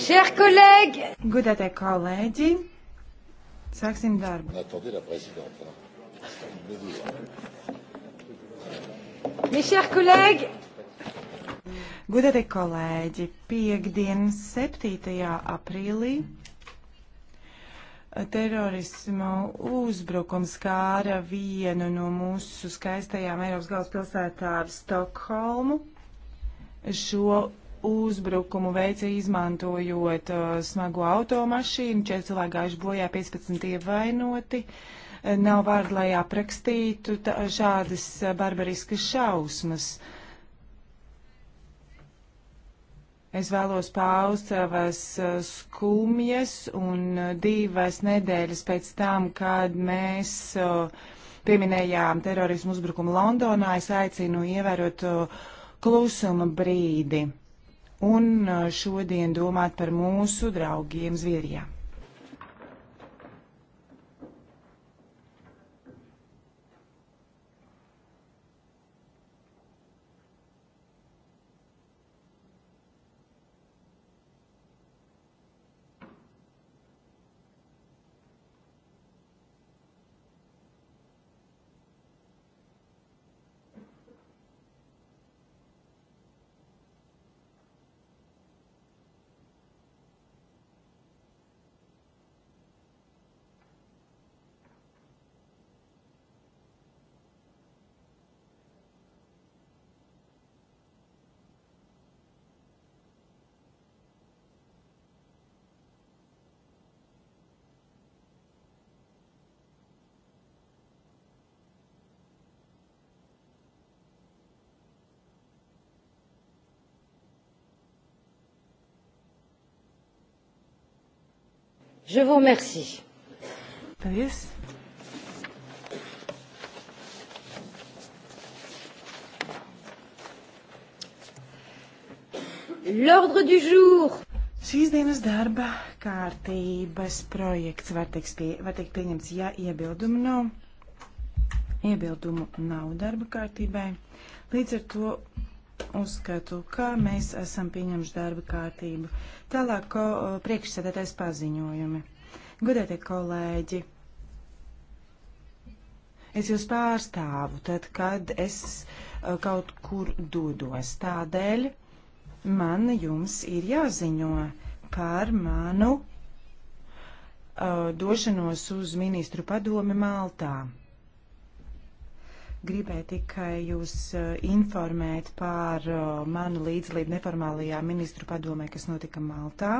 Chers collègues! Godātie kolēģi, sāksim darbu. Mes chers collègues! Godātie kolēģi, piekdien 7. aprīlī terorisma uzbrukums kāra vienu no mūsu skaistajām Eiropas galvaspilsētām Stokholmu. Šo uzbrukumu veica izmantojot uh, smagu automašīnu, 4 cilvēki gājuši bojā, 15 ievainoti. Nav vārdu, lai aprakstītu tā, šādas uh, barbariskas šausmas. Uh, Es vēlos paust savas eh, skumjas un eh, divas nedēļas pēc tam, kad mēs eh, pieminējām terorismu uzbrukumu Londonā, es aicinu ievērot klusuma brīdi un šodien domāt par mūsu draugiem Zviedrijā. Je vous remercie. Paldies. L'ordre du jour. Šīs dienas darba kārtības projekts var tikt, pie, var tikt pieņemts, ja iebildumu nav. Iebildumu nav darba kārtībai. Līdz ar to uzskatu, ka mēs esam pieņemši darba kārtību. Tālāk ko, priekšsēdētais paziņojumi. Godētie kolēģi, es jūs pārstāvu tad, kad es kaut kur dodos. Tādēļ man jums ir jāziņo par manu uh, došanos uz ministru padomi Maltā. Gribēju tikai jūs eh, informēt par eh, manu līdzdalību neformālajā ministru padomē, kas notika Maltā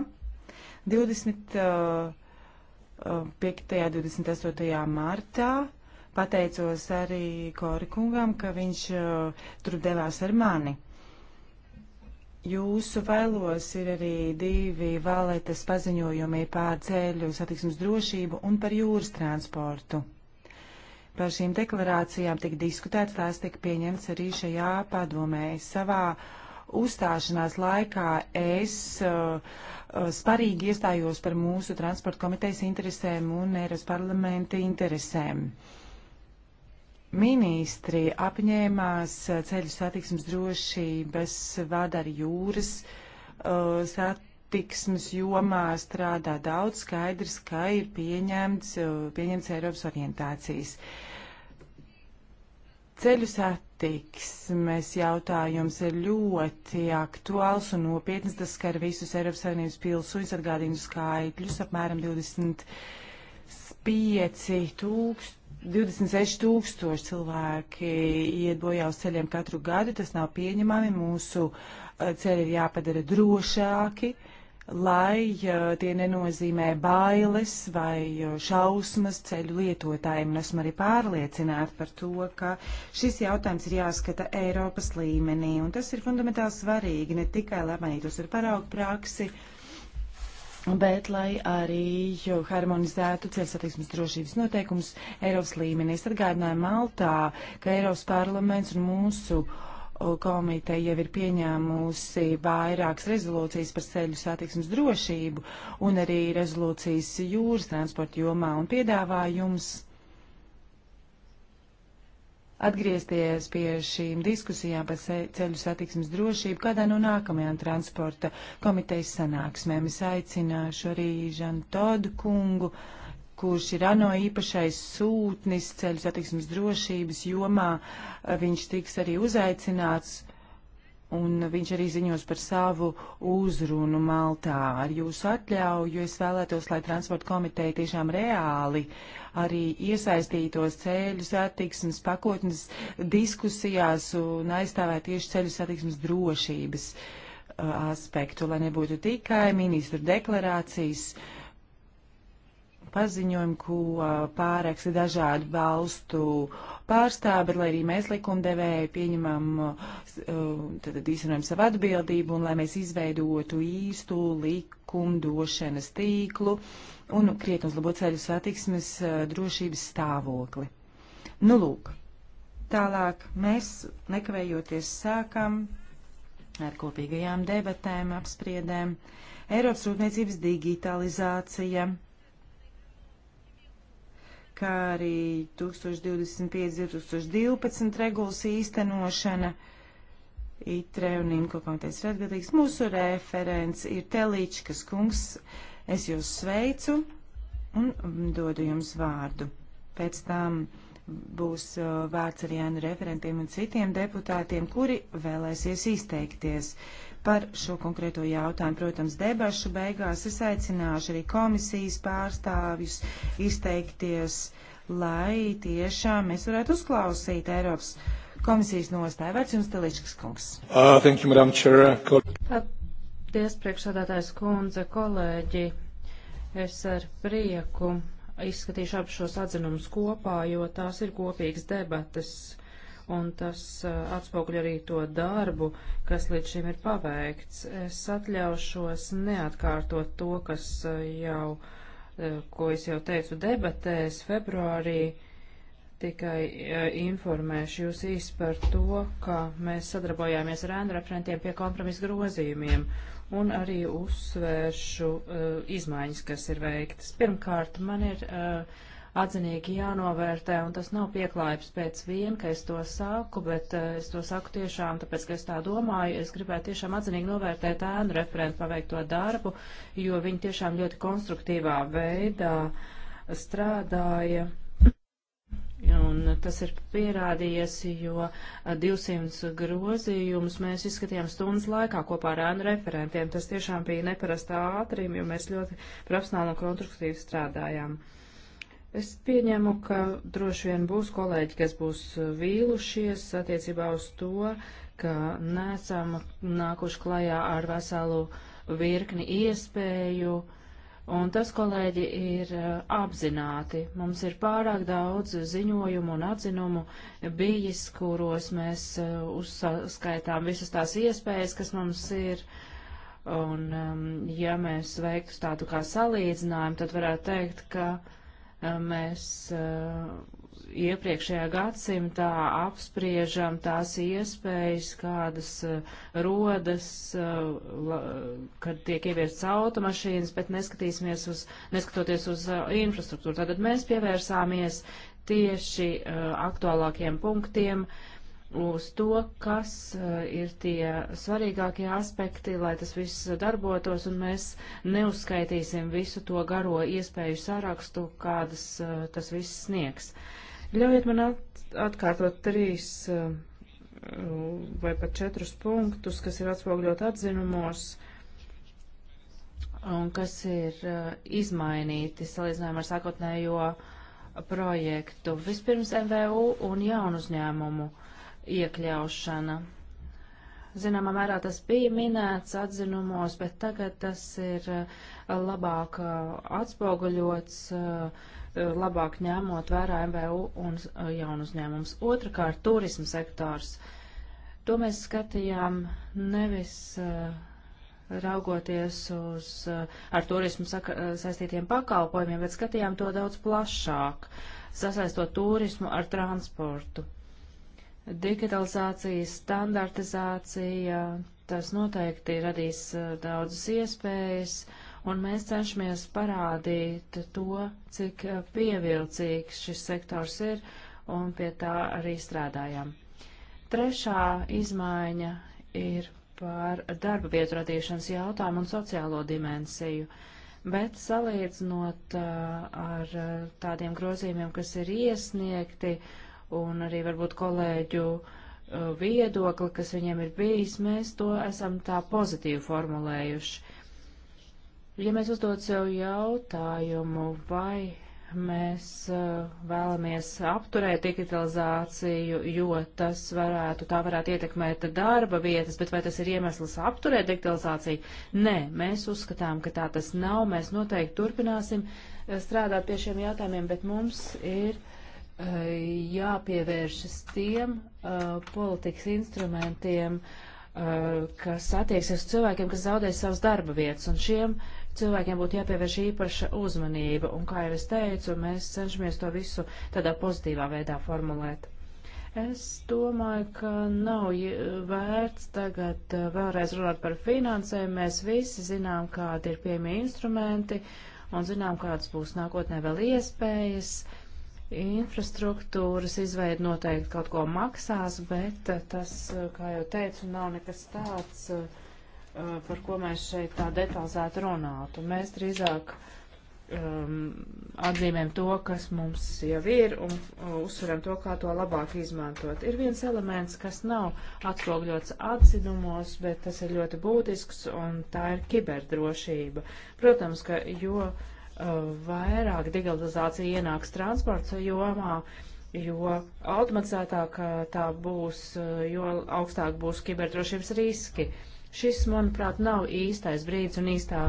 25. un 28. martā. Pateicos arī Korikungam, ka viņš eh, tur devās ar mani. Jūsu vēlos ir arī divi valetas paziņojumi pār ceļu satiksmes drošību un par jūras transportu. Par šīm deklarācijām tika diskutēts, tās tika pieņemts arī šajā padomē. Savā uzstāšanās laikā es uh, uh, sparīgi iestājos par mūsu transporta komitejas interesēm un Eiropas parlamenta interesēm. Ministri apņēmās ceļu satiksmes drošības vada ar jūras uh, sat satiksmes jomā strādā daudz, skaidrs, ka ir pieņemts, pieņemts Eiropas orientācijas. Ceļu satiksmes jautājums ir ļoti aktuāls un nopietns. Tas skar visus Eiropas Savienības pilsoņus atgādījumu skaitļus - apmēram 25 tūkst. 26 tūkstoši cilvēki iet bojā uz ceļiem katru gadu, tas nav pieņemami, mūsu eh, ceļi ir jāpadara drošāki. Uh, lai tie nenozīmē bailes vai šausmas ceļu lietotājiem. Un esmu arī pārliecināta par to, ka šis jautājums ir jāskata Eiropas līmenī. Un tas ir fundamentāli svarīgi ne tikai, lai mainītos ar paraugu praksi, bet lai arī harmonizētu ceļu satiksmes drošības noteikumus Eiropas līmenī. Es atgādināju Maltā, ka Eiropas parlaments un mūsu uh, komiteja jau ir pieņēmusi vairākas rezolūcijas par ceļu satiksmes drošību un arī rezolūcijas jūras transporta jomā un piedāvā jums atgriezties pie šīm diskusijām par ceļu satiksmes drošību kādā no nākamajām transporta komitejas sanāksmēm. Es aicināšu arī Žanu Todu kungu. Uh, kurš ir ANO īpašais sūtnis ceļu satiksmes drošības jomā. Viņš tiks arī uzaicināts un viņš arī ziņos par savu uzrunu Maltā. Ar jūsu atļauju es vēlētos, lai transporta komiteja tiešām reāli arī iesaistītos ceļu satiksmes pakotnes diskusijās un aizstāvētu tieši ceļu satiksmes drošības aspektu, lai nebūtu tikai ministru deklarācijas. Uh, paziņojumu, ko pārēksi dažādu balstu pārstāvi, lai arī mēs likumdevēji pieņemam, tad īstenojam savu atbildību un lai mēs izveidotu īstu likumdošanas tīklu un krietni uzlabot ceļu satiksmes drošības stāvokli. Nu, lūk, tālāk mēs nekavējoties sākam ar kopīgajām debatēm, apspriedēm. Eiropas rūpniecības digitalizācija, kā arī 1025-2012 regulas īstenošana. ITRE un IMKO komitejas ir atbildīgs. Mūsu referents ir Telīčkas kungs. Es jūs sveicu un dodu jums vārdu. Pēc tam būs uh, vārds arī Jānu referentiem un citiem deputātiem, kuri vēlēsies izteikties. Uh, par šo konkrēto jautājumu. Protams, debašu beigās es aicināšu arī komisijas pārstāvjus izteikties, lai tiešām mēs varētu uzklausīt Eiropas komisijas nostāju. Vērts jums, Teličkas kungs. Uh, thank you, Madam Chair. Paldies, priekšsādātājs kundze, kolēģi. Es ar prieku izskatīšu abus šos atzinumus kopā, jo tās ir kopīgas debatas un tas uh, atspoguļ arī to darbu, kas līdz šim ir paveikts. Es atļaušos neatkārtot to, kas uh, jau, uh, ko es jau teicu debatēs februārī tikai uh, informēšu jūs īsi par to, ka mēs sadarbojāmies ar ēnu referentiem pie kompromisa grozījumiem un arī uzsvēršu uh, izmaiņas, kas ir veiktas. Pirmkārt, man ir uh, atzinīgi jānovērtē, un tas nav pieklājības pēc vien, ka es to saku, bet eh, es to saku tiešām, tāpēc, ka es tā domāju, es gribētu tiešām atzinīgi novērtēt ēnu referentu paveikto darbu, jo viņi tiešām ļoti konstruktīvā veidā strādāja. Un tas ir pierādījies, jo 200 eh, grozījumus mēs izskatījām stundas laikā kopā ar ēnu referentiem. Tas tiešām bija neparastā ātrim, jo mēs ļoti profesionāli un konstruktīvi strādājām. Uh, Es pieņemu, ka droši vien būs kolēģi, kas būs vīlušies attiecībā uz to, ka nesam nākuši klajā ar veselu virkni iespēju uh, Un tas, kolēģi, ir uh, apzināti. Mums ir pārāk daudz ziņojumu un atzinumu bijis, kuros mēs uh, uzskaitām visas tās iespējas, kas mums ir. Un, um, ja mēs veiktu tādu kā salīdzinājumu, tad varētu teikt, ka mēs eh, iepriekšējā gadsimtā apspriežam tās iespējas, kādas eh, rodas, eh, kad tiek ieviests automašīnas, bet neskatīsimies uz, neskatoties uz infrastruktūru. Tātad mēs pievērsāmies tieši aktuālākiem punktiem, uh, uz to, kas eh, ir tie svarīgākie aspekti, lai tas viss darbotos, un mēs neuzskaitīsim visu to garo iespēju sarakstu, kādas eh, tas viss sniegs. Ļaujiet man atkārtot trīs eh, vai pat četrus punktus, kas ir atspogļot atzinumos un kas ir izmainīti salīdzinājumā ar sākotnējo projektu. Vispirms MVU un jaunu uzņēmumu. Uh, iekļaušana. Zināmā mērā tas bija minēts atzinumos, bet tagad tas ir eh, labāk eh, atspoguļots, eh, labāk ņēmot vērā MVU un jaunu uzņēmumus. Otrakārt, turismu sektors. To mēs skatījām nevis raugoties uz ar turismu saistītiem pakalpojumiem, bet skatījām to daudz plašāk, sasaistot turismu ar transportu. Digitalizācija, standartizācija, tas noteikti radīs uh, daudzas iespējas, un mēs cenšamies parādīt to, cik uh, pievilcīgs šis sektors ir, un pie tā arī strādājam. Trešā izmaiņa ir par darba vietu radīšanas jautājumu un sociālo dimensiju, bet salīdzinot uh, ar tādiem grozījumiem, kas ir iesniegti, uh, un arī varbūt kolēģu uh, viedokli, kas viņiem ir bijis, mēs to esam tā pozitīvi formulējuši. Ja mēs uzdod sev jautājumu, vai mēs uh, vēlamies apturēt digitalizāciju, jo tas varētu, tā varētu ietekmēt darba vietas, bet vai tas ir iemesls apturēt digitalizāciju? Nē, mēs uzskatām, ka tā tas nav. Mēs noteikti turpināsim uh, strādāt pie šiem jautājumiem, bet mums ir uh, Eh, jāpievēršas tiem uh, politikas instrumentiem, uh, kas attieksies uz cilvēkiem, kas zaudēs savas darba vietas, un šiem cilvēkiem būtu jāpievērš īpaša uzmanība, un, kā jau es teicu, mēs cenšamies to visu tādā pozitīvā veidā formulēt. Es domāju, ka nav vērts tagad vēlreiz runāt par finansēm. Mēs visi zinām, kādi ir pieejami instrumenti un zinām, kādas būs nākotnē vēl iespējas. Uh, infrastruktūras izveida noteikti kaut ko maksās, bet eh, tas, eh, kā jau teicu, nav nekas tāds, eh, par ko mēs šeit tā detalizēti runātu. Mēs drīzāk um, atzīmēm to, kas mums jau ir, un uzsveram to, kā to labāk izmantot. Ir viens elements, kas nav atrogļots atzinumos, bet tas ir ļoti būtisks, un tā ir kiberdrošība. Protams, ka jo uh, vairāk digitalizācija ienāks transporta jomā, jo automatizētāk tā būs, jo augstāk būs kiberdrošības riski. Šis, manuprāt, nav īstais brīdis un īstā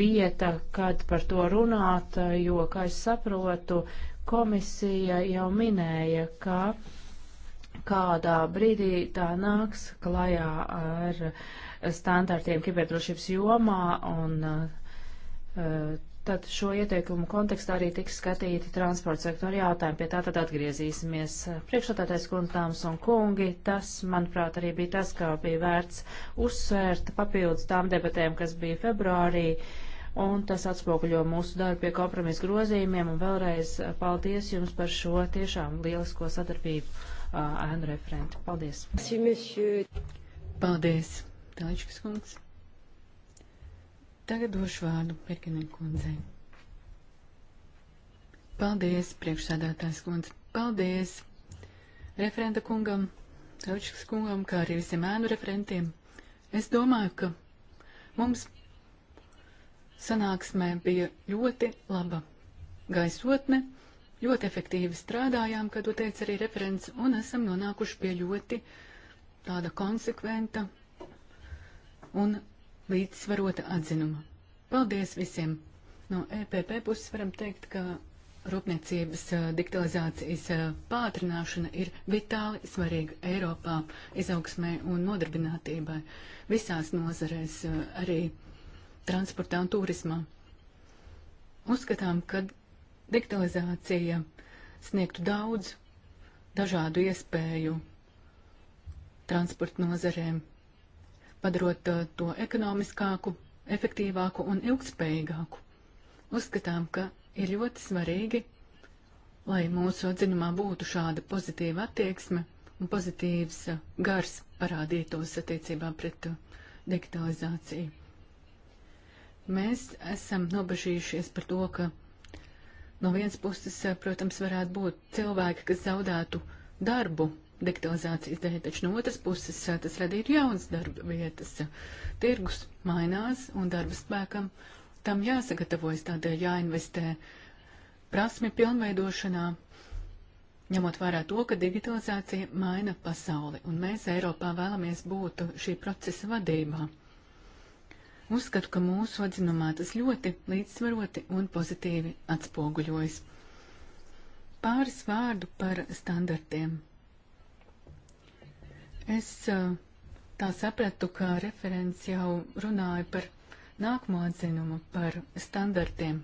vieta, kad par to runāt, jo, kā es saprotu, komisija jau minēja, ka kādā brīdī tā nāks klajā ar standartiem kiberdrošības jomā un uh, Tad šo ieteikumu kontekstā arī tiks skatīti transporta sektora jautājumi, pie tā tad atgriezīsimies. Priekšstādātais kundāms un kungi, tas, manuprāt, arī bija tas, kā bija vērts uzsvērt papildus tām debatēm, kas bija februārī, un tas atspoguļo mūsu darbu pie kompromisu grozījumiem, un vēlreiz paldies jums par šo tiešām lielisko sadarbību ēnu referenti. Paldies! Paldies, Tāļičkas kungs! Tagad došu vārdu Pirkinai kundzei. Paldies, priekšsādātājs kundze. Paldies referenta kungam, Raučikas kungam, kā arī visiem ēnu referentiem. Es domāju, ka mums sanāksmē bija ļoti laba gaisotne, ļoti efektīvi strādājām, kā to teica arī referents, un esam nonākuši pie ļoti tāda konsekventa un līdzsvarota atzinuma. Paldies visiem! No EPP puses varam teikt, ka rūpniecības digitalizācijas pātrināšana ir vitāli svarīga Eiropā izaugsmē un nodarbinātībai visās nozarēs, arī transportā un turismā. Uzskatām, ka digitalizācija sniegtu daudz dažādu iespēju transporta nozarēm padarot uh, to ekonomiskāku, efektīvāku un ilgspējīgāku. Uzskatām, ka ir ļoti svarīgi, lai mūsu atzinumā būtu šāda pozitīva attieksme un pozitīvs uh, gars parādītos attiecībā pret uh, digitalizāciju. Mēs esam nobežījušies par to, ka no vienas puses, protams, varētu būt cilvēki, kas zaudētu darbu digitalizācijas dēļ, taču no otras puses tas radītu jaunas darba vietas. Tirgus mainās un darba spēkam tam jāsagatavojas, tādēļ jāinvestē prasmi pilnveidošanā, ņemot vērā to, ka digitalizācija maina pasauli, un mēs Eiropā vēlamies būt šī procesa vadībā. Uzskatu, ka mūsu atzinumā tas ļoti līdzsvaroti un pozitīvi atspoguļojas. Pāris vārdu par standartiem. Es eh, tā sapratu, ka referents jau runāja par nākamo atzinumu, par standartiem.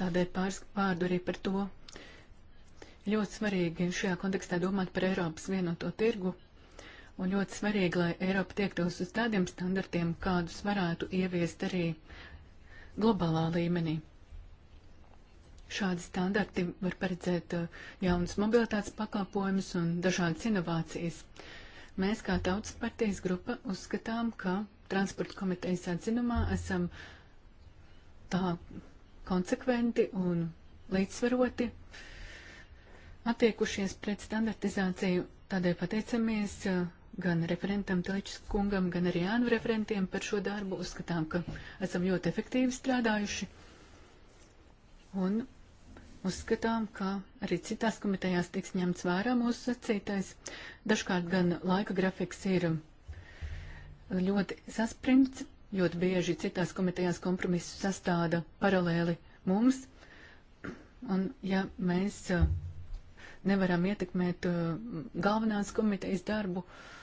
Tādēļ pāris vārdu arī par to. Ļoti svarīgi šajā kontekstā domāt par Eiropas vienoto tirgu, un ļoti svarīgi, lai Eiropa tiektos uz tādiem standartiem, kādus varētu ieviest arī globālā līmenī. Šādi standarti var paredzēt eh, jaunas mobilitātes pakalpojumus un dažādas inovācijas. Uh, Mēs kā tautas partijas grupa uzskatām, ka transporta komitejas atzinumā esam tā konsekventi un līdzsvaroti attiekušies pret standartizāciju. Tādēļ pateicamies eh, gan referentam Teličs kungam, gan arī Jānu referentiem par šo darbu. Uzskatām, ka esam ļoti efektīvi strādājuši. Un uzskatām, ka arī citās komitejās tiks ņemts vērā mūsu sacītais. Dažkārt gan laika grafiks ir ļoti saspringts, ļoti bieži citās komitejās kompromisu sastāda paralēli mums. Un ja mēs uh, nevaram ietekmēt uh, galvenās komitejas darbu, uh,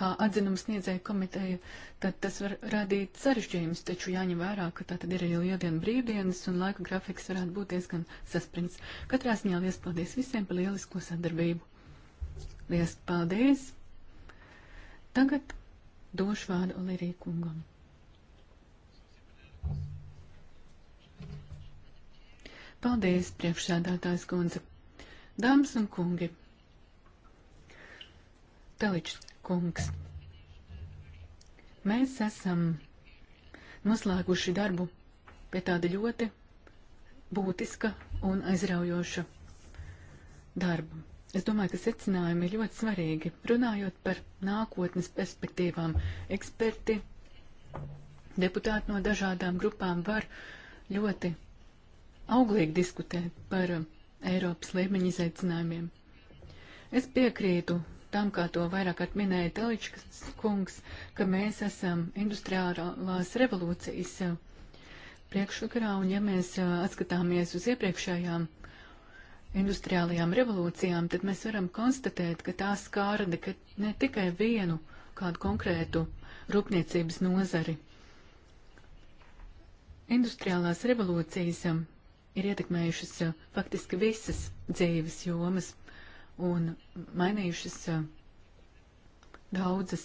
kā atzinuma sniedzēja komiteja, tad tas var radīt sarežģījumus, taču jāņem vērā, ka tā tad ir arī lieldienu brīvdienas un laika grafiks varētu būt diezgan saspringts. Katrā ziņā liels paldies visiem par lielisko sadarbību. Liels paldies! Tagad došu vārdu Olirī kungam. Paldies, priekšsēdētājs kundze. Dāmas un kungi. Teličs kungs. Mēs esam noslēguši darbu pie tāda ļoti būtiska un aizraujoša darba. Es domāju, ka secinājumi ir ļoti svarīgi. Runājot par nākotnes perspektīvām, eksperti, deputāti no dažādām grupām var ļoti auglīgi diskutēt par Eiropas līmeņa izaicinājumiem. Es piekrītu tam, kā to vairāk kārt minēja Taličkas kungs, ka mēs esam industriālās revolūcijas priekšvakarā, un ja mēs atskatāmies uz iepriekšējām industriālajām revolūcijām, tad mēs varam konstatēt, ka tās skāra ne tikai vienu kādu konkrētu rūpniecības nozari. Industriālās revolūcijas ir ietekmējušas faktiski visas dzīves jomas un mainījušas daudzas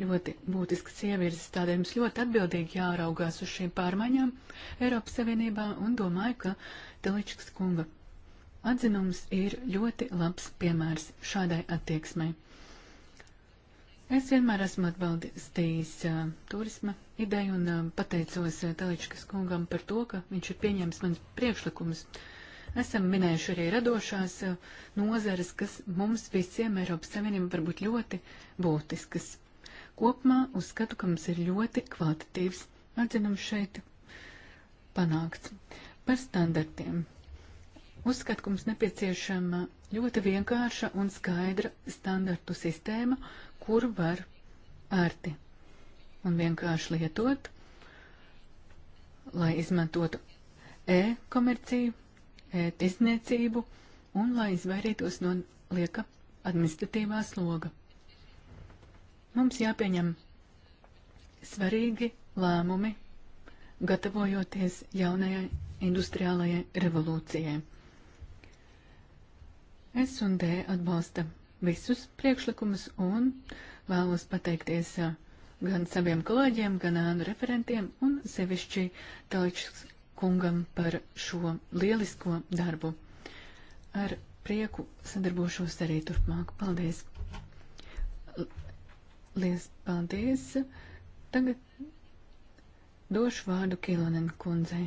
ļoti būtiskas ievirzes. Tādēļ mums ļoti atbildīgi jāraugās uz šīm pārmaiņām Eiropas Savienībā un domāju, ka Teličkas kunga atzinums ir ļoti labs piemērs šādai attieksmai. Es vienmēr esmu atbalstījis uh, turisma ideju un uh, pateicos uh, Teličkas kungam par to, ka viņš ir pieņēmis mans priekšlikumus. Uh, Esam minējuši arī radošās uh, nozares, kas mums visiem Eiropas Savienībam var būt ļoti būtiskas. Kopumā uzskatu, ka mums ir ļoti kvalitatīvs atzinums šeit panākts. Par standartiem. Uzskatu, ka mums nepieciešama ļoti vienkārša un skaidra standartu sistēma, kur var ērti un vienkārši lietot, lai izmantotu e-komerciju E, tiesniecību un lai izvairītos no lieka administratīvā sloga. Mums jāpieņem svarīgi lēmumi, gatavojoties jaunajai industriālajai revolūcijai. S un D atbalsta visus priekšlikumus un vēlos pateikties e, gan saviem kolēģiem, gan ānu referentiem un sevišķi Taličs kungam par šo lielisko darbu. Ar prieku sadarbošos arī turpmāk. Paldies! Liels paldies! Tagad došu vārdu Kilonen kundzei.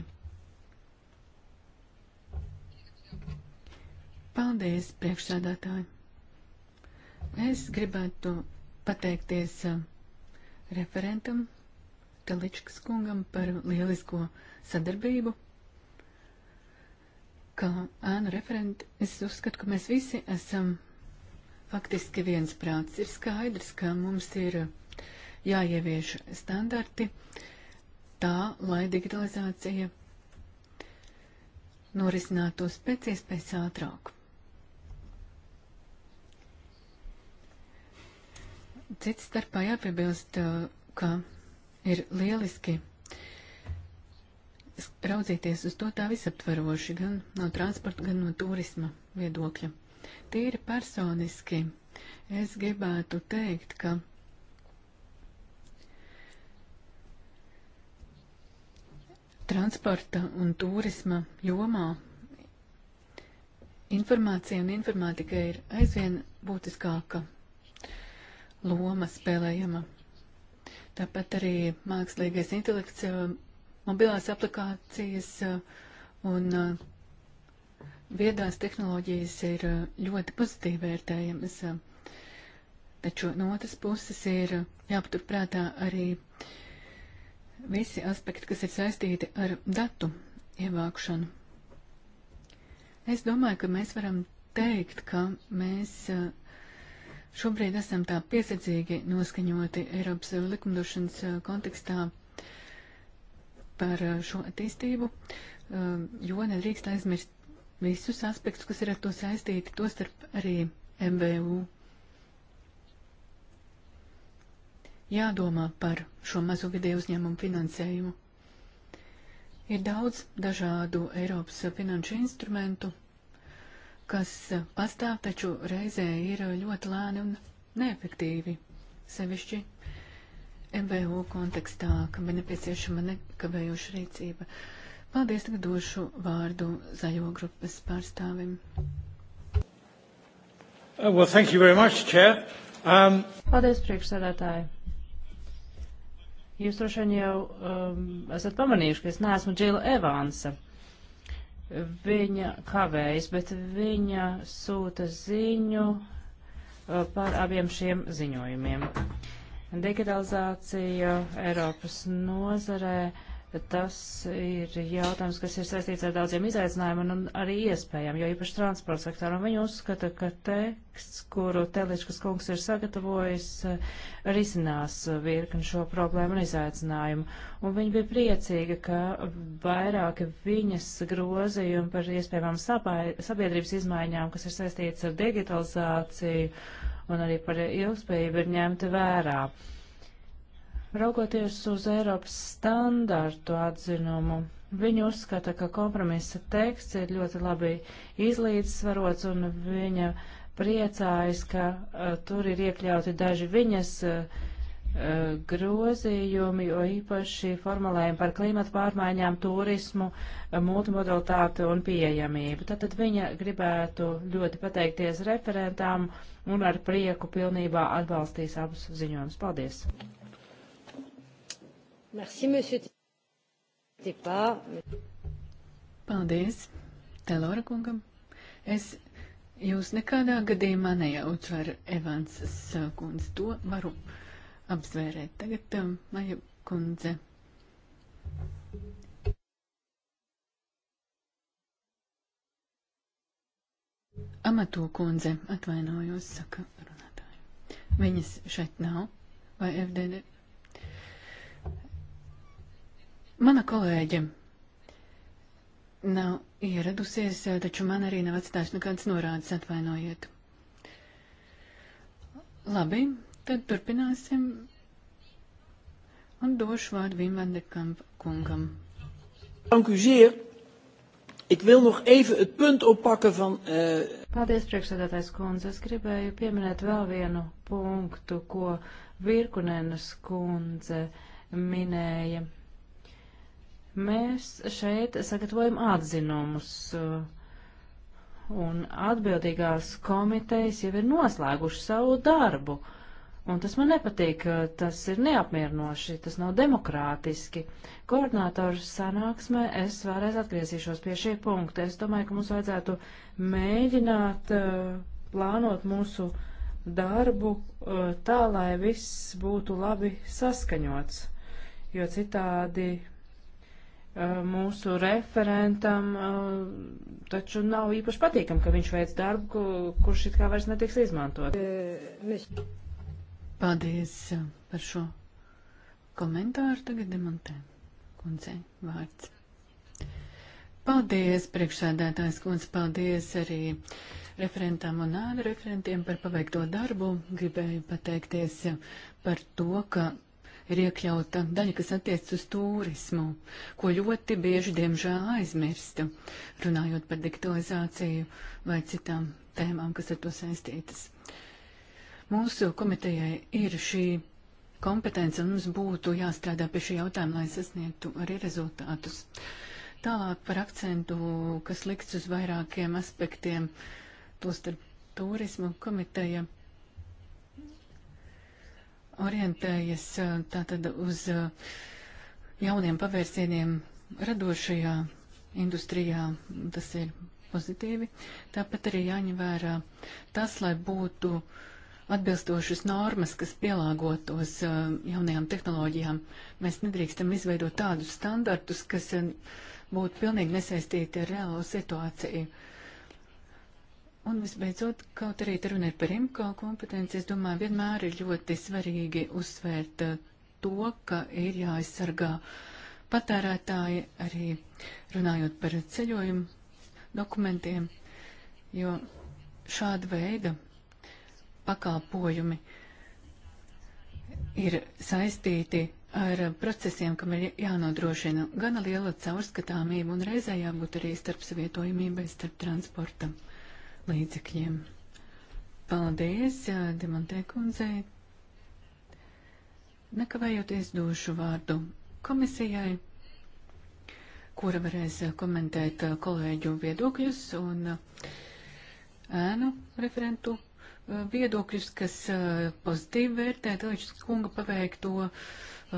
Paldies, priekšsādātāji! Es gribētu pateikties eh, referentam Taličkas kungam par lielisko sadarbību. Kā ēnu referenti, es uzskatu, ka mēs visi esam faktiski viens prāts. Ir skaidrs, ka mums ir jāievieš standarti tā, lai digitalizācija norisinātos pēc iespējas ātrāk. Cits starpā jāpiebilst, ka ir lieliski raudzīties uz to tā visaptvaroši, gan no transporta, gan no turisma viedokļa. Tīri personiski es gribētu teikt, ka transporta un turisma jomā informācija un informātika ir aizvien būtiskāka loma spēlējama Tāpat arī mākslīgais intelekts, mobilās aplikācijas un viedās tehnoloģijas ir ļoti pozitīvi vērtējamas. Taču no otras puses ir jāpaturprātā arī visi aspekti, kas ir saistīti ar datu ievākšanu. Es domāju, ka mēs varam teikt, ka mēs Šobrīd esam tā piesardzīgi noskaņoti Eiropas likumdošanas kontekstā par šo attīstību, jo nedrīkst aizmirst visus aspektus, kas ir ar to saistīti, to starp arī MVU. Jādomā par šo mazo video uzņēmumu finansējumu. Ir daudz dažādu Eiropas finanšu instrumentu, kas pastāv, taču reizē ir ļoti lēni un neefektīvi. Sevišķi MVU kontekstā, kam ir nepieciešama nekavējoša rīcība. Paldies, tagad došu vārdu zaļo grupas pārstāvim. Uh, well, thank you very much, Chair. Um... Paldies, priekšsēdētāji. Jūs droši vien jau um, esat pamanījuši, ka es neesmu Džila Evansa. Uh, viņa kavējas, bet viņa sūta ziņu uh, par abiem šiem ziņojumiem. Digitalizācija Eiropas nozarē Tas ir jautājums, kas ir saistīts ar daudziem izaicinājumiem un arī iespējām, jo īpaši transporta sektoram. Viņi uzskata, ka teksts, kuru Teliškas kungs ir sagatavojis, risinās virkni šo problēmu un izaicinājumu. Un viņi bija priecīga, ka vairāki viņas grozījumi par iespējamām sabiedrības izmaiņām, kas ir saistīts ar digitalizāciju un arī par ilgspējību, ir ņemti vērā. Uh, Raugoties uz Eiropas standārtu atzinumu, viņa uzskata, ka kompromisa teksts ir ļoti labi izlīdzsvarots un viņa priecājas, ka uh, tur ir iekļauti daži viņas uh, uh grozījumi, jo īpaši formulējumi par klimatu pārmaiņām, turismu, uh, multimodalitāti un pieejamību. Tātad viņa gribētu ļoti pateikties referentām un ar prieku pilnībā atbalstīs abus ziņojumus. Paldies! Merci, monsieur Tepā. Paldies, Telora kungam. Es jūs nekādā gadījumā nejauču ar Evansas uh, kundzi. To varu apsvērēt. Tagad um, Maja kundze. Amato kundze, atvainojos, saka runātāju. Viņas šeit nav, vai FDD Mana kolēģe nav ieradusies, taču man arī nav atstājis nekādas norādes, atvainojiet. Labi, tad turpināsim un došu vārdu Wim van de Kamp kungam. Dank u zeer. Ik wil nog even het punt oppakken van. Uh... Paldies, priekšsēdētājs kundze. Es gribēju pieminēt vēl vienu punktu, ko Virkunenes kundze minēja. Mēs šeit sagatavojam atzinumus, uh, un atbildīgās komitejas jau ir noslēguši savu darbu, un tas man nepatīk, tas ir neapmierinoši, tas nav demokrātiski. Koordinātoru sanāksmē es vēlreiz atgriezīšos pie šī punkta. Es domāju, ka mums vajadzētu mēģināt uh, plānot mūsu darbu uh, tā, lai viss būtu labi saskaņots, jo citādi Eh, mūsu referentam, eh, taču nav īpaši patīkam, ka viņš veic darbu, kurš it kā vairs netiks izmantot. Paldies eh, par šo komentāru tagad demantē. Kundzei vārds. Paldies, priekšsēdētājs kundze, paldies arī referentām un ādu referentiem par paveikto darbu. Gribēju pateikties par to, ka ir iekļauta daļa, kas attiec uz turismu, ko ļoti bieži, diemžēl, aizmirstu, runājot par digitalizāciju vai citām tēmām, kas ar to saistītas. Mūsu komitejai ir šī kompetence, un mums būtu jāstrādā pie šī jautājuma, lai sasniegtu arī rezultātus. Tālāk par akcentu, kas likts uz vairākiem aspektiem, tostarp turismu komiteja orientējas tātad uz jauniem pavērsieniem radošajā industrijā. Tas ir pozitīvi. Tāpat arī jāņem vērā tas, lai būtu atbilstošas normas, kas pielāgotos jaunajām tehnoloģijām. Mēs nedrīkstam izveidot tādus standartus, kas būtu pilnīgi nesaistīti ar reālo situāciju. Uh, Un visbeidzot, kaut arī te runa ir par IMCO kompetenci, es domāju, vienmēr ir ļoti svarīgi uzsvērt eh, to, ka ir jāaizsargā patērētāji arī runājot par ceļojumu dokumentiem, jo šāda veida pakalpojumi ir saistīti ar procesiem, kam ir jānodrošina gana liela caurskatāmība un reizē jābūt arī starp savietojumībai, starp transportam līdzekļiem. Paldies, Dimantē kundzei. Nekavējoties došu vārdu komisijai, kura varēs komentēt kolēģu viedokļus un ēnu referentu viedokļus, kas pozitīvi vērtē Teličs kunga paveikto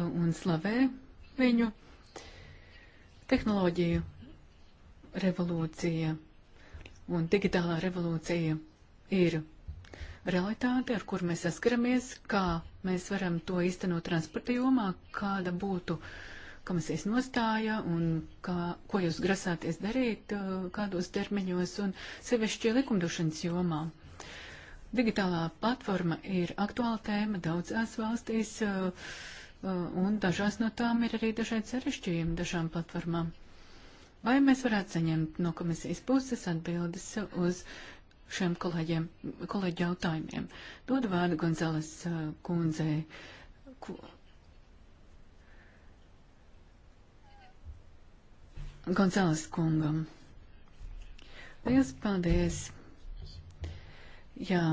un slavē viņu tehnoloģiju revolūcija un digitālā revolūcija ir realitāte, ar kur mēs saskaramies, kā mēs varam to īstenot transporta jomā, kāda būtu komisijas nostāja un kā, ko jūs grasāties darīt, uh, kādos termiņos un sevišķi likumdošanas jomā. Digitālā platforma ir aktuāla tēma daudzās valstīs, uh, uh, un dažās no tām ir arī dažādi sarežģījumi dažām platformām. Vai mēs varētu saņemt no komisijas puses atbildes uz šiem kolēģiem, kolēģi jautājumiem? Dodu vārdu Gonzales uh, kundzei. Gonzales kungam. Liels paldies! Jā,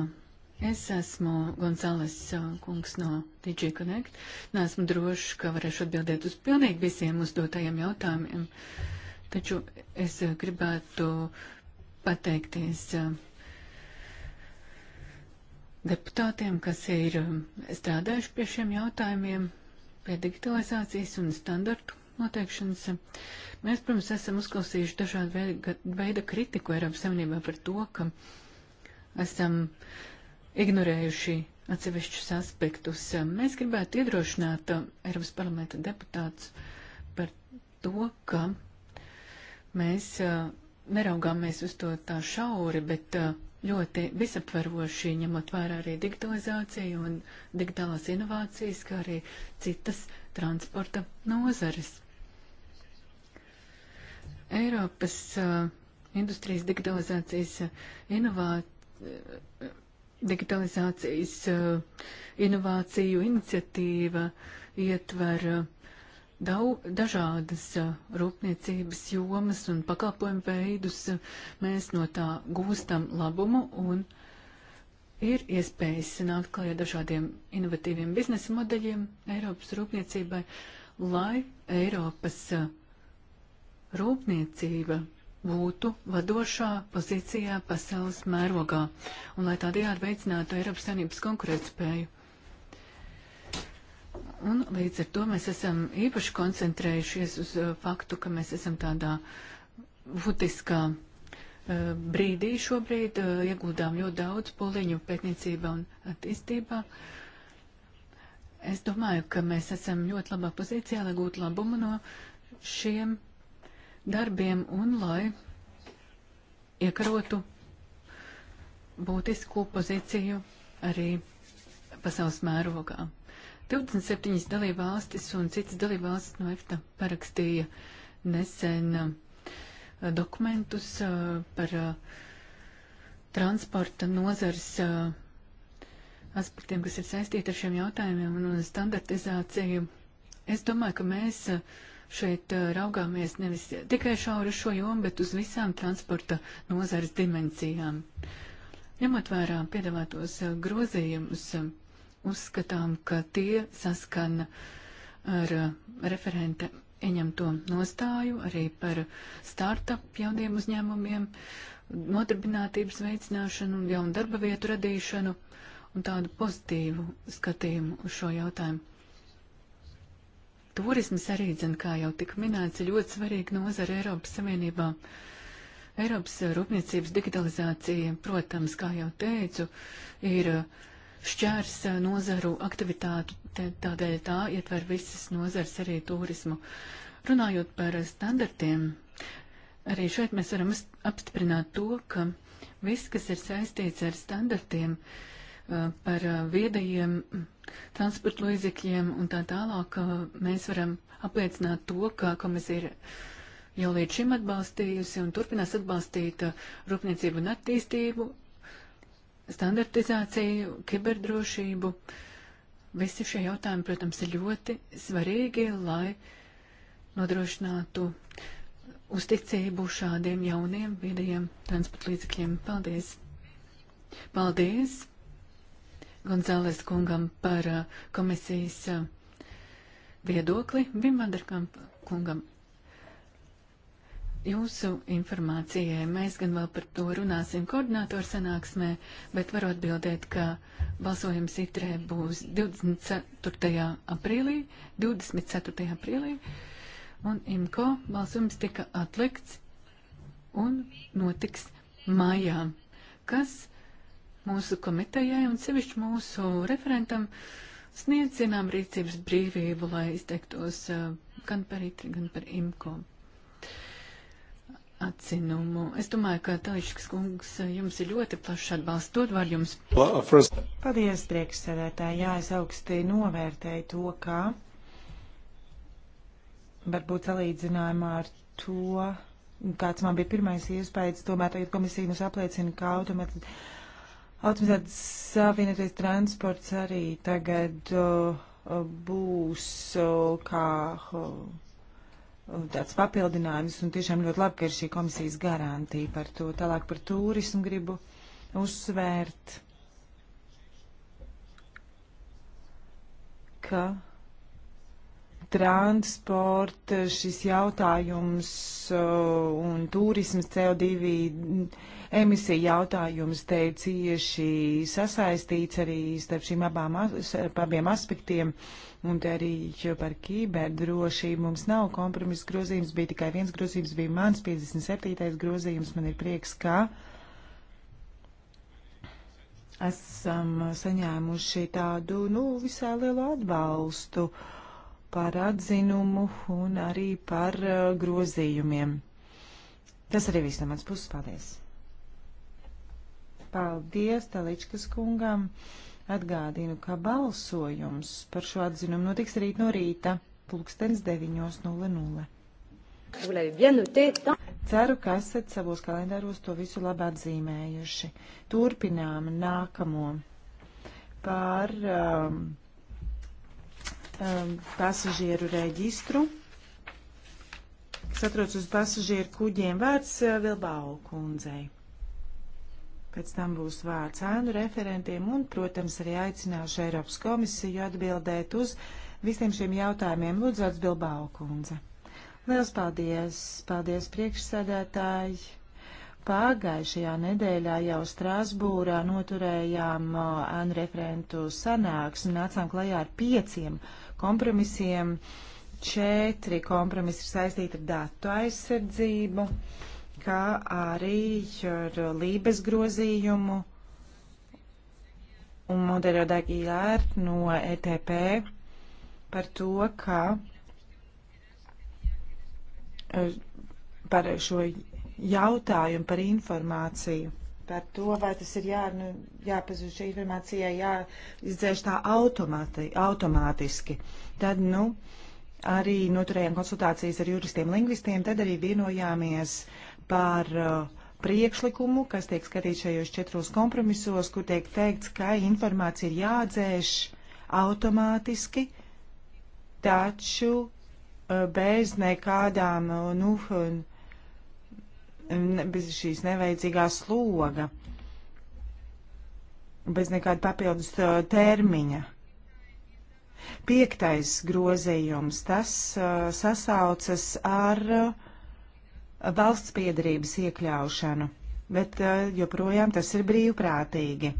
es esmu Gonzales uh, kungs no DJ Connect. Nesmu drošs, ka varēšu atbildēt uz pilnīgi visiem uzdotajiem jautājumiem. Uh, Taču es eh, gribētu pateikties eh, deputātiem, kas ir eh, strādājuši pie šiem jautājumiem, pie digitalizācijas un standartu noteikšanas. Mēs, protams, esam uzklausījuši dažādu veidu, veidu kritiku Eiropas Savienībā par to, ka esam ignorējuši atsevišķus aspektus. Mēs gribētu iedrošināt Eiropas parlamenta deputātus par to, ka Mēs eh, neraugāmies uz to tā šauri, bet eh, ļoti visaptveroši, ņemot vērā arī digitalizāciju un digitālās inovācijas, kā arī citas transporta nozares. Eiropas uh, industrijas digitalizācijas uh, inovāt, uh, digitalizācijas uh, inovāciju iniciatīva ietver uh, daudz dažādas rūpniecības jomas un pakalpojumu veidus. Mēs no tā gūstam labumu un ir iespējas nākt klajā dažādiem inovatīviem biznesa modeļiem Eiropas rūpniecībai, lai Eiropas rūpniecība būtu vadošā pozīcijā pasaules mērogā un lai tādējādi veicinātu Eiropas saimnības konkurētspēju. Un līdz ar to mēs esam īpaši koncentrējušies uz uh, faktu, ka mēs esam tādā būtiskā uh, brīdī šobrīd uh, ieguldām ļoti daudz poliņu pētniecībā un attīstībā. Es domāju, ka mēs esam ļoti labā pozīcijā, lai gūtu labumu no šiem darbiem un lai iekarotu būtisku pozīciju arī pasaules mērogā. 27 dalībvalstis un citas dalībvalstis no EFTA parakstīja nesen uh, dokumentus uh, par uh, transporta nozars aspektiem, kas ir saistīti ar šiem jautājumiem un standartizāciju. Es domāju, ka mēs šeit raugāmies nevis tikai šauri šo jomu, bet uz visām transporta nozars dimensijām. Ņemot vērā piedāvātos grozījumus, uzskatām, ka tie saskana ar uh, referente ieņemto nostāju arī par startup jauniem uzņēmumiem, nodarbinātības veicināšanu un jaunu darba vietu radīšanu un tādu pozitīvu skatījumu uz šo jautājumu. Turisms arī, dzen, kā jau tika minēts, ir ļoti svarīga nozara Eiropas Savienībā. Eiropas rūpniecības digitalizācija, protams, kā jau teicu, ir uh, šķērs eh, nozaru aktivitātu, tādēļ tā ietver visas nozars arī turismu. Runājot par standartiem, arī šeit mēs varam apstiprināt to, ka viss, kas ir saistīts ar standartiem, eh, par eh, viedajiem mm, transporta līdzekļiem un tā tālāk, mēs varam apliecināt to, ka komisija ir jau līdz šim atbalstījusi un turpinās atbalstīt rūpniecību un attīstību, standartizāciju, kiberdrošību. Visi šie jautājumi, protams, ir ļoti svarīgi, lai nodrošinātu uzticību šādiem jauniem vidējiem transporta līdzekļiem. Paldies! Paldies Gonzāles kungam par uh, komisijas uh, viedokli, Bimadarkam kungam Jūsu informācijai mēs gan vēl par to runāsim koordinātoru sanāksmē, bet varu atbildēt, ka balsojums itrē būs 24. aprīlī, 24. aprīlī, un IMCO balsojums tika atlikts un notiks mājā, kas mūsu komitejai un sevišķi mūsu referentam sniedz zinām rīcības brīvību, lai izteiktos eh, gan par itri, gan par IMCO atzinumu. Es domāju, ka Tališkas kungs jums ir ļoti plašs atbalsts. Dod var jums. Uh, Paldies, priekšsēdētāji. Jā, es augstī novērtēju to, ka varbūt salīdzinājumā ar to, kāds man bija pirmais iespējas, tomēr tagad komisija mums apliecina, ka automati, automatizēts savienotais transports arī tagad uh, būs uh, kā. Uh, tāds papildinājums, un tiešām ļoti labi, ka ir šī komisijas garantija par to. Tālāk par turismu gribu uzsvērt, ka transporta šis jautājums uh, un turismas CO2 emisija jautājums te cieši sasaistīts arī starp šīm abām, starp abiem aspektiem. Un te arī par kiberdrošību mums nav kompromisa grozījums, bija tikai viens grozījums, bija mans 57. grozījums. Man ir prieks, ka esam saņēmuši tādu, nu, visai lielu atbalstu. Uh, par atzinumu un arī par uh, grozījumiem. Tas arī viss no mans puses. Paldies! Paldies Taličkas kungam! Atgādinu, ka balsojums par šo atzinumu notiks rīt no rīta pulkstens 9.00. Ceru, ka esat savos kalendāros to visu labi atzīmējuši. Turpinām nākamo par um, um, pasažieru reģistru, kas atrodas uz pasažieru kuģiem, vārds uh, Vilbau kundzei. Pēc tam būs vārds ēnu referentiem un, protams, arī aicināšu Eiropas komisiju atbildēt uz visiem šiem jautājumiem. Lūdzu, atbild Bilbao kundze. Liels paldies! Paldies, priekšsēdētāji! Pagājušajā nedēļā jau Strāsbūrā noturējām ēnu referentu sanāksmi, nācām klajā ar pieciem kompromisiem. Četri kompromisi ir saistīti ar datu aizsardzību, kā arī ar lības grozījumu un modeļo Dagilēru no ETP par to, ka e, par šo jautājumu par informāciju. Par to, vai tas ir jā, nu, jāpazuž šī informācija, jāizdzēš tā automāti, automātiski. Tad, nu, arī noturējām konsultācijas ar juristiem, lingvistiem, tad arī vienojāmies par uh, priekšlikumu, kas tiek skatīts šajos četros kompromisos, kur tiek teikts, ka informācija ir jādzēš automātiski, taču uh, bez nekādām uh, nu, bez šīs nevajadzīgā sloga, bez nekāda papildus termiņa. Piektais grozījums, tas uh, sasaucas ar uh, valsts piedarības iekļaušanu, bet uh, joprojām tas ir brīvprātīgi.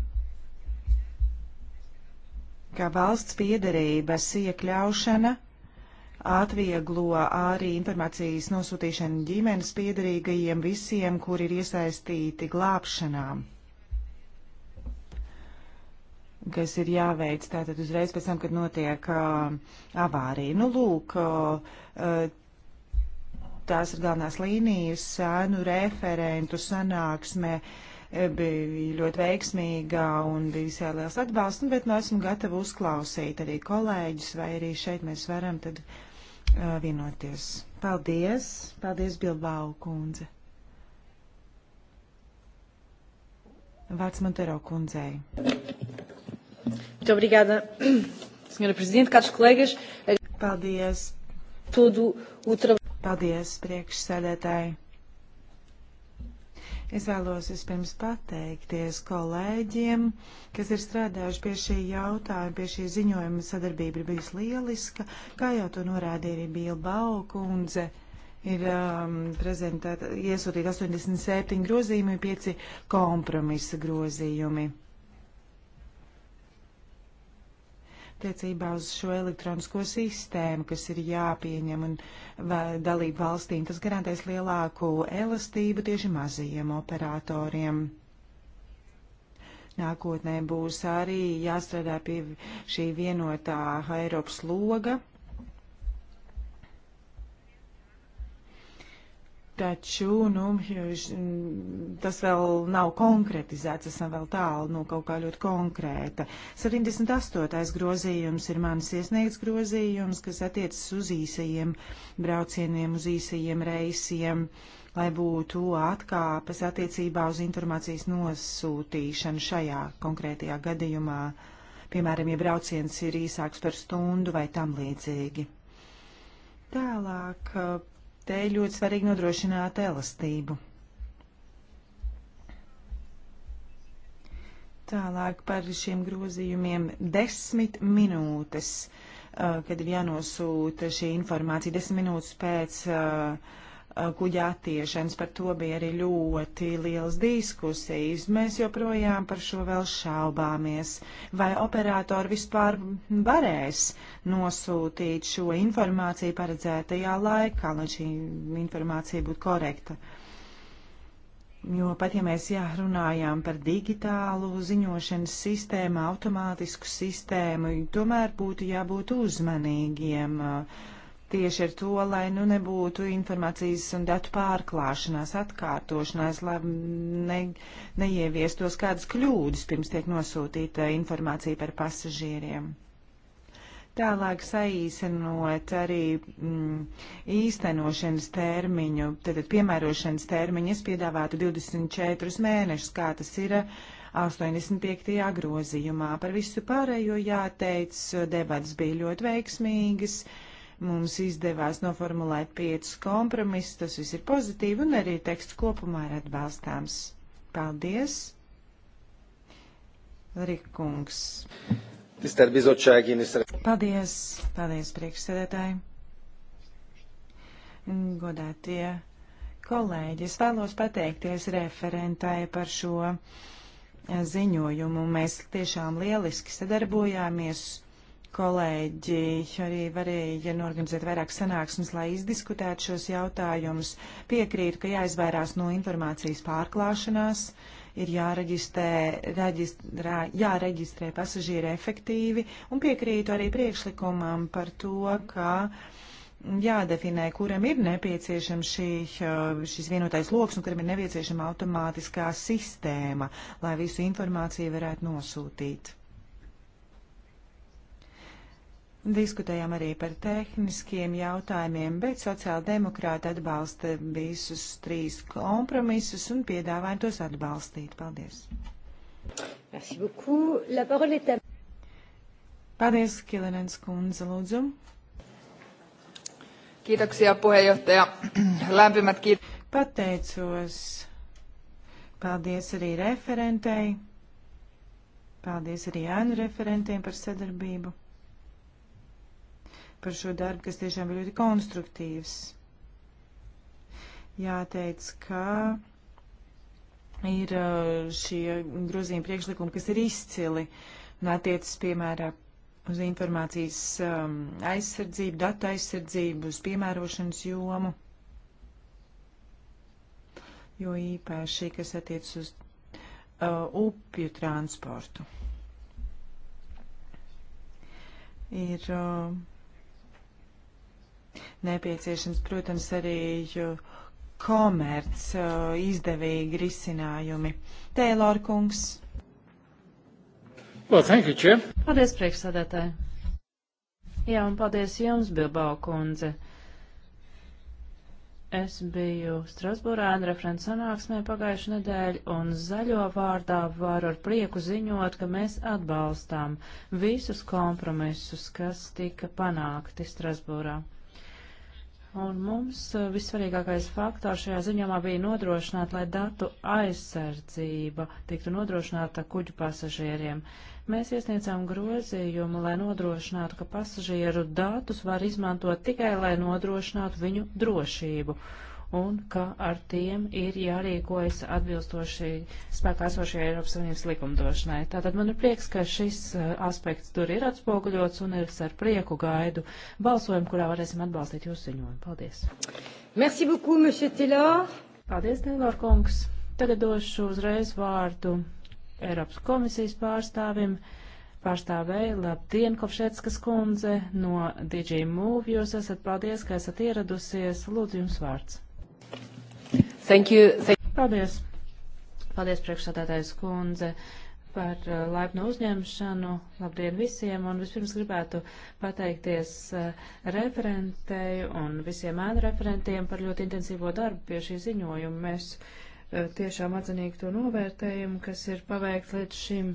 Kā valsts piedarības iekļaušana atvieglo arī informācijas nosūtīšanu ģimenes piedarīgajiem visiem, kur ir iesaistīti glābšanā kas ir jāveic tātad uzreiz pēc tam, kad notiek uh, avārija. Nu, lūk, uh, tās ir galvenās līnijas, sēnu referentu sanāksme bija ļoti veiksmīga un bija visai liels atbalsts, nu, bet nu esmu gatava uzklausīt arī kolēģis, vai arī šeit mēs varam tad Uh, vienoties. Paldies! Paldies, Bilbao kundze! Vārds Montero kundzei. Muito obrigada, Sra. Presidente, caros colegas. Paldies. Tudo o trabalho. Paldies, priekšsēdētāji. Es vēlos vispirms pateikties kolēģiem, kas ir strādājuši pie šī jautājuma, pie šī ziņojuma. Sadarbība ir bijusi lieliska, kā jau to norādīja arī Bilbao kundze. Ir um, prezentēta, iesūtīta 87 grozījumi, 5 kompromisa grozījumi. attiecībā uz šo elektronisko sistēmu, kas ir jāpieņem un dalību valstīm. Tas garantēs lielāku elastību tieši mazajiem operatoriem nākotnē būs arī jāstrādā pie šī vienotā Eiropas loga. Taču nu, tas vēl nav konkretizēts, esam vēl tālu no kaut kā ļoti konkrēta. 78. grozījums ir mans iesniegts grozījums, kas attiecas uz īsajiem braucieniem, uz īsajiem reisiem, lai būtu atkāpes attiecībā uz informācijas nosūtīšanu šajā konkrētajā gadījumā, piemēram, ja brauciens ir īsāks par stundu vai tam līdzīgi. Tālāk Te ir ļoti svarīgi nodrošināt elastību. Tālāk par šiem grozījumiem desmit minūtes, uh, kad ir jānosūta šī informācija desmit minūtes pēc uh, Uh, kuģa attiešanas. Par to bija arī ļoti liels diskusijas. Mēs joprojām par šo vēl šaubāmies, vai operātori vispār varēs nosūtīt šo informāciju paredzētajā laikā, lai šī informācija būtu korekta. Jo pat ja mēs jā, runājām par digitālu ziņošanas sistēmu, automātisku sistēmu, tomēr būtu jābūt uzmanīgiem. Uh, tieši ar to, lai nu nebūtu informācijas un datu pārklāšanās, atkārtošanās, lai ne, neieviestos kādas kļūdas pirms tiek nosūtīta informācija par pasažieriem. Tālāk saīsinot arī mm, īstenošanas termiņu, tātad piemērošanas termiņu, es piedāvātu 24 mēnešus, kā tas ir 85. Eh, grozījumā. Par visu pārējo jāteic, debats bija ļoti veiksmīgas. Uh, Mums izdevās noformulēt piecus kompromisus, tas viss ir pozitīvi un arī teksts kopumā ir atbalstāms. Paldies! Rikungs. Paldies, paldies priekšsēdētāji. Godātie kolēģi, es vēlos pateikties referentai par šo ziņojumu. Mēs tiešām lieliski sadarbojāmies Kolēģi arī varēja norganizēt vairāk sanāksmes, lai izdiskutētu šos jautājumus. Piekrītu, ka jāizvairās no informācijas pārklāšanās, ir jāreģistrē, reģistrā, jāreģistrē pasažieri efektīvi, un piekrītu arī priekšlikumam par to, ka jādefinē, kuram ir nepieciešams šī, šis vienotais lokus un kuram ir nepieciešama automātiskā sistēma, lai visu informāciju varētu nosūtīt. Diskutējām arī par tehniskiem jautājumiem, bet sociāldemokrāti atbalsta visus trīs kompromisus un piedāvāja tos atbalstīt. Paldies! Merci beaucoup. La parole est à... Paldies, Kilenens kundze, lūdzu. Kiitoksia puheenjohtaja. Lämpimät kiitos. Pateicos. Paldies arī referentei. Paldies arī ēnu referentiem par sadarbību par šo darbu, kas tiešām bija ļoti konstruktīvs. Jāteic, ka ir uh, šie grozījuma priekšlikumi, kas ir izcili un attiecas, piemēram, uz informācijas um, aizsardzību, datu aizsardzību, uz piemērošanas jomu, jo īpaši, kas attiecas uz uh, upju transportu. Ir uh, Nepieciešams, protams, arī komerc izdevīgi risinājumi. Tēlor kungs. Well, thank you, Chair. Paldies, priekšsādātāji. Jā, un paldies jums, Bilbao kundze. Es biju Strasbūrā un referents sanāksmē pagājušu nedēļu, un zaļo vārdā varu ar prieku ziņot, ka mēs atbalstām visus kompromisus, kas tika panākti Strasbūrā. Un mums eh, vissvarīgākais faktors šajā ziņā bija nodrošināt, lai datu aizsardzība tiktu nodrošināta kuģu pasažieriem. Mēs iesniedzām grozījumu, lai nodrošinātu, ka pasažieru datus var izmantot tikai, lai nodrošinātu viņu drošību un ka ar tiem ir jārīkojas atbilstoši spēkā esošajai Eiropas Savienības likumdošanai. Tātad man ir prieks, ka šis eh, aspekts tur ir atspoguļots un es ar prieku gaidu balsojumu, kurā varēsim atbalstīt jūsu ziņojumu. Paldies! Merci beaucoup, monsieur Taylor! Paldies, Taylor kungs! Tagad došu uzreiz vārdu Eiropas komisijas pārstāvim pārstāvēja Labdien, Kopšēckas kundze no DigiMove. Jūs esat paldies, ka esat ieradusies. Lūdzu, jums vārds. Thank you. Thank you. Paldies. Paldies, priekšsādātājs kundze par uh, laipnu uzņemšanu. Labdien visiem! Un vispirms gribētu pateikties uh, referentei un visiem ēnu referentiem par ļoti intensīvo darbu pie šī ziņojuma. Mēs uh, tiešām atzinīgi to novērtējumu, kas ir paveikts līdz šim.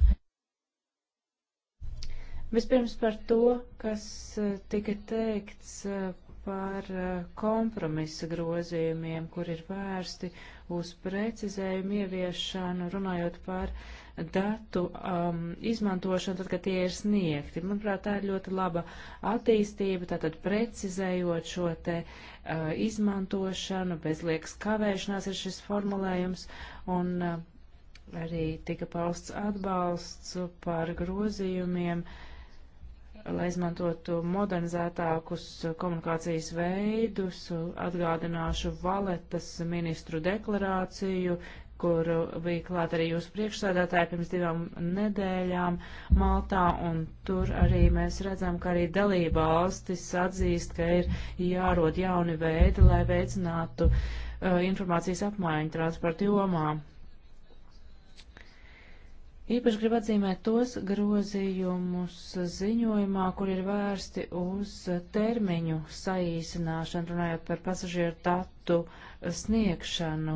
Vispirms par to, kas uh, tika teikts uh, par eh, kompromisa grozījumiem, kur ir vērsti uz precizējumu ieviešanu, runājot par datu um, izmantošanu, tad, kad tie ir sniegti. Manuprāt, tā ir ļoti laba attīstība, tātad precizējot šo te uh, izmantošanu, bez liekas kavēšanās ir šis formulējums, un uh, arī tika pausts atbalsts par grozījumiem. Uh, lai izmantotu modernizētākus komunikācijas veidus. Atgādināšu valetas ministru deklarāciju, kur bija klāt arī jūsu priekšsēdētāji pirms divām nedēļām Maltā, un tur arī mēs redzam, ka arī dalība valstis atzīst, ka ir jārod jauni veidi, lai veicinātu uh, informācijas apmaiņu transporta jomā. Īpaši gribu atzīmēt tos grozījumus ziņojumā, kur ir vērsti uz termiņu saīsināšanu, runājot par pasažieru datu sniegšanu.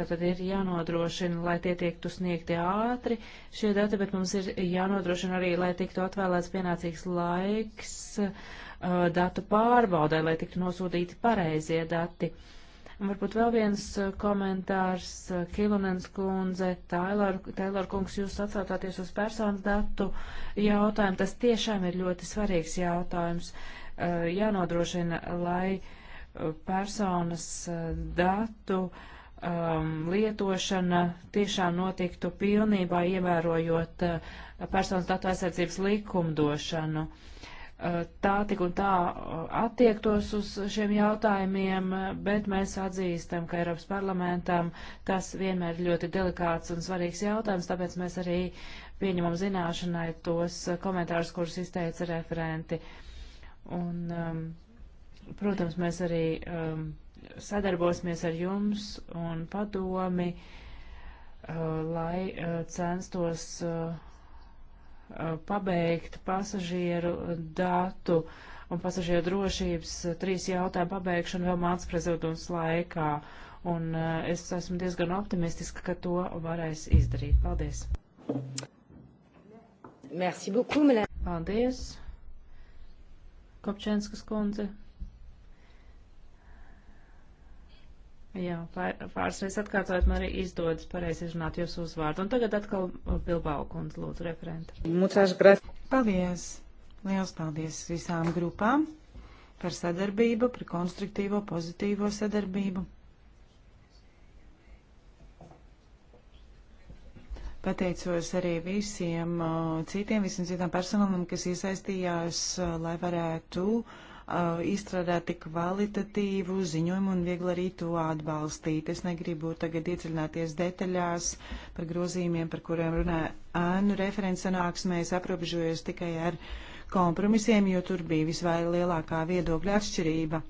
Tātad ir jānodrošina, lai tie tiektu sniegti ātri šie dati, bet mums ir jānodrošina arī, lai tiktu atvēlēts pienācīgs laiks uh, datu pārbaudē, lai tiktu nosūtīti pareizie dati. Uh, Un varbūt vēl viens uh, komentārs, uh, Kilunens kundze, Tailor kungs, jūs atsautāties uz personas datu jautājumu. Tas tiešām ir ļoti svarīgs jautājums. Uh, jānodrošina, lai personas datu um, lietošana tiešām notiktu pilnībā ievērojot uh, personas datu aizsardzības likumdošanu. Uh, tā tik un tā uh, attiektos uz šiem jautājumiem, bet mēs atzīstam, ka Eiropas parlamentam tas vienmēr ir ļoti delikāts un svarīgs jautājums, tāpēc mēs arī pieņemam zināšanai tos komentārus, kurus izteica referenti. Un, um, protams, mēs arī um, sadarbosimies ar jums un padomi, uh, lai uh, censtos. Uh, Uh, pabeigt pasažieru datu un pasažieru drošības uh, trīs jautājumu pabeigšanu vēl mācas prezidentūras laikā. Un uh, es esmu diezgan optimistiska, ka to varēs izdarīt. Paldies! Merci beaucoup, madame. Paldies! Kopčenskas kundze. Jā, pār, pāris reizes atkārtojot, man arī izdodas pareizi izrunāt jūsu uzvārdu. Un tagad atkal Bilbao kundze, lūdzu, referenta. Muchas gracias. Paldies! Liels paldies visām grupām par sadarbību, par konstruktīvo, pozitīvo sadarbību. Pateicos arī visiem uh, citiem, visiem citām personām, kas iesaistījās, uh, lai varētu uh, Uh, izstrādāt tik kvalitatīvu ziņojumu un viegli arī to atbalstīt. Es negribu tagad iedziļināties detaļās par grozījumiem, par kuriem runā ēnu referents sanāksmēs, aprobežojos tikai ar kompromisiem, jo tur bija visvairāk lielākā viedokļa atšķirība.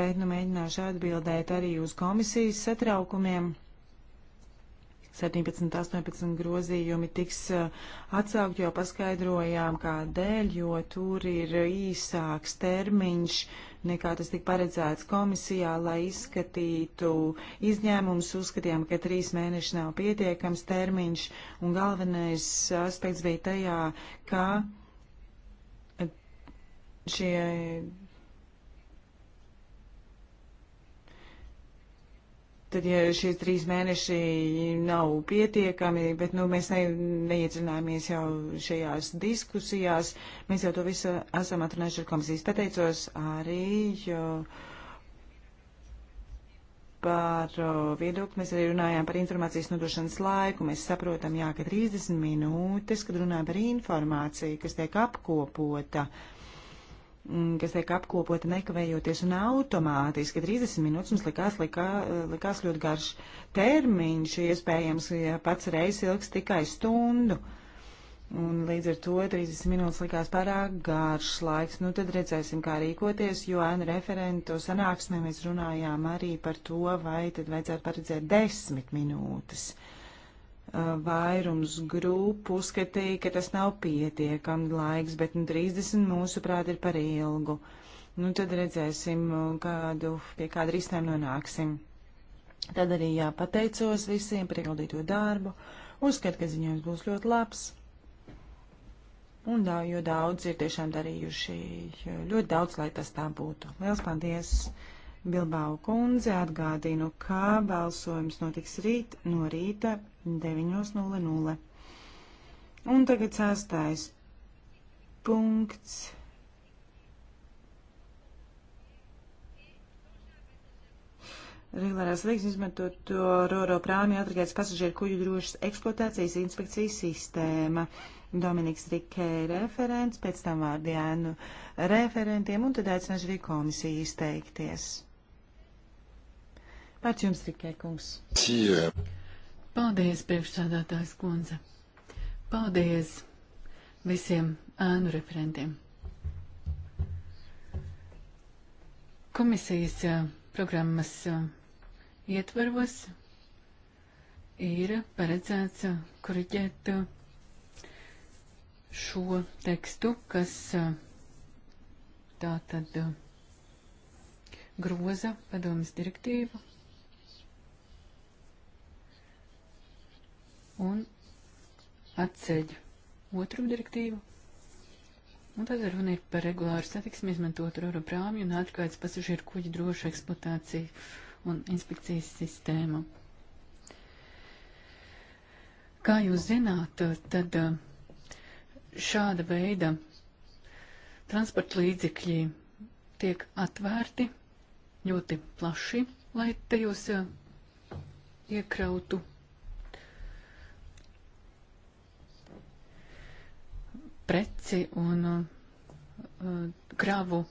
Bet nu mēģināšu atbildēt arī uz komisijas satraukumiem. 17, 18 grozījumi tiks uh, atsaukt, jo paskaidrojām, kādēļ, jo tur ir īsāks termiņš nekā tas tika paredzēts komisijā, lai izskatītu izņēmumus. Uzskatījām, ka trīs mēneši nav pietiekams termiņš, un galvenais aspekts bija tajā, ka šie tad, ja šie trīs mēneši nav pietiekami, bet nu, mēs ne, neiedzināmies jau šajās diskusijās, mēs jau to visu esam atrunājuši ar komisijas. Pateicos arī par viedokli, mēs arī runājām par informācijas nodošanas laiku, mēs saprotam, jā, ka 30 minūtes, kad runājam par informāciju, kas tiek apkopota. Uh, Mm, kas tiek apkopota nekavējoties un automātiski. 30 minūtes mums likās, likā, likās ļoti garš termiņš, iespējams, ja pats reizes ilgs tikai stundu. Un līdz ar to 30 minūtes likās pārāk garš laiks. Nu, tad redzēsim, kā rīkoties, jo ēnu referentu sanāksmē mēs runājām arī par to, vai tad vajadzētu paredzēt 10 minūtes. Uh, Eh, vairums grupu uzskatīja, ka tas nav pietiekami laiks, bet nu, 30 mūsuprāt ir par ilgu. Nu, tad redzēsim, eh, kādu, pie kāda risinājuma nonāksim. Tad arī jāpateicos visiem par ieguldīto darbu. Uzskatu, ka ziņojums būs ļoti labs. Un da, jo daudz ir tiešām darījuši, ļoti daudz, lai tas tā būtu. Liels paldies! Bilbao kundze atgādinu, ka balsojums notiks rīt no rīta 9.00. Un tagad sastais punkts. Regulārās līgas izmantot to roro prāmi atragētas pasažieru kuģu drošas eksploatācijas inspekcijas sistēma. Dominiks Rikē referents, pēc tam vārdienu referentiem, un tad aicināšu arī komisiju izteikties. Pats jums tikai, kungs. Euh. Paldies, priekšsādātājs kundze. Paldies visiem ēnu referentiem. Komisijas uh, programmas uh, ietvaros ir paredzēts uh, koriģēt šo tekstu, kas tā tad groza padomas direktīvu un atceļ otru direktīvu. Un tad runa ir par regulāru satiksmi izmantot roru prāmju un ārkārtas pasažieru kuģi drošu eksploatāciju un inspekcijas sistēmu. Kā jūs zināt, tad eh, šāda veida transporta līdzekļi tiek atvērti ļoti plaši, lai tajos eh, iekrautu preci un uh, kravu.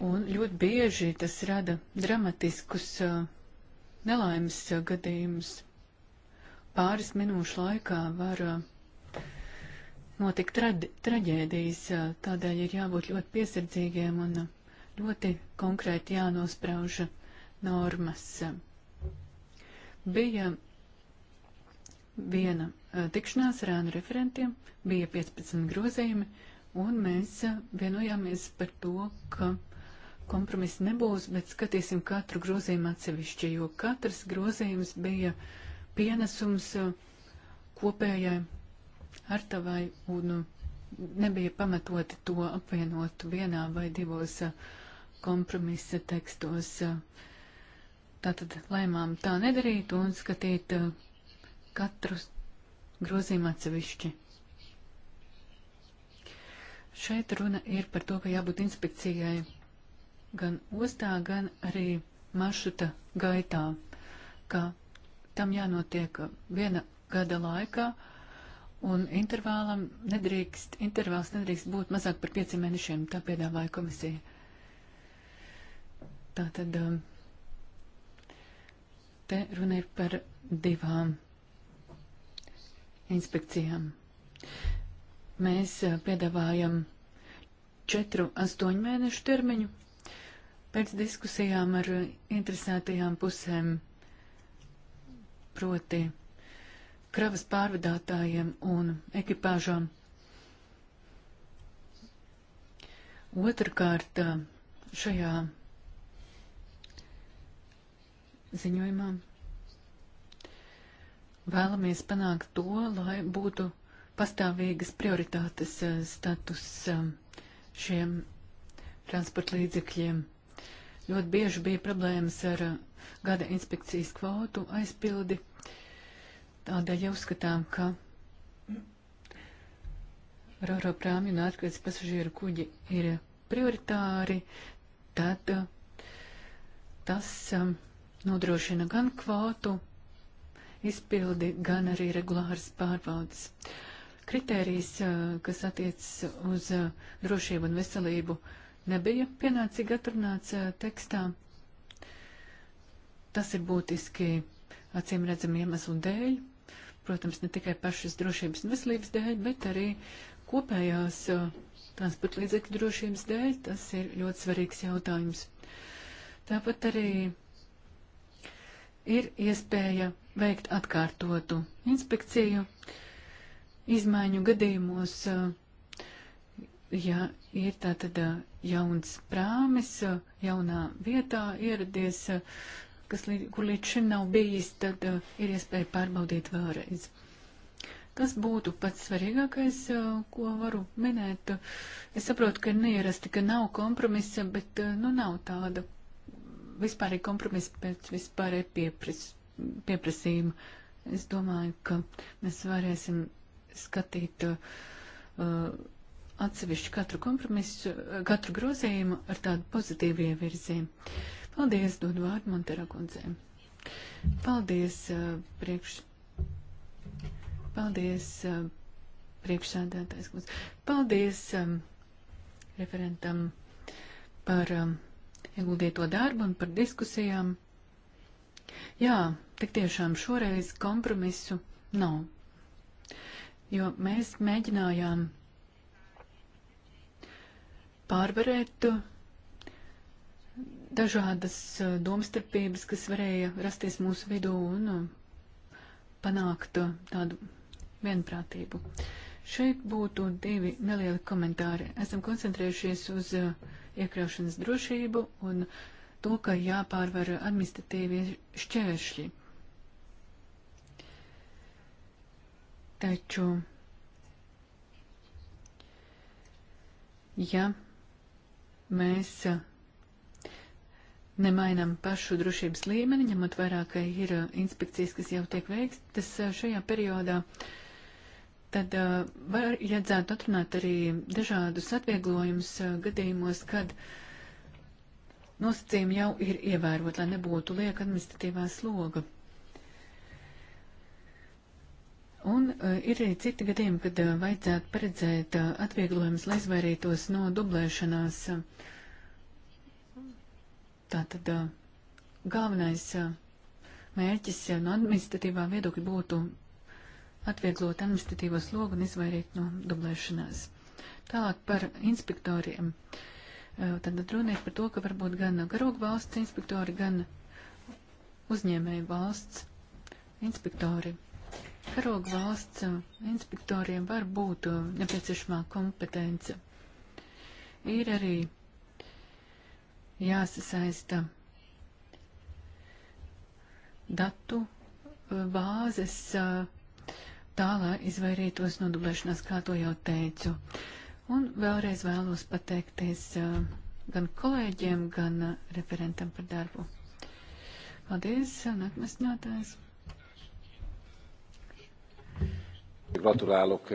Un ļoti bieži tas rada dramatiskus uh, nelaimes uh, gadījumus. Pāris minūšu laikā var uh, notikt traģēdijas, uh, tādēļ ir jābūt ļoti piesardzīgiem un uh, ļoti konkrēti jānosprauža uh, normas. Bija viena Eh, tikšanās ar ānu referentiem bija 15 grozījumi, un mēs eh, vienojāmies par to, ka kompromisa nebūs, bet skatīsim katru grozījumu atsevišķi, jo katrs grozījums bija pienesums eh, kopējai artavai, un nebija pamatoti to apvienot vienā vai divos kompromisa tekstos. Tātad lēmām tā nedarīt un skatīt katru grozījumu atsevišķi. Šeit runa ir par to, ka jābūt inspekcijai gan ostā, gan arī maršruta gaitā, ka tam jānotiek viena gada laikā, un intervālam nedrīkst, intervāls nedrīkst būt mazāk par pieciem mēnešiem, tā piedāvāja komisija. Tātad um, te runa ir par divām inspekcijām. Mēs eh, piedāvājam četru astoņu mēnešu termiņu. Pēc diskusijām ar interesētajām pusēm, proti kravas pārvadātājiem un ekipāžām. Otrakārt, eh, šajā ziņojumā vēlamies panākt to, lai būtu pastāvīgas prioritātes eh, status eh, šiem transporta līdzekļiem. Ļoti bieži bija problēmas ar eh, gada inspekcijas kvotu aizpildi. Tādēļ jau skatām, ka Roro prāmju un atkrits pasažieru kuģi ir prioritāri, tad tas nodrošina gan kvotu izpildi, gan arī regulāras pārbaudas. Kritērijas, kas attiecas uz drošību un veselību, nebija pienācīgi atrunāts tekstā. Tas ir būtiski acīm redzam iemeslu dēļ, protams, ne tikai pašas drošības un veselības dēļ, bet arī kopējās transporta līdzekļu drošības dēļ. Tas ir ļoti svarīgs jautājums. Tāpat arī ir iespēja veikt atkārtotu inspekciju izmaiņu gadījumos, eh, ja ir tātad eh, jauns prāmis, eh, jaunā vietā ieradies, kas, kur līdz šim nav bijis, tad ir iespēja pārbaudīt vēlreiz. Tas būtu pats svarīgākais, ko varu minēt. Es saprotu, ka neierasti, ka nav kompromisa, bet nu nav tāda vispārīga kompromisa pēc vispārēja pieprasījuma pieprasījumu. Es domāju, ka mēs varēsim skatīt uh, atsevišķu katru kompromisu, uh, katru grozījumu ar tādu pozitīvu ievirzi. Paldies, dod vārdu Montera kundzēm. Paldies, uh, priekš... Paldies, uh, priekšsādātājs kundze. Paldies um, referentam par um, ieguldīto darbu un par diskusijām. Jā, tik tiešām šoreiz kompromisu nav. Jo mēs mēģinājām pārvarēt dažādas domstarpības, kas varēja rasties mūsu vidū un panākt tādu vienprātību. Šeit būtu divi nelieli komentāri. Esam koncentrējušies uz iekļaušanas drošību un uh, to, ka jāpārvar administratīvie šķēršļi. Taču, ja mēs nemainam pašu drošības līmeni, ņemot vairāk, ka ir inspekcijas, kas jau tiek veiktas šajā periodā, tad uh, var iedzētu atrunāt arī dažādus atvieglojumus uh, gadījumos, kad uh, nosacījumi jau ir ievērot, lai nebūtu lieka administratīvā sloga. Un uh, ir arī citi gadījumi, kad uh, vajadzētu paredzēt uh, atvieglojumus, lai izvairītos no dublēšanās. Tātad uh, galvenais uh, mērķis uh, no administratīvā viedokļa būtu atvieglot administratīvo slogu un izvairīt no dublēšanās. Tālāk par inspektoriem. Uh, Eh, tad nu runa ir par to, ka varbūt gan karoga valsts inspektori, gan uzņēmēju valsts inspektori. Karoga valsts eh, inspektoriem var būt eh, nepieciešamā kompetence. Ir arī jāsasaista datu bāzes tā, lai izvairītos no dublēšanās, kā to jau teicu. Uh, Un vēlreiz vēlos pateikties uh, gan kolēģiem, gan uh, referentam par darbu. Paldies, eh, nākamais ņotājs. Gratulálok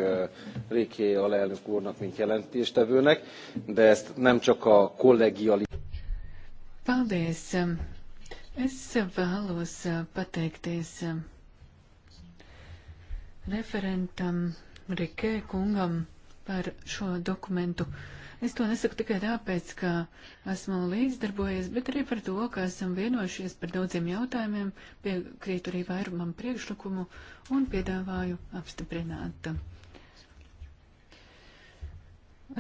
Réki alelnök úrnak, mint jelentéstevőnek, de ezt nem csak a kollegiali... Paldies! Es vēlos pateikties referentam Rikē kungam par šo dokumentu. Es to nesaku tikai tāpēc, ka esmu līdzdarbojies, bet arī par to, ka esam vienojušies par daudziem jautājumiem, piekrītu arī vairumam priekšlikumu un piedāvāju apstiprināt.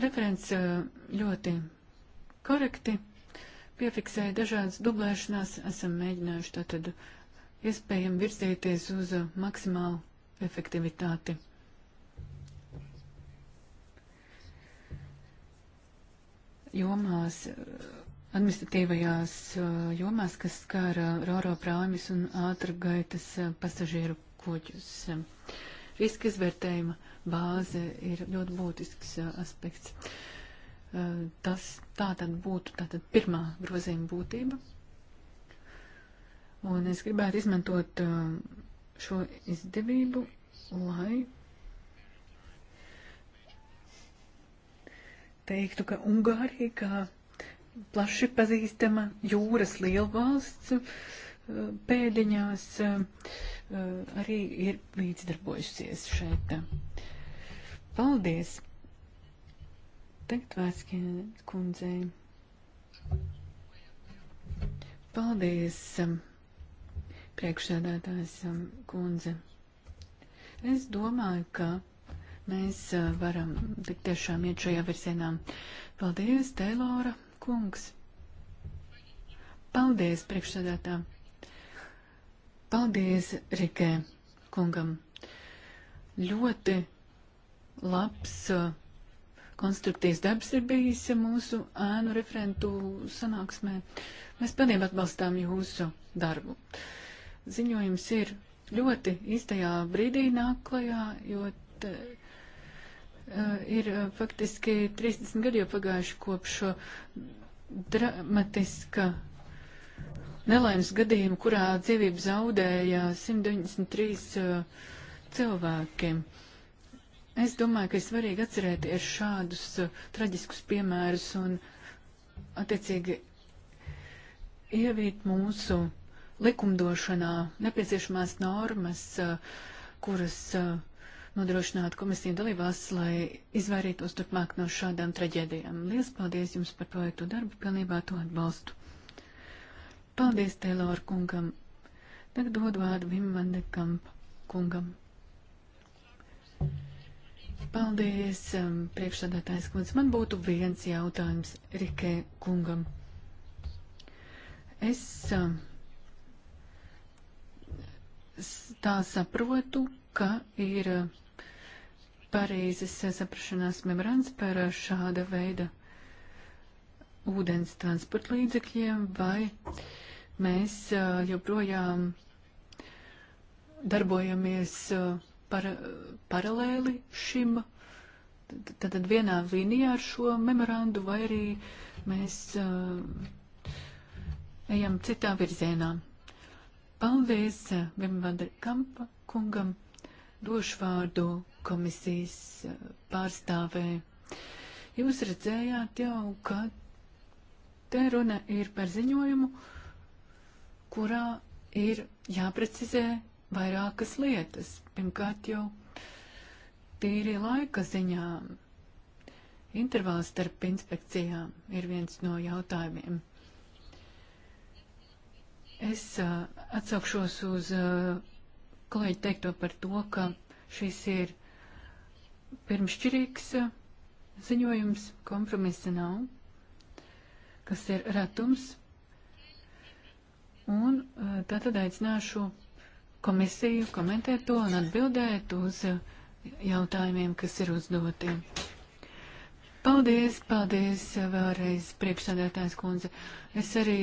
Referents eh, ļoti korekti piefiksēja dažādas dublēšanās, esam mēģinājuši tātad iespējami virzīties uz maksimālu efektivitāti. jomās, administratīvajās uh, jomās, kas skar uh, roro prāmis un ātrgaitas uh, pasažieru kuģus. Riska izvērtējuma bāze ir ļoti būtisks aspekts. Tas tā tad būtu tātad pirmā grozījuma būtība. Un es gribētu izmantot šo izdevību, lai teiktu, ka Ungārija, kā plaši pazīstama jūras lielvalsts, pēdiņās eh, arī ir līdzdarbojusies šeit. Paldies! Tagad Vāckiena kundzei. Paldies, eh, priekšsēdētājs eh, kundze. Es domāju, ka mēs varam tik tiešām iet šajā virzienā. Paldies, Teilora kungs! Paldies, priekšsēdētā! Paldies, Rikē kungam! Ļoti labs konstruktīvs darbs ir bijis mūsu ēnu referentu sanāksmē. Mēs pilnībā atbalstām jūsu darbu. Ziņojums ir ļoti īstajā brīdī nāk klajā, jo Eh, ir eh, faktiski 30 gadi jau pagājuši kopš šo dramatiska nelaimes gadījumu, kurā dzīvību zaudēja 193 uh, eh, cilvēkiem. Es domāju, ka ir svarīgi atcerēties šādus uh, traģiskus piemērus un attiecīgi ievīt mūsu likumdošanā nepieciešamās normas, uh, kuras uh, nodrošināt komisiju dalībās, lai izvairītos turpmāk no šādām traģēdijām. Lielas paldies jums par projektu darbu, pilnībā to atbalstu. Paldies Teiloru kungam. Tagad dodu vārdu Vim Vandekamp kungam. Paldies, um, priekšsādātājs kundze. Man būtu viens jautājums Rikē kungam. Es um, tā saprotu, ka ir uh, Parīzes saprašanās memorants par šāda veida ūdens transporta līdzekļiem, vai mēs joprojām darbojamies par, paralēli šim, tad vienā līnijā ar šo memorandu, vai arī mēs ejam citā virzienā. Paldies Vimvadra Kampa kungam, došu vārdu komisijas eh, pārstāvē. Jūs redzējāt jau, ka te runa ir par ziņojumu, kurā ir jāprecizē vairākas lietas. Pirmkārt jau tīri laika ziņā. Intervāls starp inspekcijām ir viens no jautājumiem. Es uh, atsaukšos uz uh, kolēģi teikto par to, ka šis ir pirmšķirīgs eh, ziņojums, kompromisa nav, kas ir retums. Un eh, tātad aicināšu komisiju komentēt to un atbildēt uz eh, jautājumiem, kas ir uzdoti. Paldies, paldies vēlreiz priekšsādātājs kundze. Es arī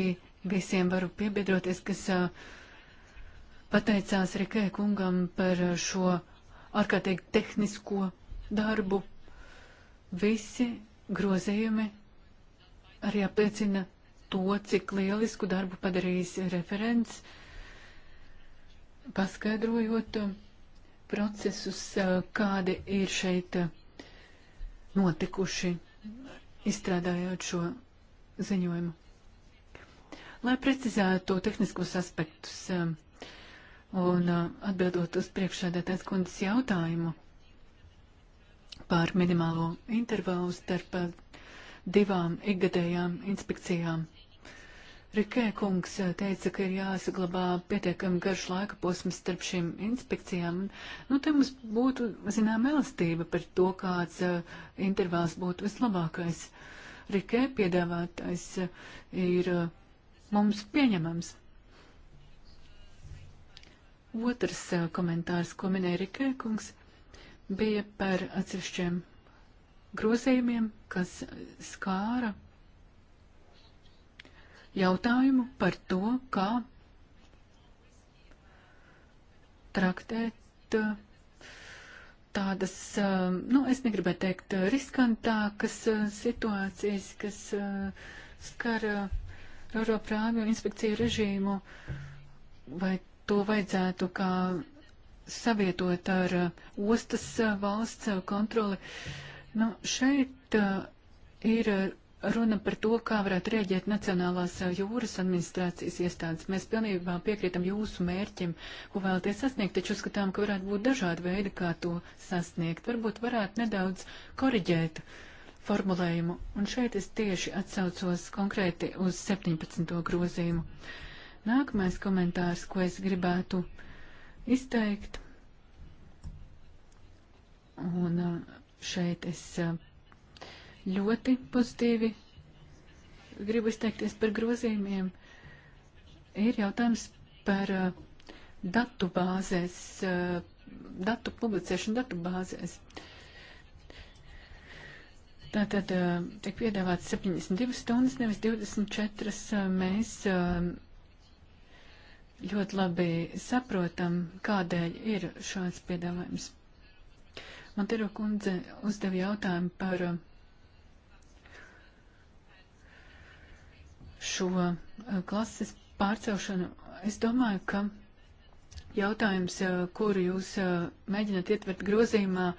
visiem varu piebiedroties, kas pateicās Rikē kungam par šo ārkārtīgi tehnisko darbu. Visi grozējumi arī apliecina to, cik lielisku darbu padarījis referents, paskaidrojot procesus, kādi ir šeit notikuši, izstrādājot šo ziņojumu. Lai precizētu tehniskos aspektus um, un uh, atbildot uz priekšādātās kundzes jautājumu, par minimālo intervālu starp eh, divām ikgadējām inspekcijām. Rikē kungs eh, teica, ka ir jāsaglabā pietiekami garš laika posms starp šīm inspekcijām. Nu, te mums būtu, zinām, elastība par to, kāds uh, intervāls būtu vislabākais. Rikē piedāvātais uh, ir uh, mums pieņemams. Otrs komentārs, ko minēja Rikē kungs bija par atsevišķiem grozījumiem, kas skāra jautājumu par to, kā traktēt uh, tādas, uh, nu, es negribētu teikt, uh, riskantākas situācijas, kas skar Roro prāvju inspekciju režīmu, vai to vajadzētu kā savietot ar uh, ostas uh, valsts uh, kontroli. Nu, šeit ir runa par to, kā varētu rēģēt Nacionālās jūras administrācijas iestādes. Mēs pilnībā piekrītam jūsu mērķim, ko vēlaties sasniegt, taču uzskatām, ka varētu būt dažādi veidi, kā to sasniegt. Varbūt varētu nedaudz koriģēt formulējumu, un šeit es tieši atsaucos konkrēti uz 17. grozījumu. Nākamais komentārs, ko es gribētu uh, izteikt. Un uh, šeit es uh, ļoti pozitīvi gribu izteikties par grozījumiem. Ir jautājums par uh, datu bāzēs, datu publicēšanu datu bāzēs. Tātad tiek piedāvāts 72 stundas, nevis 24. Mēs ļoti labi saprotam, kādēļ ir šāds piedāvājums. Montero kundze uzdeva jautājumu par uh, šo uh, klases pārcelšanu. Es domāju, ka jautājums, uh, kuru jūs mēģināt ietvert grozījumā,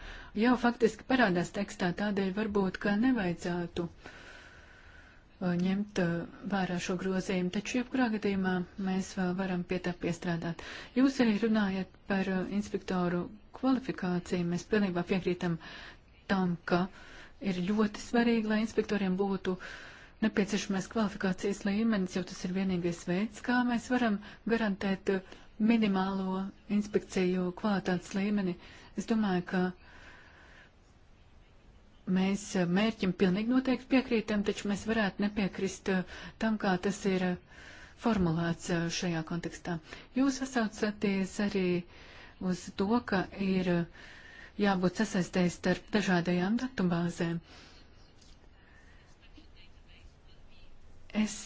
jau faktiski parādās tekstā, tādēļ varbūt, ka nevajadzētu uh, Uh, ņemt uh, vērā šo grozījumu, taču jebkurā gadījumā mēs vēl uh, varam pie tā piestrādāt. Jūs arī runājat par inspektoru kvalifikāciju. Mēs pilnībā piekrītam tam, ka ir ļoti svarīgi, lai inspektoriem būtu nepieciešamais kvalifikācijas līmenis, jo tas ir vienīgais veids, kā mēs varam garantēt minimālo inspekciju kvalitātes līmeni. Es domāju, ka uh, mēs eh, mērķim pilnīgi noteikti piekrītam, taču mēs varētu nepiekrist eh, tam, kā tas ir eh, formulēts šajā kontekstā. Jūs sasaucaties arī uz to, ka ir jābūt sasaistēji starp dažādajām datubāzēm. Es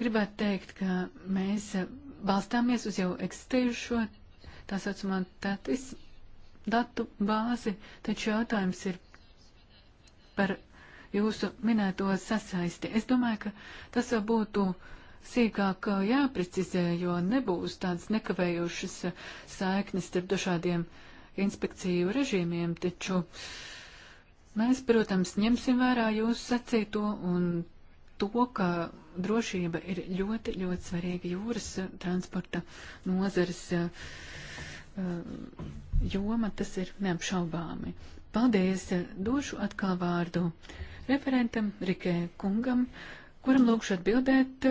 gribētu teikt, ka mēs balstāmies uz jau eksistējušo tā saucamā tatis datu bāzi, taču jautājums ir par jūsu minēto sasaisti. Es domāju, ka tas vēl būtu sīkāk uh, jāprecizē, jo nebūs tādas nekavējošas uh, saiknes starp dažādiem inspekciju režīmiem, taču mēs, protams, ņemsim vērā jūsu sacīto un to, ka drošība ir ļoti, ļoti svarīga jūras uh, transporta nozares joma, tas ir neapšaubāmi. Paldies! Došu atkal vārdu referentam Rikē kungam, kuram lūkšu atbildēt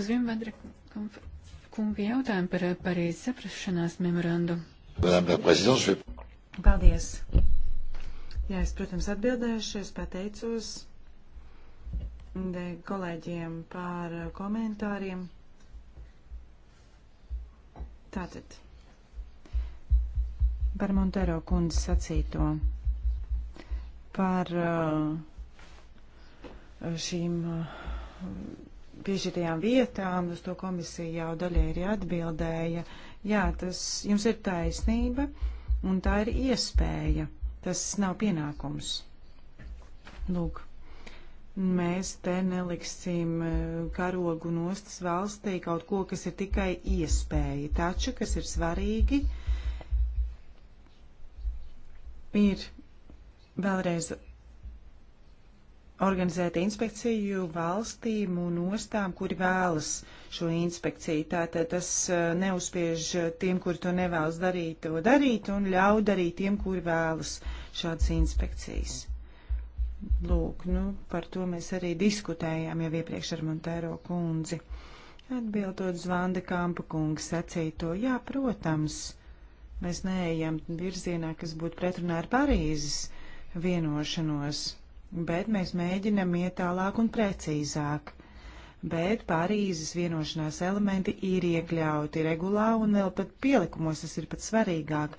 uz Vimvadra kunga jautājumu par Parīzes saprašanās memorandu. Paldies! Jā, es, protams, atbildēšu, es pateicos kolēģiem par komentāriem. Tātad par Montero kundzi sacīto, par uh, šīm uh, piešķirtajām vietām, uz to komisija jau daļai arī atbildēja. Jā, tas jums ir taisnība un tā ir iespēja. Tas nav pienākums. Lūk, mēs te neliksim uh, karogu nostas valstī kaut ko, kas ir tikai iespēja, taču, kas ir svarīgi, uh, ir vēlreiz organizēt inspekciju valstīm un ostām, kuri vēlas šo inspekciju. Tātad tas eh, neuzspiež tiem, kuri to nevēlas darīt, to darīt un ļauj darīt tiem, kuri vēlas šādas inspekcijas. Lūk, nu, par to mēs arī diskutējām jau iepriekš ar Montēro kundzi. Atbildot Zvanda Kampa kungs sacīto, jā, protams, Mēs neejam virzienā, kas būtu pretrunā ar Parīzes vienošanos, bet mēs mēģinam iet tālāk un precīzāk. Bet Parīzes vienošanās elementi ir iekļauti regulā un vēl pat pielikumos tas ir pat svarīgāk.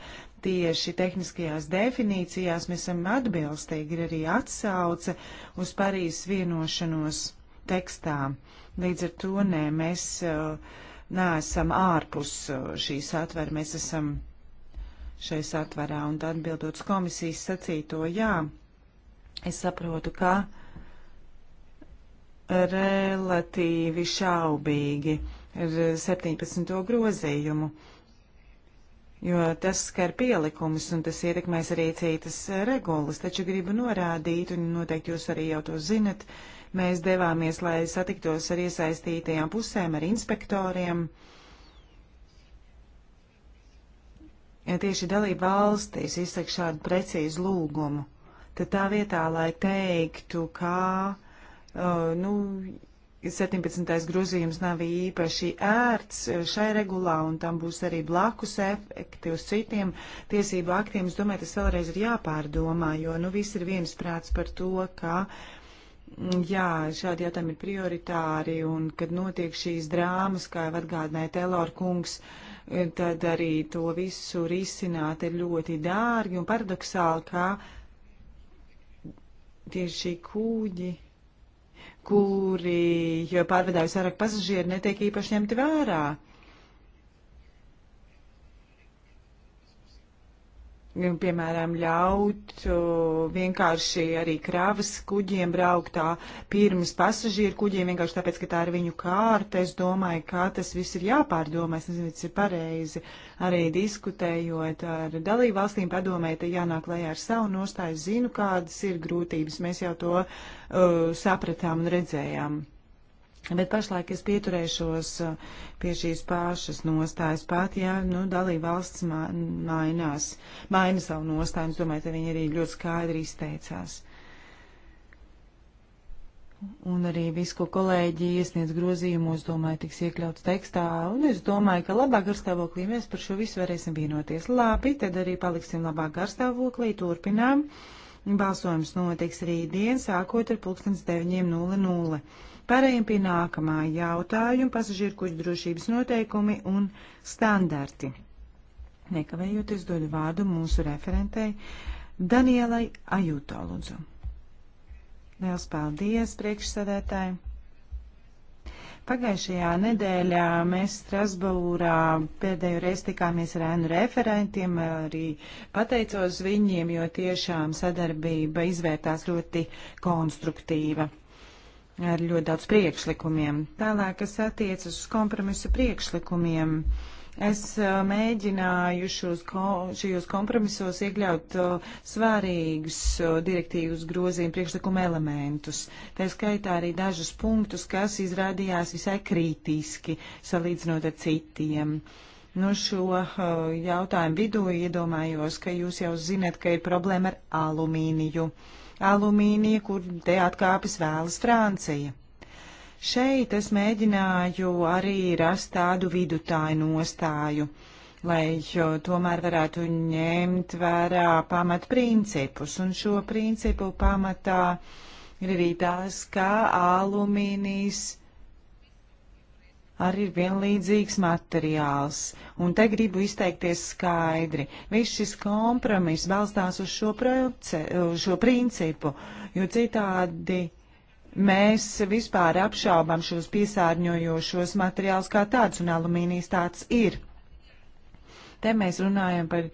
Tieši tehniskajās definīcijās mēs esam atbilstīgi, ir arī atsauce uz Parīzes vienošanos tekstā. Līdz ar to nē, mēs uh, neesam ārpus uh, šīs atver, mēs esam šai satvarā. Un tad atbildot uz komisijas sacīto, jā, es saprotu, ka relatīvi šaubīgi ar 17. grozījumu, jo tas skar pielikumus un tas ietekmēs arī citas regulas, taču gribu norādīt, un noteikti jūs arī jau to zinat, mēs devāmies, lai satiktos ar iesaistītajām pusēm, ar inspektoriem, uh, ja tieši dalība valstīs izsaka šādu precīzu lūgumu, tad tā vietā, lai teiktu, ka uh, nu, 17. grozījums nav īpaši ērts uh, šai regulā un tam būs arī blakus efekti uz citiem tiesību aktiem, es domāju, tas vēlreiz ir jāpārdomā, jo nu, viss ir viens prāts par to, ka. Mm, jā, šādi jautājumi ir prioritāri, un kad notiek šīs drāmas, kā jau atgādināja Telor kungs, uh, tad arī to visu risināt ir ļoti dārgi un paradoxāli, kā tieši šī kūģi, kuri pārvedājas vairāk pasažieru, netiek īpaši ņemti vērā. piemēram, ļaut vienkārši arī kravas kuģiem braukt pirms pasažieru kuģiem, vienkārši tāpēc, ka tā ir viņu kārta. Es domāju, kā tas viss ir jāpārdomā, es nezinu, tas ir pareizi. Arī diskutējot ar dalību valstīm padomē, te jānāk lejā ar savu nostāju, zinu, kādas ir grūtības. Mēs jau to uh, sapratām un redzējām. Bet pašlaik es pieturēšos uh, pie šīs pašas nostājas pat, ja nu, dalībvalsts mainās, maina savu nostāju. Es domāju, ka viņi arī ļoti skaidri izteicās. Un arī visu, ko kolēģi iesniedz grozījumos, domāju, tiks iekļauts tekstā. Un es domāju, ka labā garstāvoklī mēs par šo visu varēsim vienoties. Labi, tad arī paliksim labā garstāvoklī, turpinām. Balsojums notiks rītdien, sākot ar pulkstens 9.00. Pārējiem pie nākamā jautājuma - pasažieru kuģu drošības noteikumi un standarti. Nekavējoties dodu vārdu mūsu referentei Danielai Ajūto lūdzu. Liels paldies, priekšsēdētāji! Pagājušajā nedēļā mēs Strasbūrā pēdējo reizi tikāmies ar ēnu referentiem, arī pateicos viņiem, jo tiešām sadarbība izvērtās ļoti konstruktīva ar ļoti daudz priekšlikumiem. Tālāk, kas attiecas uz kompromisu priekšlikumiem, es mēģināju šos, šajos kompromisos iekļaut svārīgus direktīvas grozījuma priekšlikuma elementus. Tā skaitā arī dažus punktus, kas izrādījās visai kritiski salīdzinot ar citiem. Nu, šo jautājumu vidū iedomājos, ka jūs jau zinat, ka ir problēma ar alumīniju. Uh, alumīnija, kur te atkāpjas vēlas Francija. Šeit es mēģināju arī rast tādu vidutāju nostāju, lai tomēr varētu ņemt vērā pamat principus, un šo principu pamatā ir arī tās, kā alumīnijas arī ir vienlīdzīgs materiāls. Un te gribu izteikties skaidri. Viss šis kompromiss balstās uz šo, proce, šo principu, jo citādi mēs vispār apšaubam šos piesārņojošos materiālus kā tādus, un alumīnijas tāds ir. Te mēs runājam par uh,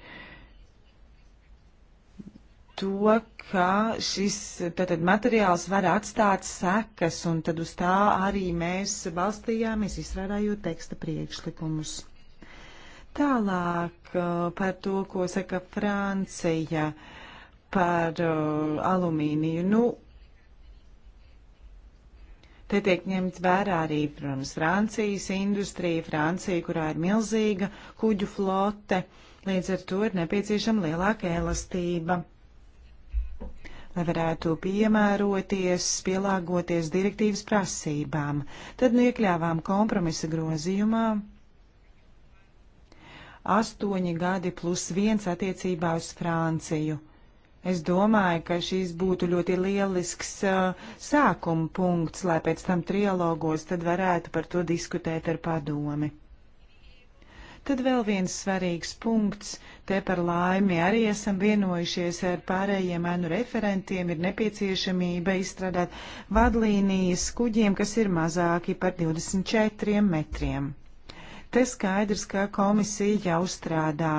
to, ka šis tātad, materiāls var atstāt sekas, un tad uz tā arī mēs balstījāmies, izstrādājot teksta priekšlikumus. Tālāk uh, par to, ko saka Francija par uh, alumīniju. Nu, Te tiek ņemts vērā arī, protams, Francijas industrija, Francija, kurā ir milzīga kuģu flote, līdz ar to ir nepieciešama lielāka elastība lai varētu piemēroties, pielāgoties direktīvas prasībām. Tad nu iekļāvām kompromisa grozījumā astoņi gadi plus viens attiecībā uz Franciju. Es domāju, ka šīs būtu ļoti lielisks uh, sākuma punkts, lai pēc tam trialogos tad varētu par to diskutēt ar padomi. Tad vēl viens svarīgs punkts Te par laimi arī esam vienojušies ar pārējiem ēnu referentiem, ir nepieciešamība izstrādāt vadlīnijas kuģiem, kas ir mazāki par 24 metriem. Te skaidrs, ka komisija jau strādā.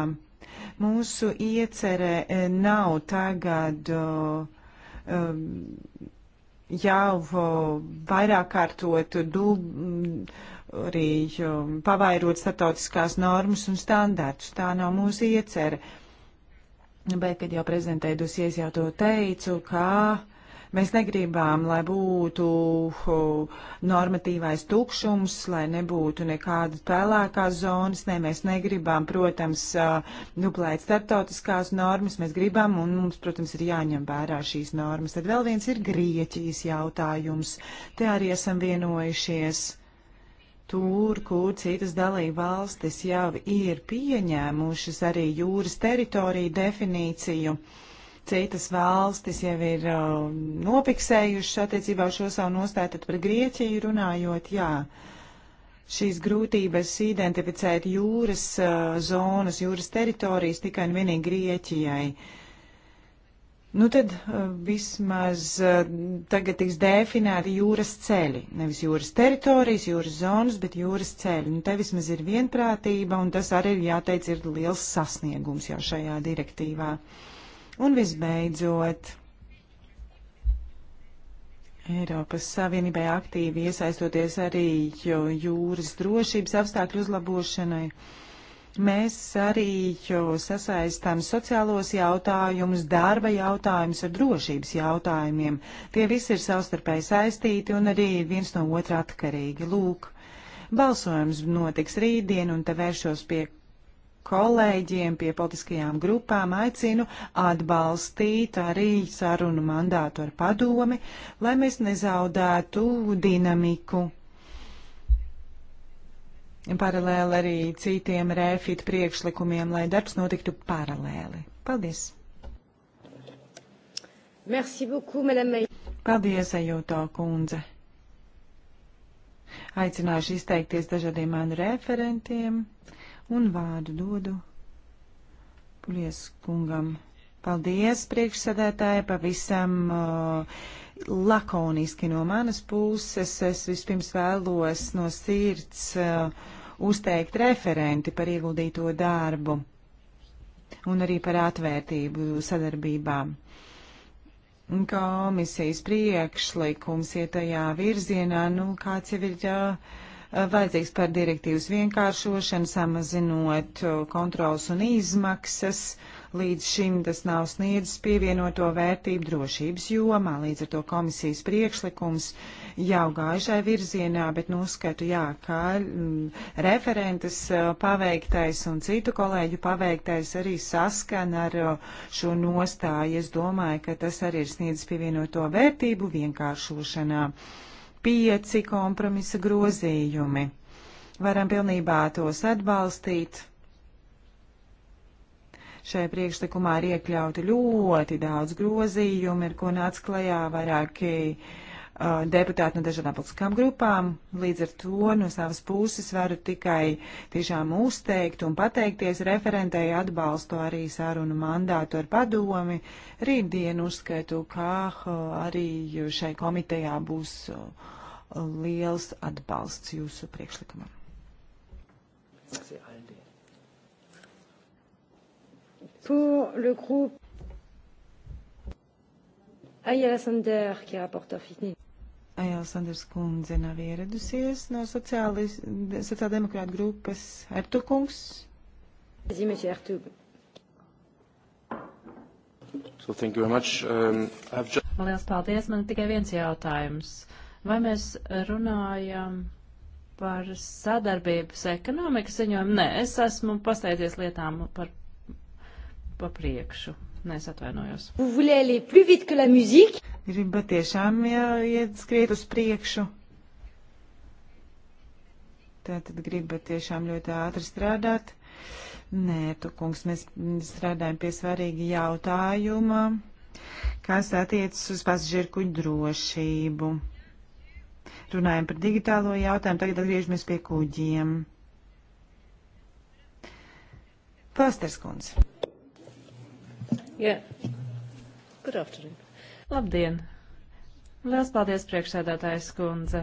Mūsu iecerē e, nav tagad. Um, jau vairāk kārtot dub, arī um, pavairot startautiskās normas un standartus. Tā nav mūsu iecerē. Bet, kad jau prezentēju dosies, jau to teicu, ka mēs negribām, lai būtu normatīvais tukšums, lai nebūtu nekādas pelēkās zonas. Nē, ne, mēs negribām, protams, dublēt startautiskās normas. Mēs gribam, un mums, protams, ir jāņem vērā šīs normas. Tad vēl viens ir Grieķijas jautājums. Te arī esam vienojušies tur, kur citas dalība valstis jau ir pieņēmušas arī jūras teritoriju definīciju. Citas valstis jau ir uh, um, nopiksējušas attiecībā uz šo savu nostāju, tad par Grieķiju runājot, jā. Šīs grūtības identificēt jūras uh, zonas, jūras teritorijas tikai un vienīgi Grieķijai. Uh, Nu tad eh, vismaz eh, tagad tiks definēti jūras ceļi. Nevis jūras teritorijas, jūras zonas, bet jūras ceļi. Nu te vismaz ir vienprātība, un tas arī, jāteic, ir liels sasniegums jau šajā direktīvā. Un visbeidzot, Eiropas Savienībai aktīvi iesaistoties arī jūras drošības apstākļu uzlabošanai. Uh, Mēs arī sasaistām sociālos jautājumus, darba jautājumus ar drošības jautājumiem. Tie visi ir savstarpēji saistīti un arī viens no otra atkarīgi. Lūk, balsojums notiks rītdien un te vēršos pie kolēģiem, pie politiskajām grupām. Aicinu atbalstīt arī sarunu mandātu ar padomi, lai mēs nezaudētu dinamiku paralēli arī citiem rēfit priekšlikumiem, lai darbs notiktu paralēli. Paldies! Merci beaucoup, madame. Paldies, Ajūto kundze. Aicināšu izteikties dažādiem manu referentiem un vārdu dodu Pulies kungam. Paldies, priekšsēdētāji, pavisam uh, lakoniski no manas puses. Es vispirms vēlos no sirds uh, uzteikt referenti par ieguldīto darbu un arī par atvērtību sadarbībā. Komisijas priekšlikums iet tajā virzienā, nu, kāds jau ir uh, vajadzīgs par direktīvas vienkāršošanu, samazinot kontrols un izmaksas. Uh, Līdz šim tas nav sniedzis pievienoto vērtību drošības jomā, līdz ar to komisijas priekšlikums jau gājušai virzienā, bet noskatu, jā, kā m, mm, referentes paveiktais un citu kolēģu paveiktais arī saskan ar šo nostāju. Es domāju, ka tas arī ir sniedzis pievienoto vērtību vienkāršošanā. Pieci kompromisa grozījumi. Varam pilnībā tos atbalstīt Šajā priekšlikumā ir iekļauti ļoti daudz grozījumi, ar ko nāca klajā vairāki uh, deputāti no dažādām politiskām grupām. Līdz ar to no savas puses varu tikai tiešām uzteikt un pateikties referentēji atbalstu arī sarunu mandātu ar padomi. Rītdien uzskaitu, kā uh, arī šai komitejā būs. Uh, liels atbalsts jūsu priekšlikumam. Pour le groupe Ajala Sander, qui rapporte fini. Ajala Sanders kundze nav ieradusies no sociāldemokrāta grupas. Ertukungs. Zīmēs Ertug. So thank you very much. Um, I've just... Liels paldies. Man tikai viens jautājums. Vai mēs runājam par sadarbības ekonomikas ziņojumu? Nē, es esmu pasteidzies lietām par pa priekšu. Nē, es atvainojos. Gribat tiešām iet skriet uz priekšu. Tātad gribat tiešām ļoti ātri strādāt. Nē, tu kungs, mēs strādājam pie svarīga jautājuma, kas attiecas uz pasažieru kuģu drošību. Runājam par digitālo jautājumu, tagad atgriežamies pie kuģiem. Pasters kundze. Yeah. Good afternoon. Labdien! Liels paldies, priekšsēdētājs kundze!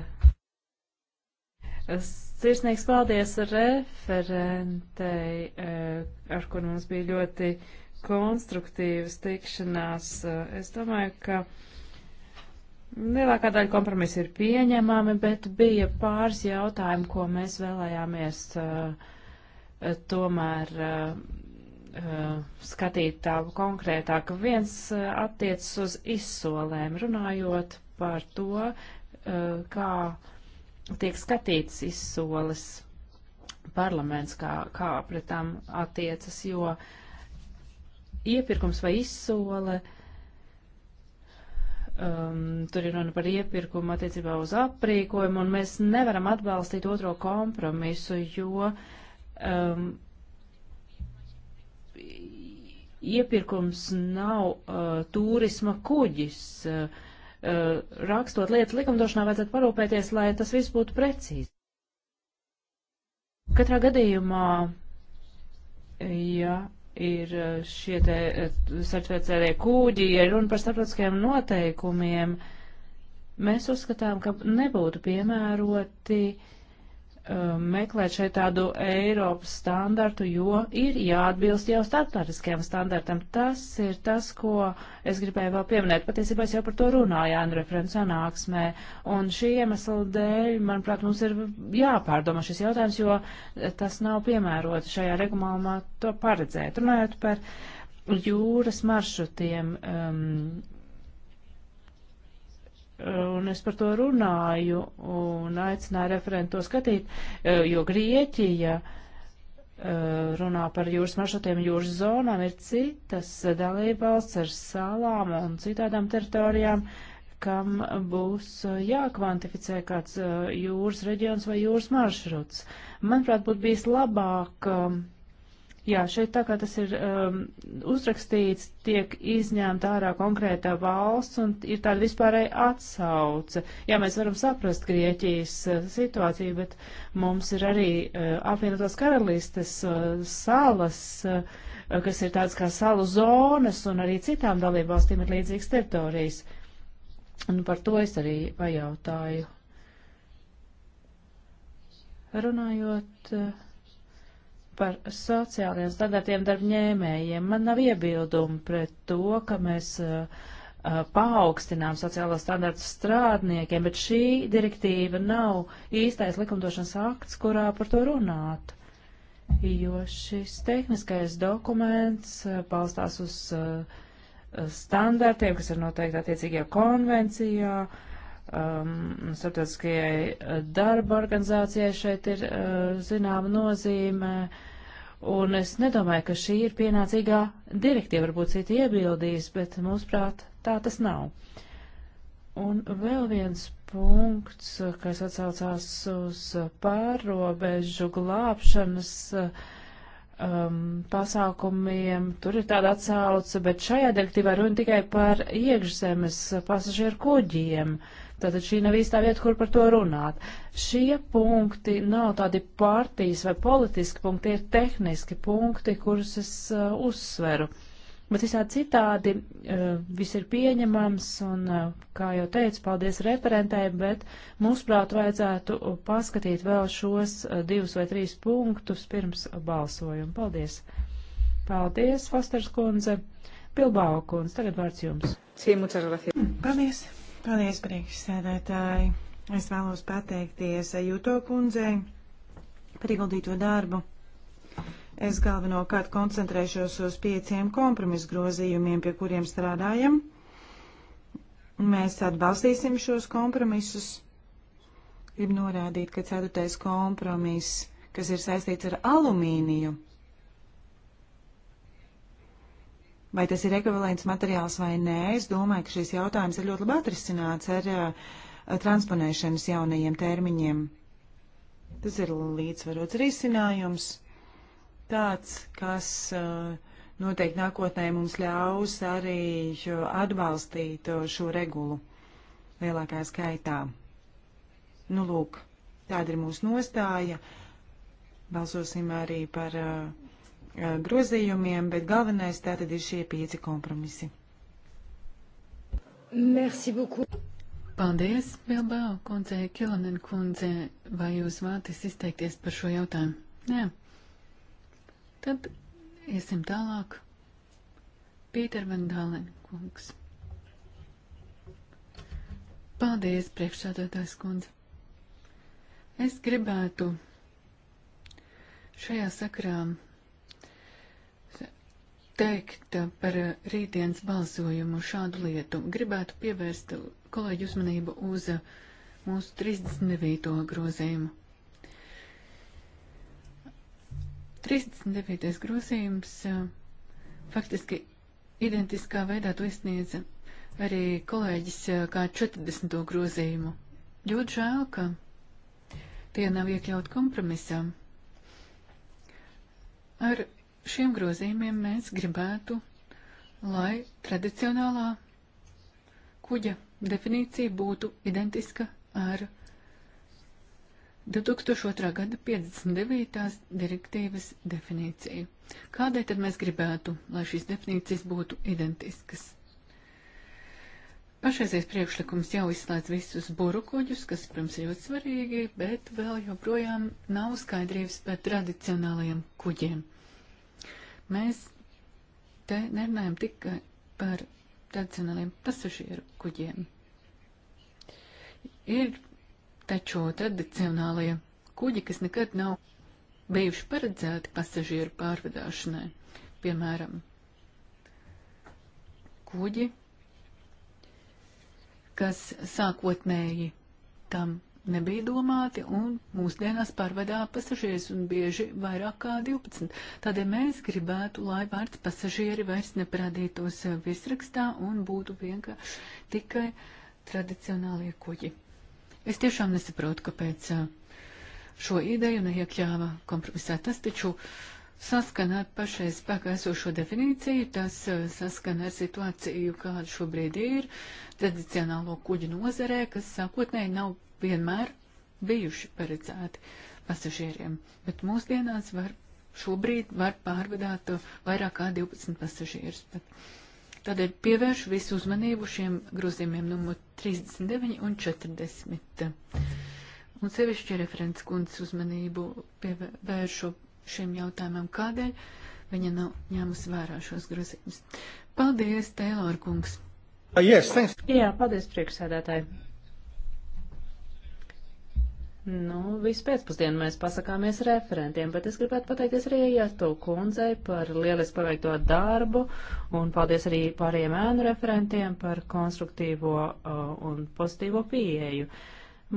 Sirsnīgs paldies referentei, eh, ar kur mums bija ļoti konstruktīvas tikšanās. Eh, es domāju, ka lielākā daļa kompromisa ir pieņemami, bet bija pāris jautājumi, ko mēs vēlējāmies eh, tomēr Uh, skatīt tā konkrētāk. Viens uh, attiecas uz izsolēm, runājot par to, uh, kā tiek skatītas izsoles parlaments, kā, kā pret tam attiecas, jo iepirkums vai izsole, um, tur ir runa par iepirkumu attiecībā uz aprīkojumu, un mēs nevaram atbalstīt otro kompromisu, jo um, iepirkums nav uh, turisma kuģis. Uh, uh, rakstot lietas likumdošanā vajadzētu parūpēties, lai tas viss būtu precīzi. Katrā gadījumā, ja ir uh, šie te uh, certificētie kūģi, ja runa par starptautiskajiem noteikumiem, mēs uzskatām, ka nebūtu piemēroti uh, Um, meklēt šeit tādu Eiropas standartu, jo ir jāatbilst jau starptautiskajam standartam. Tas ir tas, ko es gribēju vēl pieminēt. Patiesībā es jau par to runāju Andrei Frens sanāksmē. Un šī iemesla dēļ, manuprāt, mums ir jāpārdoma šis jautājums, jo tas nav piemērots šajā regulāmā to paredzēt. Runājot par jūras maršrutiem, um, un es par to runāju un aicināju referentu to skatīt, e, jo Grieķija e, runā par jūras maršrutiem, jūras zonām, ir citas dalībvalsts ar salām un citādām teritorijām, kam būs jākvantificē kāds e, jūras reģions vai jūras maršruts. Manuprāt, būtu bijis labāk Jā, šeit tā kā tas ir um, uzrakstīts, tiek izņemta ārā konkrētā valsts un ir tāda vispārēja atsauce. Jā, mēs varam saprast Grieķijas uh, situāciju, bet mums ir arī uh, apvienotās karalistes uh, salas, uh, kas ir tādas kā salu zonas un arī citām dalībvalstīm ir līdzīgas teritorijas. Un par to es arī pajautāju. Runājot. Uh, par sociāliem standartiem darbņēmējiem. Man nav iebildumu pret to, ka mēs uh, uh, paaugstinām sociālo standartu strādniekiem, bet šī direktīva nav īstais likumdošanas akts, kurā par to runāt. Jo šis tehniskais dokuments uh, balstās uz uh, standartiem, kas ir noteikti attiecīgajā konvencijā, uh, um, starptautiskajai uh, darba organizācijai šeit ir uh, zināma nozīme. Un es nedomāju, ka šī ir pienācīgā direktīva, varbūt citi iebildīs, bet mūsuprāt tā tas nav. Un vēl viens punkts, kas atsaucās uz pārobežu glābšanas um, pasākumiem, tur ir tāda atsauce, bet šajā direktīvā runa tikai par iekšzemes pasažieru kuģiem. Uh, Tātad šī nav īstā vieta, kur par to runāt. Šie punkti nav tādi partijas vai politiski punkti, tie ir tehniski punkti, kurus es uh, uzsveru. Bet visā citādi uh, viss ir pieņemams un, uh, kā jau teicu, paldies referentē, bet mūsuprāt vajadzētu paskatīt vēl šos uh, divus vai trīs punktus pirms balsojuma. Paldies! Paldies, Fosters kundze! Pilbāo kundze, tagad vārds jums. Paldies! Paldies, priekšsēdētāji. Es vēlos pateikties Juto kundzei par ieguldīto darbu. Es galvenokārt koncentrēšos uz pieciem kompromisu grozījumiem, pie kuriem strādājam. Mēs atbalstīsim šos kompromisus. Gribu norādīt, ka ceturtais kompromiss, kas ir saistīts ar alumīniju, Vai tas ir ekvivalents materiāls vai nē, es domāju, ka šis jautājums ir ļoti labi atrisināts ar uh, transponēšanas jaunajiem termiņiem. Tas ir līdzsvarots risinājums, tāds, kas eh, noteikti nākotnē mums ļaus arī atbalstīt eh, šo regulu lielākā skaitā. Nu, lūk, tāda ir mūsu nostāja. Balsosim arī par uh, Uh, grozījumiem, bet galvenais tātad ir šie pieci kompromisi. Merci beaucoup. Paldies, Bilbao kundze, Kilonen kundze, vai jūs vēlaties izteikties par šo jautājumu? Nē. Tad iesim tālāk. Pīter van Dālen kungs. Paldies, priekšsādātājs kundze. Es gribētu šajā sakrā teikt par rītdienas balsojumu šādu lietu. Gribētu pievērst kolēģi uzmanību uz mūsu 39. grozījumu. 39. grozījums eh, faktiski identiskā veidā to iesniedza arī kolēģis eh, kā 40. grozījumu. Ļoti žēl, ka tie nav iekļaut kompromisā. Ar šiem grozījumiem mēs gribētu, lai tradicionālā kuģa definīcija būtu identiska ar 2002. gada 59. direktīvas definīciju. Kādēļ tad mēs gribētu, lai šīs definīcijas būtu identiskas? Pašreizies priekšlikums jau izslēdz visus burukuģus, kas, protams, ir ļoti svarīgi, bet vēl joprojām nav skaidrības par tradicionālajiem kuģiem. Mēs te nerunājam tikai eh, par tradicionāliem pasažieru kuģiem. Ir taču tradicionālie kuģi, kas nekad nav bijuši paredzēti pasažieru pārvadāšanai. Piemēram, kuģi, kas sākotnēji tam nebija domāti un mūsdienās pārvadā pasažieris un bieži vairāk kā 12. Tādēļ mēs gribētu, lai vārds pasažieri vairs neparādītos virsrakstā un būtu vienkārši tikai tradicionālie kuģi. Es tiešām nesaprotu, kāpēc šo ideju neiekļāva kompromisā. Tas taču saskana ar pašai spēkā esošo definīciju, tas saskana ar situāciju, kāda šobrīd ir tradicionālo kuģu nozarē, kas sākotnēji nav vienmēr bijuši paredzēti pasažieriem, bet mūsdienās var šobrīd var pārvadāt uh, vairāk kā 12 pasažierus. Tādēļ pievērš visu uzmanību šiem grozījumiem numur 39 un 40. Un sevišķi referents kundzes uzmanību pievēršu šiem jautājumam, kādēļ viņa nav ņēmusi vērā šos grozījumus. Paldies, Tēlor kungs! Uh, yes, thanks. Jā, paldies, priekšsēdētāji! Nu, visu pēcpusdienu mēs pasakāmies referentiem, bet es gribētu pateikties arī Jāto kundzei par lielisku paveikto darbu un paldies arī pārējiem ēnu referentiem par konstruktīvo uh, un pozitīvo pieeju.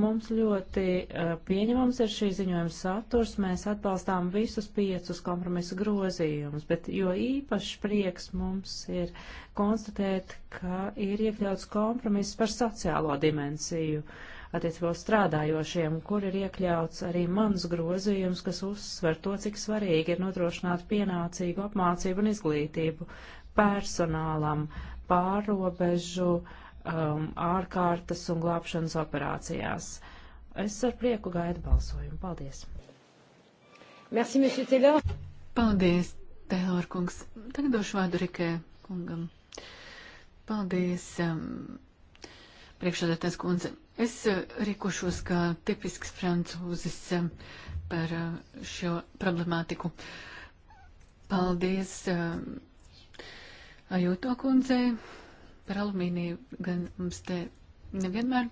Mums ļoti uh, pieņemams ir šī ziņojuma saturs, mēs atbalstām visus piecus kompromisu grozījumus, bet jo īpašs prieks mums ir konstatēt, ka ir iekļauts kompromiss par sociālo dimensiju. Uh, attiecībā uz strādājošiem, kur ir iekļauts arī mans grozījums, kas uzsver to, cik svarīgi ir nodrošināt pienācīgu apmācību un izglītību personālam pārobežu um, ārkārtas un glābšanas operācijās. Es ar prieku gaidu balsojumu. Paldies! Merci, monsieur Taylor! Paldies, Taylor kungs! Tagad došu vārdu Rikē kungam. Paldies! Um, priekšsēdētājs kundze. Es eh, rīkošos kā tipisks francūzis eh, par eh, šo problemātiku. Paldies Ajūto kundzei par alumīniju, gan mums te nevienmēr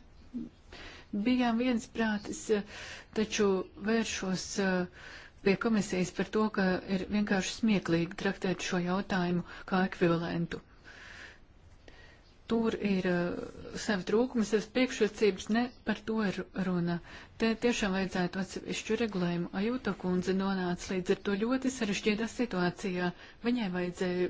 bijām viens prātis, taču vēršos pie komisijas par to, ka ir vienkārši smieklīgi traktēt šo jautājumu kā ekvivalentu tur ir uh, savi trūkumi, savas priekšrocības, ne par to ir runa. Te tiešām vajadzētu atsevišķu regulējumu. Ajūta kundze nonāca līdz ar to ļoti sarežģītā situācijā. Viņai vajadzēja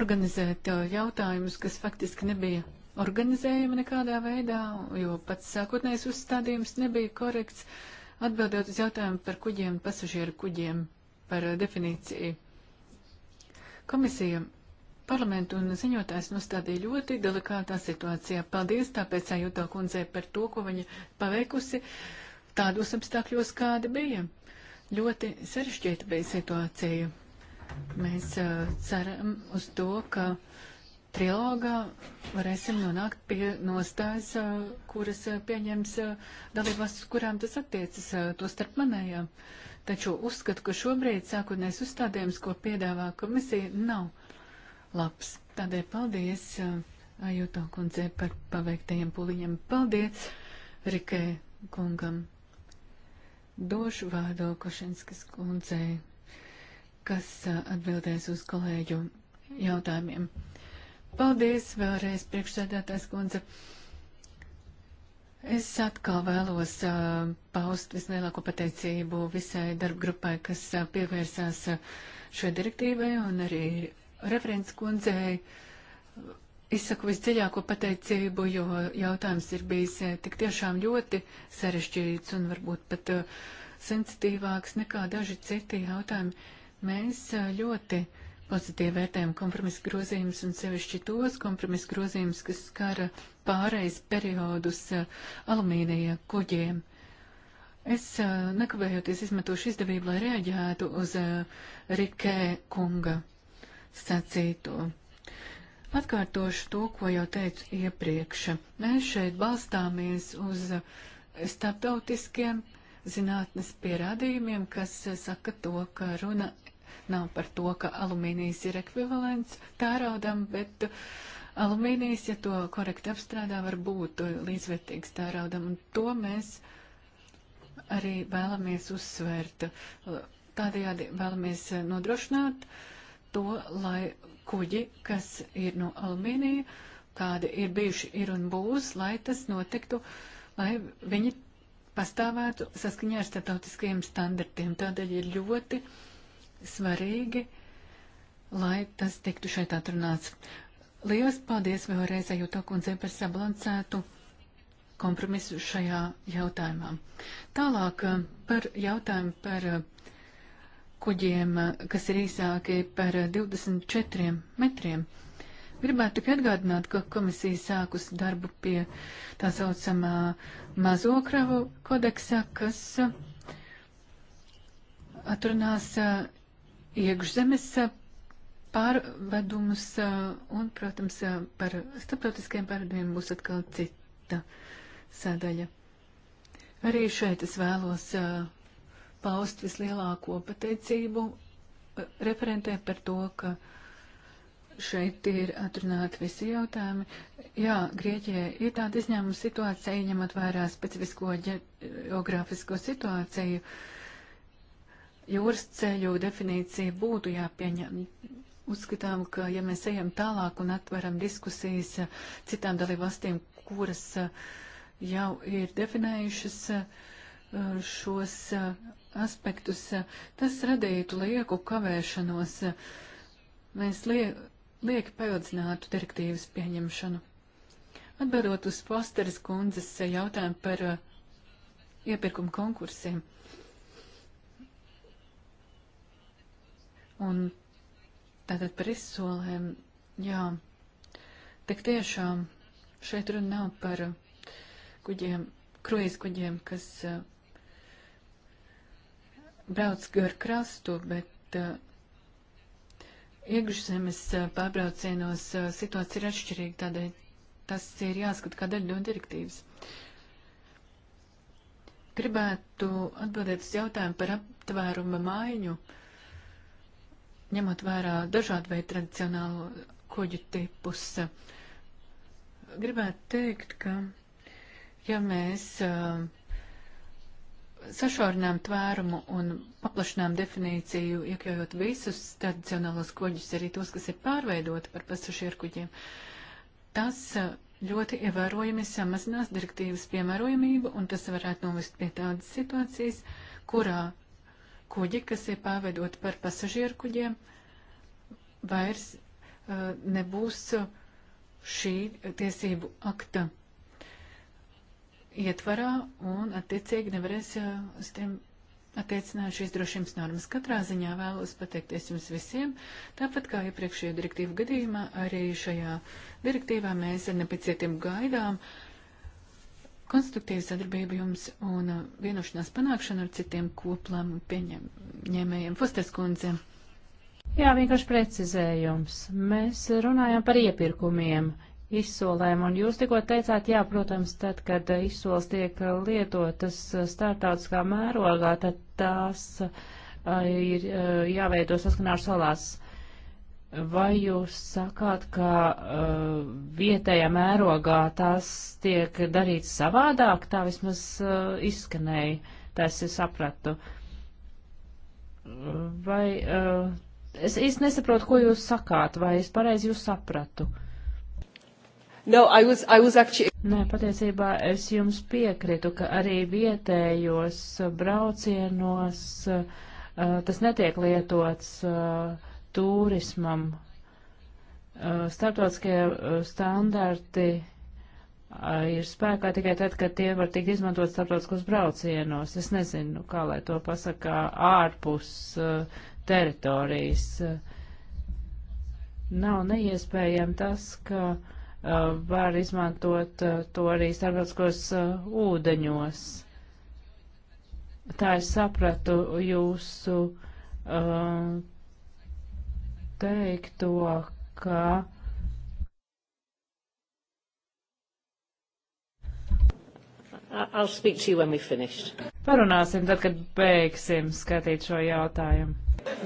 organizēt uh, jautājumus, kas faktiski nebija organizējami nekādā veidā, jo pats sākotnējais uzstādījums nebija korekts, atbildot uz jautājumu par kuģiem, pasažieru kuģiem, par uh, definīciju. Komisija Parlamentu un ziņotājs nostādīja ļoti delikātā situācijā. Paldies tāpēc Ajūtā kundzei par to, ko viņa paveikusi tādos apstākļos, kādi bija. Ļoti sarežģīta bija situācija. Mēs uh, ceram uz to, ka trilogā varēsim nonākt pie nostājas, uh, kuras uh, pieņems uh, dalībās, uz kurām tas attiecas, uh, to starp manējām. Taču uzskatu, ka šobrīd sākotnēs uzstādījums, ko piedāvā komisija, nav labs. Tādēļ paldies uh, Ajuto kundzei par paveiktajiem puliņiem. Paldies Rikē kungam. Došu vārdu Košinskas kundzei, kas uh, atbildēs uz kolēģu jautājumiem. Paldies vēlreiz priekšsēdētājs kundze. Es atkal vēlos uh, paust vislielāko pateicību visai darba grupai, kas uh, pievērsās uh, šai direktīvai un arī referents kundzei izsaku visdziļāko pateicību, jo jautājums ir bijis eh, tik tiešām ļoti sarežģīts un varbūt pat eh, sensitīvāks nekā daži citi jautājumi. Mēs eh, ļoti pozitīvi vērtējam kompromisu grozījumus un sevišķi tos kompromisu grozījumus, kas skara pārejas periodus alumīnija kuģiem. Es nekavējoties izmetošu izdevību, lai reaģētu uz Rikē kunga sacīto. Atkārtošu to, ko jau teicu iepriekš. Mēs šeit balstāmies uz starptautiskiem zinātnes pierādījumiem, kas saka to, ka runa nav par to, ka alumīnijas ir ekvivalents tēraudam, bet alumīnijas, ja to korekti apstrādā, var būt līdzvērtīgs tēraudam, un to mēs arī vēlamies uzsvērt. Tādējādi vēlamies nodrošināt, uh, to, lai kuģi, kas ir no alumīnija, kādi ir bijuši ir un būs, lai tas notiktu, lai viņi pastāvētu saskaņā ar statautiskajiem standartiem. Tādēļ ir ļoti svarīgi, lai tas tiktu šeit atrunāts. Lielas paldies vēlreiz Ajuto kundzei par sabalansētu kompromisu šajā jautājumā. Tālāk eh, par jautājumu par uh, kuģiem, kas ir īsāki par 24 metriem. Gribētu tikai atgādināt, ka komisija sākus darbu pie tā saucamā mazo kravu kodeksa, kas atrunās uh, iekšzemes uh, pārvedumus uh, un, protams, par starptautiskiem pārvedumiem būs atkal cita sadaļa. Arī šeit es vēlos uh, paust vislielāko pateicību eh, referentē par to, ka šeit ir atrunāti visi jautājumi. Jā, Grieķijai ir tāda izņēmuma situācija, ņemot vērā specifisko geogrāfisko situāciju. Jūras ceļu definīcija būtu jāpieņem. Uzskatām, ka ja mēs ejam tālāk un atveram diskusijas eh, citām dalībvalstīm, kuras eh, jau ir definējušas uh, Eh, šos eh, aspektus, tas radītu lieku kavēšanos. Mēs liek, lieki paildzinātu direktīvas pieņemšanu. Atbildot uz Fosteras kundzes jautājumu par eh, iepirkumu konkursiem. Un tātad par izsolēm, jā, tik tiešām šeit runa nav par kuģiem, kruīz kuģiem, kas brauc gar krastu, bet uh, iekšzemes uh, pārbraucienos uh, situācija ir atšķirīga, tādēļ tas ir jāskat kā daļa no direktīvas. Gribētu atbildēt uz jautājumu par aptvēruma maiņu, ņemot vērā dažādu veidu tradicionālo koģu tipus. Gribētu teikt, ka ja mēs uh, sašaurinām tvērumu un paplašinām definīciju, iekļaujot visus tradicionālos kuģus, arī tos, kas ir pārveidoti par pasažieru kuģiem, tas uh, ļoti ievērojami samazinās direktīvas piemērojamību, un tas varētu novest pie tādas situācijas, kurā kuģi, kas ir pārveidoti par pasažieru kuģiem, vairs uh, nebūs uh, šī tiesību akta ietvarā un attiecīgi nevarēs uz tiem attiecināt šīs drošības normas. Katrā ziņā vēlos pateikties jums visiem. Tāpat kā iepriekšējā direktīva gadījumā, arī šajā direktīvā mēs ar nepacietību gaidām konstruktīvu sadarbību jums un vienošanās panākšanu ar citiem koplēmu pieņēmējiem. Fosters kundze. Jā, vienkārši precizējums. Mēs runājām par iepirkumiem. Uh, izsolēm. Un jūs tikko teicāt, jā, protams, tad, kad izsoles tiek lietotas starptautiskā mērogā, tad tās ir jāveido saskanā ar salās. Vai jūs sakāt, ka uh, vietējā mērogā tās tiek darīts savādāk? Tā vismaz uh, izskanēja, tā es sapratu. Vai uh, es īsti nesaprotu, ko jūs sakāt, vai es pareizi jūs sapratu? Uh, No, I was, I was actually... Nē, patiesībā es jums piekritu, ka arī vietējos braucienos uh, tas netiek lietots uh, turismam. Uh, startautiskie uh, standarti uh, ir spēkā tikai tad, kad tie var tikt izmantot starptautiskos braucienos. Es nezinu, kā lai to pasakā ārpus uh, teritorijas. Nav neiespējami tas, ka uh, Uh, var izmantot uh, to arī starptautiskos uh, ūdeņos. Tā es sapratu jūsu teikto, ka. I'll speak to you when we finished. Parunāsim tad, kad beigsim skatīt šo jautājumu.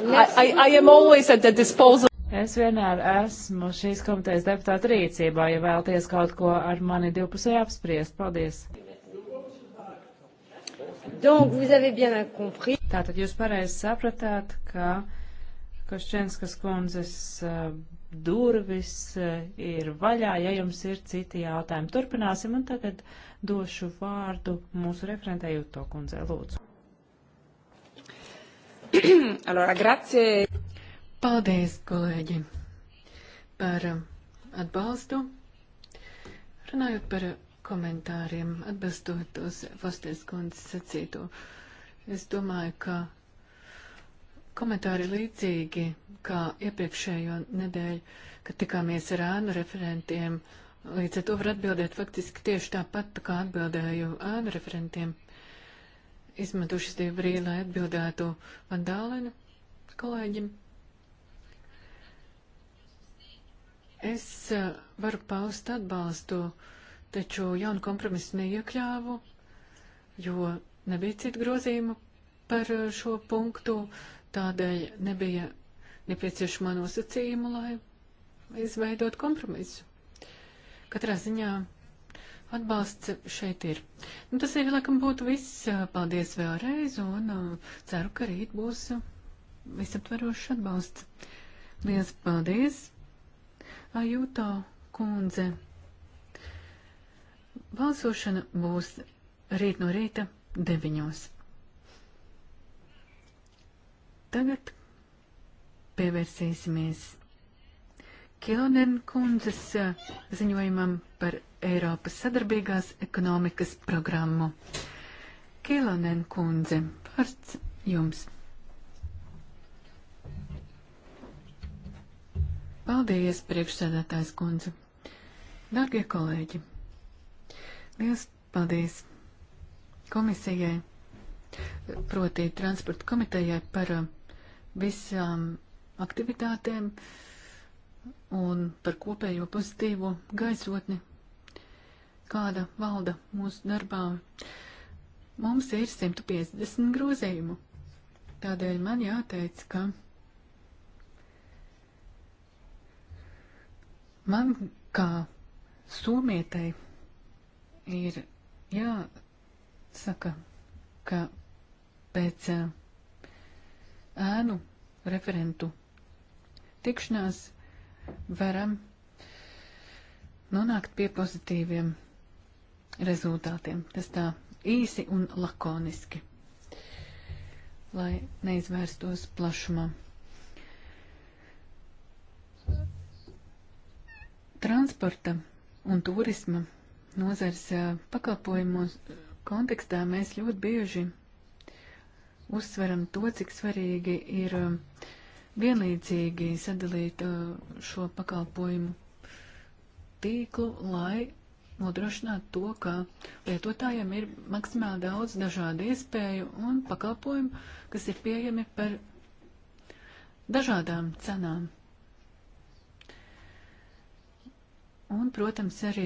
I, I, I am always at the disposal. Es vienmēr esmu šīs komitejas deputāta rīcībā, ja vēlties kaut ko ar mani divpusēji apspriest. Paldies! Donc, vous avez bien compris. Tātad jūs pareizi sapratāt, ka Koščenskas kundzes eh, durvis eh, ir vaļā, ja jums ir citi jautājumi. Turpināsim un tagad došu vārdu mūsu referentē Jūto kundzei. Lūdzu. Allora, grazie. Paldies, kolēģi, par um, atbalstu. Runājot par komentāriem, atbalstot uz Fosters kundzes sacīto, es domāju, ka komentāri līdzīgi kā iepriekšējo nedēļu, kad tikāmies ar ēnu referentiem. Līdz ar to var atbildēt faktiski tieši tāpat, kā atbildēju ēnu referentiem. Izmantošu šis divu brīdi, lai atbildētu Vandālēnu kolēģim. Es eh, varu paust atbalstu, taču jaunu kompromisu neiekļāvu, jo nebija citu grozījumu par eh, šo punktu, tādēļ nebija nepieciešama nosacījuma, lai izveidot kompromisu. Katrā ziņā atbalsts šeit ir. Nu, tas ir, laikam, būtu viss. Paldies vēlreiz un eh, ceru, ka rīt būs visaptverošs atbalsts. Lielas paldies! Ajūto kundze. Balsošana būs rīt no rīta deviņos. Tagad pievērsīsimies Kilonen kundzes eh, ziņojumam par Eiropas sadarbīgās ekonomikas programmu. Kilonen kundze, vārds jums. Paldies, priekšsēdētājs kundze. Dārgie kolēģi, liels paldies komisijai, proti transporta komitejai par uh, visām aktivitātēm un par kopējo pozitīvo gaisotni, kāda valda mūsu darbā. Mums ir 150 grozījumu. Tādēļ man jāteic, ka Man kā somietei ir jāsaka, ka pēc ēnu referentu tikšanās varam nonākt pie pozitīviem rezultātiem. Tas tā īsi un lakoniski, lai neizvērstos plašumā. transporta un turisma nozars pakalpojumos kontekstā mēs ļoti bieži uzsveram to, cik svarīgi ir vienlīdzīgi sadalīt šo pakalpojumu tīklu, lai nodrošinātu to, ka lietotājiem ir maksimāli daudz dažādu iespēju un pakalpojumu, kas ir pieejami par dažādām cenām. Un, protams, arī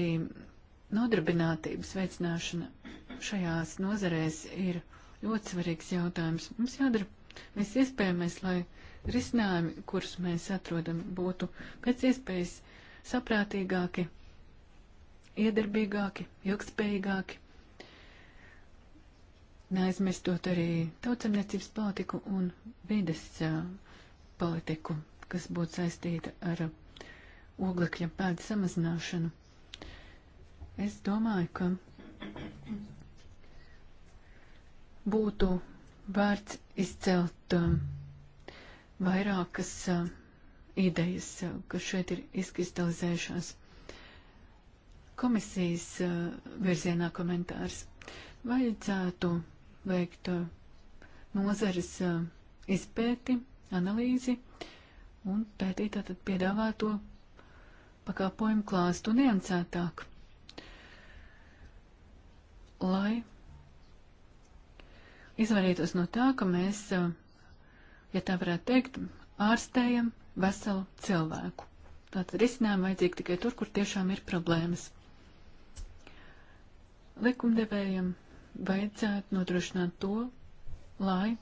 nodarbinātības veicināšana šajās nozarēs ir ļoti svarīgs jautājums. Mums jādara viss iespējamais, lai risinājumi, kurus mēs atrodam, būtu pēc iespējas saprātīgāki, iedarbīgāki, ilgspējīgāki. Neaizmirstot arī tautsamniecības politiku un vides politiku, kas būtu saistīta ar oglekļa pēdu samazināšanu. Es domāju, ka būtu vērts izcelt um, vairākas um, idejas, uh, kas šeit ir izkristalizējušās. Komisijas uh, virzienā komentārs. Vajadzētu veikt uh, nozares izpēti, analīzi un pētīt tātad piedāvāto pakāpojumu klāstu niansētāk, lai izvarītos no tā, ka mēs, eh, ja tā varētu teikt, ārstējam veselu cilvēku. Tātad risinājumi vajadzīgi tikai tur, kur tiešām ir problēmas. Likumdevējiem vajadzētu nodrošināt to, lai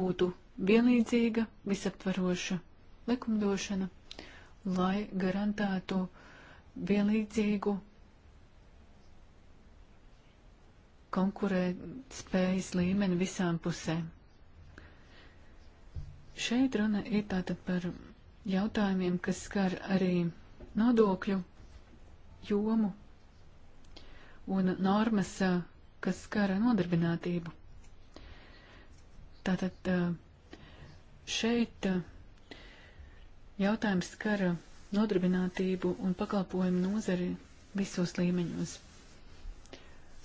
būtu vienlīdzīga, visaptvaroša likumdošana, lai garantētu vienlīdzīgu konkurēt spējas līmeni visām pusēm. Šeit runa ir tātad par jautājumiem, kas skar arī nodokļu jomu un normas, kas skar nodarbinātību. Tātad šeit Jautājums skara nodarbinātību un pakalpojumu nozari visos līmeņos.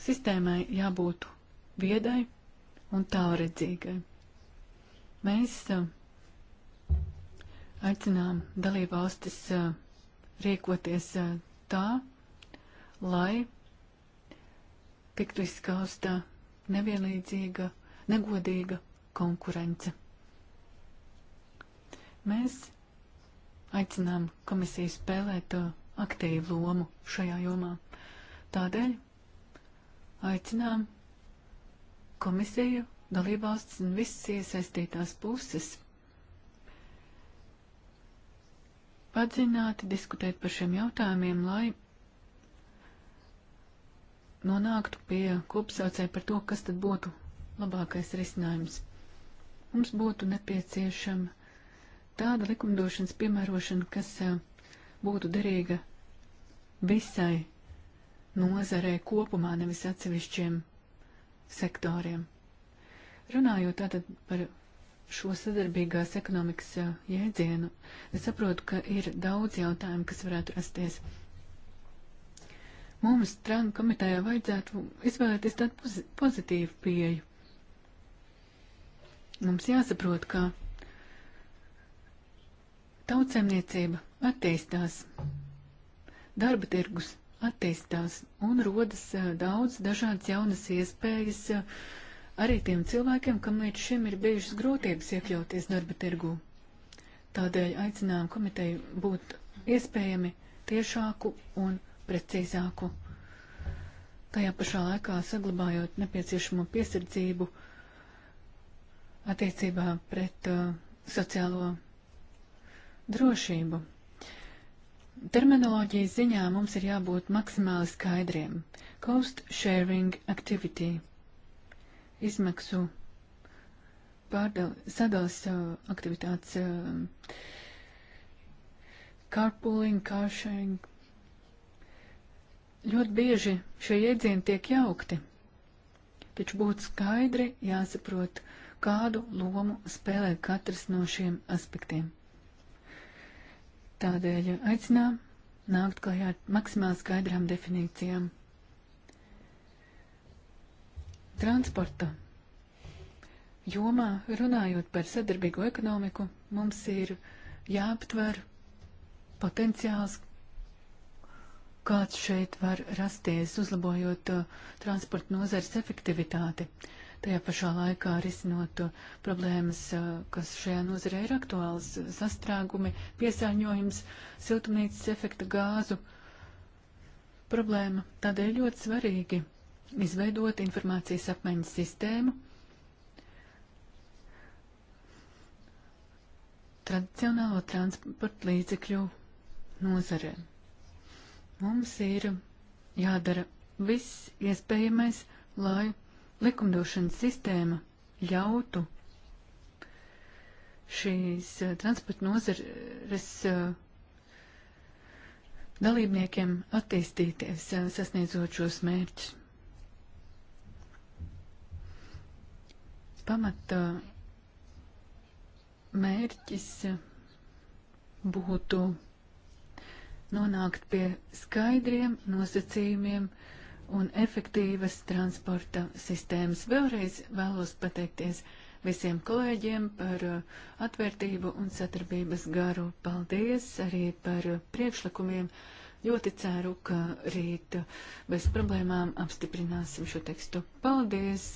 Sistēmai jābūt viedai un tālredzīgai. Mēs aicinām dalībvalstis rīkoties tā, lai tiktu izskausta nevienlīdzīga, negodīga konkurence. Mēs aicinām komisiju spēlēt uh, aktīvu lomu šajā jomā. Tādēļ aicinām komisiju, dalībvalsts un visas iesaistītās puses padzināti diskutēt par šiem jautājumiem, lai nonāktu pie kopsaucē par to, kas tad būtu labākais risinājums. Mums būtu nepieciešama tāda likumdošanas piemērošana, kas būtu derīga visai nozarē kopumā, nevis atsevišķiem sektoriem. Runājot tātad par šo sadarbīgās ekonomikas jēdzienu, es saprotu, ka ir daudz jautājumu, kas varētu rasties. Mums strānu komitējā vajadzētu izvēlēties tādu pozitīvu pieju. Mums jāsaprot, ka Tautsēmniecība attīstās, darba tirgus attīstās un rodas eh, daudz dažādas jaunas iespējas eh, arī tiem cilvēkiem, kam līdz šim ir bijušas grūtības iekļauties darba tirgū. Tādēļ aicinām komiteju būt iespējami tiešāku un precīzāku. Tajā pašā laikā saglabājot nepieciešamo piesardzību attiecībā pret uh, sociālo drošību. Terminoloģijas ziņā mums ir jābūt maksimāli skaidriem. Cost sharing activity - izmaksu pārdal, sadals uh, aktivitātes uh, carpooling, carsharing. Ļoti bieži šie jēdzieni tiek jaukti, taču būtu skaidri jāsaprot, kādu lomu spēlē katrs no šiem aspektiem. Tādēļ aicinām nākt klajā ar maksimāli skaidrām definīcijām. Transporta jomā runājot par sadarbīgo ekonomiku, mums ir jāaptver potenciāls, kāds šeit var rasties, uzlabojot uh, transporta nozares efektivitāti. Uh, tajā pašā laikā risinot problēmas, kas šajā nozarē ir aktuāls - sastrēgumi, piesārņojums, siltumnīcas efekta gāzu problēma. Tādēļ ļoti svarīgi izveidot informācijas apmaiņas sistēmu. tradicionālo transporta līdzekļu nozarē. Mums ir jādara viss iespējamais, lai likumdošanas sistēma ļautu šīs eh, transporta nozares eh, dalībniekiem attīstīties, eh, sasniedzot šos mērķus. Pamata mērķis būtu nonākt pie skaidriem nosacījumiem, uh, un efektīvas transporta sistēmas. Vēlreiz vēlos pateikties visiem kolēģiem par uh, atvērtību un satarbības garu. Paldies arī par uh, priekšlikumiem. Ļoti ceru, ka rīt uh, bez problēmām apstiprināsim šo tekstu. Paldies!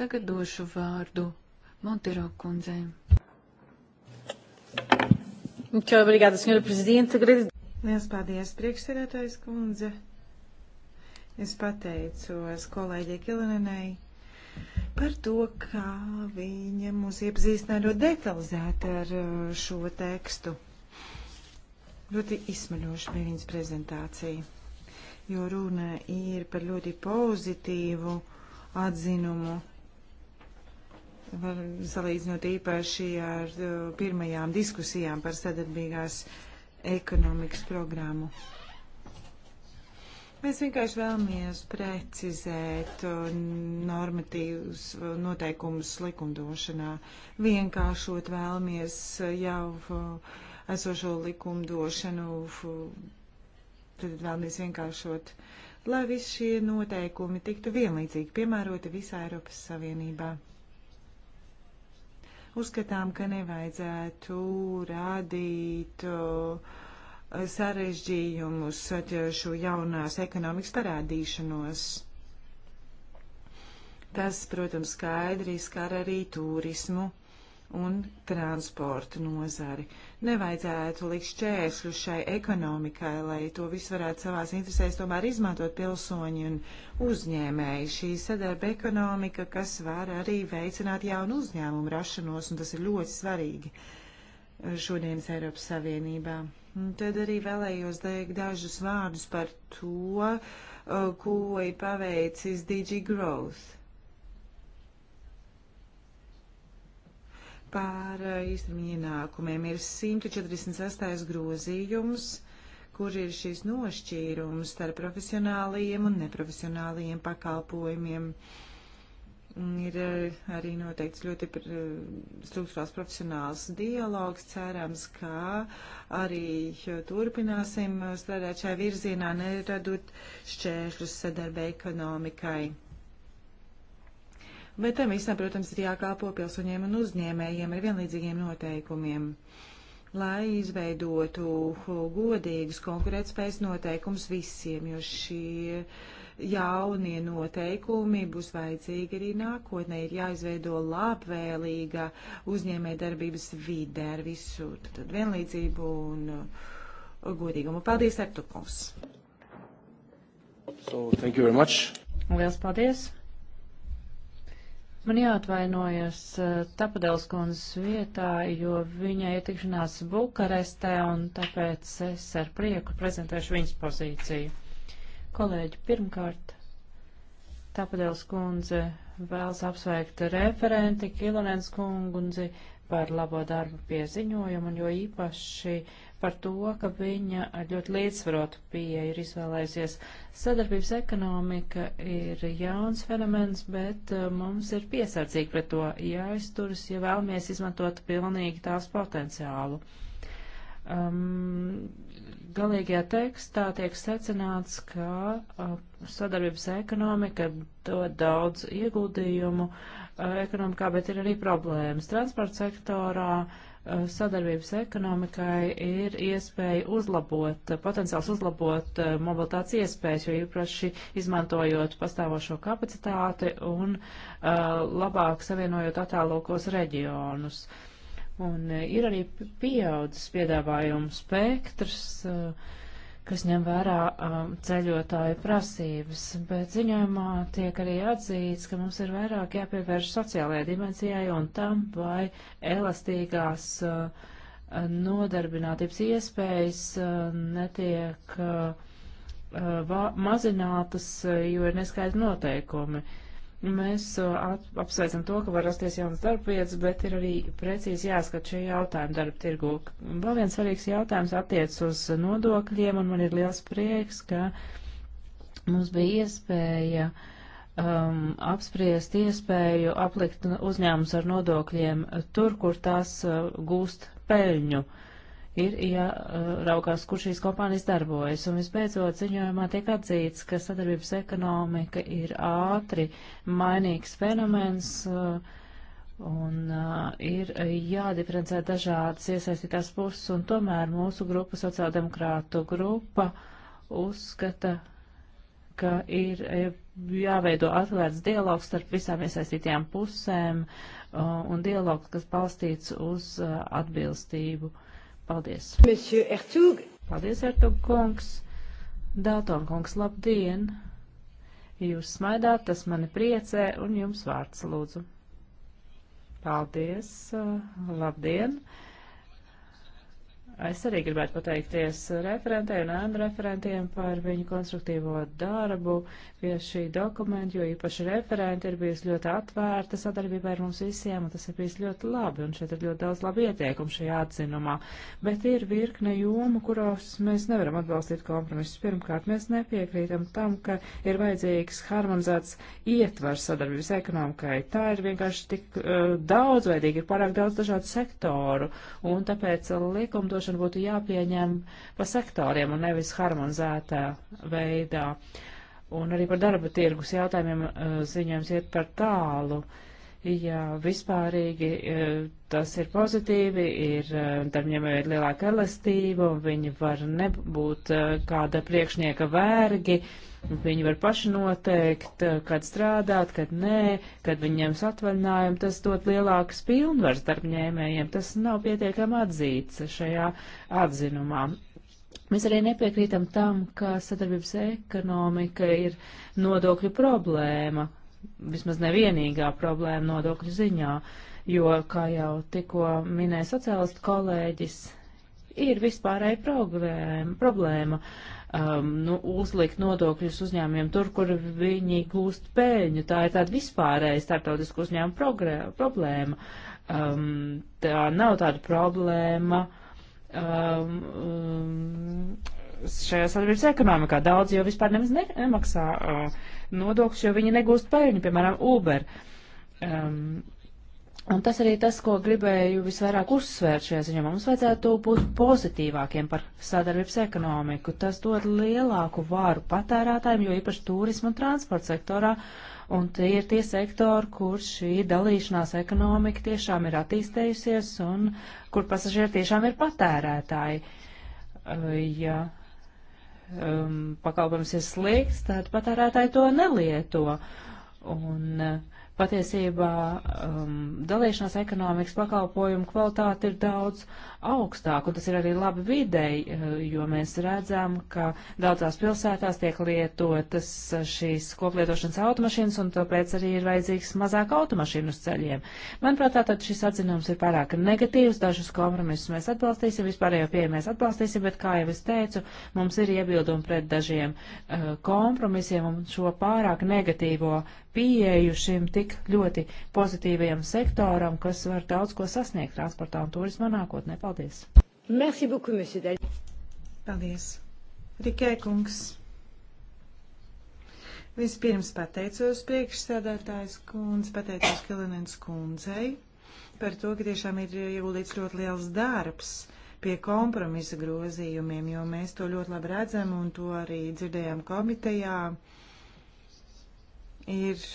Tagad došu vārdu Montero kundzei. Muito obrigada, Sra. Presidente. Liels paldies, priekšsēdētājs kundze. Es pateicos kolēģei Kilinenei par to, kā viņa mūs iepazīstināja ļoti detalizēti ar uh, šo tekstu. Ļoti izsmaļoši bija viņas prezentācija, jo runa ir par ļoti pozitīvu atzinumu, var, salīdzinot īpaši ar uh, pirmajām diskusijām par sadarbīgās ekonomikas programmu. Mēs vienkārši vēlamies precizēt uh, normatīvus uh, noteikumus likumdošanā, vienkāršot vēlamies uh, jau esošo likumdošanu, tad vēlamies vienkāršot, lai visi šie noteikumi tiktu vienlīdzīgi piemēroti visā Eiropas Savienībā. Uzskatām, ka nevajadzētu radīt uh, sarežģījumus šo jaunās ekonomikas parādīšanos. Tas, protams, skaidri skar arī turismu un transportu nozari. Nevajadzētu likt šķēršļu šai ekonomikai, lai to visu varētu savās interesēs tomēr izmantot pilsoņi un uzņēmēji. Šī sadarba ekonomika, kas var arī veicināt jaunu uzņēmumu rašanos, un tas ir ļoti svarīgi šodienas Eiropas Savienībā. Un tad arī vēlējos teikt dažus vārdus par to, uh, ko ir paveicis DG Growth. Par uh, īstermiņa ienākumiem ir 146. grozījums, kur ir šis nošķīrums starp profesionālajiem un neprofesionālajiem pakalpojumiem. Uh, Ir eh, arī noteikts ļoti eh, struktūrās profesionāls dialogs. Cerams, ka arī eh, turpināsim strādāt šajā virzienā, neradot šķēršļus sadarbē ekonomikai. Bet tam visam, protams, ir jākalpo pilsoņiem un uzņēmējiem ar vienlīdzīgiem noteikumiem, lai izveidotu godīgus konkurētspējas noteikumus visiem, jo šie. Uh, jaunie noteikumi būs vajadzīgi arī nākotnē. Ir jāizveido labvēlīga uzņēmē darbības vide ar visu tad vienlīdzību un uh, godīgumu. Paldies, Ertukums! So, thank you very much. Liels paldies! Man jāatvainojas uh, Tapadēls kundzes vietā, jo viņa ietikšanās Bukarestē, un tāpēc es ar prieku prezentēšu viņas pozīciju. Kolēģi, pirmkārt, Tāpadēls kundze vēlas apsveikt referenti Kilonens kundzi par labo darbu pieziņojumu, un jo īpaši par to, ka viņa ar ļoti līdzsvarotu pieeju ir izvēlējusies. Sadarbības ekonomika ir jauns fenomens, bet uh, mums ir piesardzīgi pret to jāizturas, ja vēlamies izmantot pilnīgi tās potenciālu. Uh, um, galīgajā tekstā tiek secināts, ka uh, sadarbības ekonomika dod daudz ieguldījumu uh, ekonomikā, bet ir arī problēmas. Transporta sektorā uh, sadarbības ekonomikai ir iespēja uzlabot, uh, potenciāls uzlabot uh, mobilitātes iespējas, jo īpaši izmantojot pastāvošo kapacitāti un uh, labāk savienojot attālokos reģionus. Uh, Un e, ir arī pieaudzis piedāvājumu spektrs, e, kas ņem vērā e, ceļotāju prasības, bet ziņojumā tiek arī atzīts, ka mums ir vairāk jāpievērš sociālajai dimensijai un tam, vai elastīgās nodarbinātības iespējas netiek mazinātas, jo ir neskaidri noteikumi. Uh, Mēs apsveicam to, ka var rasties jaunas darba vietas, bet ir arī precīzi jāskat šie jautājumi darba tirgū. Vēl viens svarīgs jautājums attiec uz nodokļiem, un man ir liels prieks, ka mums bija iespēja um, apspriest iespēju aplikt uzņēmums ar nodokļiem tur, kur tās uh, gūst peļņu. Uh, ir jāraugās, kur šīs kompānijas darbojas. Un visbeidzot, ziņojumā tiek atzīts, ka sadarbības ekonomika ir ātri mainīgs fenomens uh, un uh, ir jādiferencē dažādas iesaistītās puses, un tomēr mūsu grupa, sociāldemokrātu grupa, uzskata, ka ir e, jāveido atvērts dialogs starp visām iesaistītajām pusēm uh, un dialogs, kas palstīts uz atbilstību. Uh, Paldies. Monsieur Ertug. Paldies, Ertug kungs. Dalton kungs, labdien. Jūs smaidāt, tas mani priecē, un jums vārds lūdzu. Paldies, uh, labdien. Uh, Es arī gribētu pateikties referentei un ēnu referentiem par viņu konstruktīvo darbu pie šī dokumenta, jo īpaši referenti ir bijusi ļoti atvērta sadarbībā ar mums visiem, un tas ir bijis ļoti labi, un šeit ir ļoti daudz labi ieteikumu šajā atzinumā. Bet ir virkne jomu, kurās mēs nevaram atbalstīt kompromisus. Pirmkārt, mēs nepiekrītam tam, ka ir vajadzīgs harmonizēts ietvars sadarbības ekonomikai. Tā ir vienkārši tik uh, daudzveidīga, ir pārāk daudz dažādu sektoru, un tāpēc likumdošana likumdošana būtu jāpieņem pa sektoriem un nevis harmonizētā veidā. Un arī par darba tirgus jautājumiem uh, ziņojums iet par tālu. Jā, vispārīgi uh, tas ir pozitīvi, ir, uh, tam ņemot ir lielāka elastība un viņi var nebūt kāda priekšnieka vērgi. Uh, Viņi var paši noteikt, eh, kad strādāt, kad nē, kad viņiem atvaļinājumu. Tas dod lielākas pilnvaras darbņēmējiem. Tas nav pietiekami atzīts šajā atzinumā. Mēs arī nepiekrītam tam, ka sadarbības ekonomika ir nodokļu problēma, vismaz nevienīgā problēma nodokļu ziņā, jo, kā jau tikko minēja sociālistu kolēģis, ir vispārēja problēma, problēma um, nu, uzlikt nodokļus uzņēmumiem tur, kur viņi gūst pēļņu. Tā ir tāda vispārēja startautisku uzņēmumu problēma. Um, tā nav tāda problēma. Um, um, šajā sadarbības ekonomikā daudz jau vispār nemaz ne, nemaksā uh, nodokļus, jo viņi negūst peļņu, piemēram, Uber. Um, Un tas arī tas, ko gribēju visvairāk uzsvērt šajā ziņā. Mums vajadzētu būt pozitīvākiem par sadarbības ekonomiku. Tas dod lielāku vāru patērētājiem, jo īpaši turismu un transporta sektorā. Un tie ir tie sektori, kur šī dalīšanās ekonomika tiešām ir attīstējusies un kur pasažieri tiešām ir patērētāji. Uh, ja um, pakalpojums ir slikts, tad patērētāji to nelieto. Un, uh, Patiesībā um, dalīšanās ekonomikas pakalpojumu kvalitāte ir daudz augstāk, un tas ir arī labi videi, eh, jo mēs redzam, ka daudzās pilsētās tiek lietotas eh, šīs koplietošanas automašīnas, un tāpēc arī ir vajadzīgs mazāk automašīnu uz ceļiem. Manuprāt, tātad šis atzinums ir pārāk negatīvs, dažus kompromisus mēs atbalstīsim, vispārējo pieeju mēs atbalstīsim, bet, kā jau es teicu, mums ir iebildumi pret dažiem uh, kompromisiem un šo pārāk negatīvo pieeju šim tik ļoti pozitīvajam sektoram, kas var daudz ko sasniegt transportā un turismā nākotnē. Paldies! Paldies! Merci beaucoup, monsieur Dali. Paldies! Rikē kungs! Vispirms pateicos priekšsēdētājs kundze, pateicos Kilinens kundzei par to, ka tiešām ir ieguldīts ļoti liels darbs pie kompromisa grozījumiem, jo mēs to ļoti labi redzam un to arī dzirdējām komitejā. Ir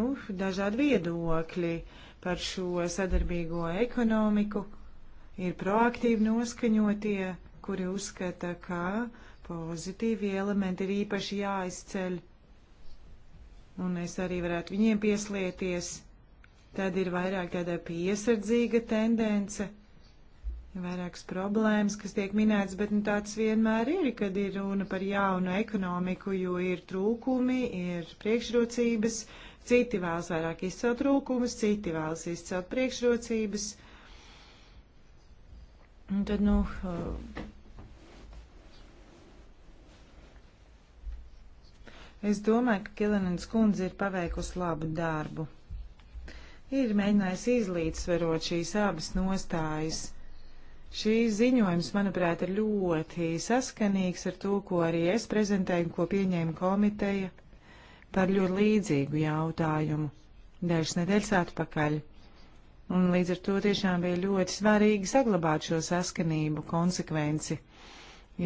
nu, dažādi viedokļi par šo sadarbīgo ekonomiku ir proaktīvi noskaņotie, kuri uzskata, ka pozitīvi elementi ir īpaši jāizceļ, un es arī varētu viņiem pieslieties. Tad ir vairāk tāda piesardzīga tendence, vairākas problēmas, kas tiek minētas, bet nu, tāds vienmēr ir, kad ir runa par jaunu ekonomiku, jo ir trūkumi, ir priekšrocības, citi vēlas vairāk izcelt trūkumus, citi vēlas izcelt priekšrocības. Uh, Un tad, nu, uh, es domāju, ka Kilenins kundze ir paveikusi labu darbu. Ir mēģinājusi izlīdzsverot šīs abas nostājas. Šīs ziņojums, manuprāt, ir ļoti saskanīgs ar to, ko arī es prezentēju un ko pieņēma komiteja par ļoti līdzīgu jautājumu dažas nedēļas atpakaļ. Un līdz ar to tiešām bija ļoti svarīgi saglabāt šo saskanību, konsekvenci,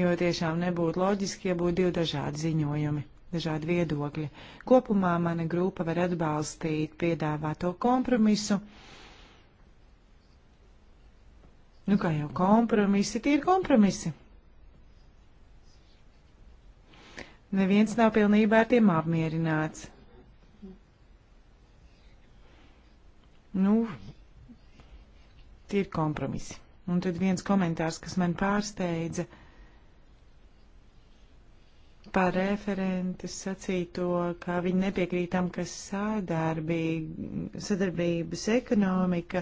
jo tiešām nebūtu loģiski, ja būtu divi dažādi ziņojumi, dažādi viedokļi. Kopumā mana grupa var atbalstīt piedāvāto kompromisu. Nu, kā jau kompromisi, tie ir kompromisi. Neviens nav pilnībā ar tiem apmierināts. Nu, tie ir kompromisi. Un tad viens komentārs, kas man pārsteidza par referentes sacīto, ka viņi nepiekrīt tam, ka sadarbības ekonomika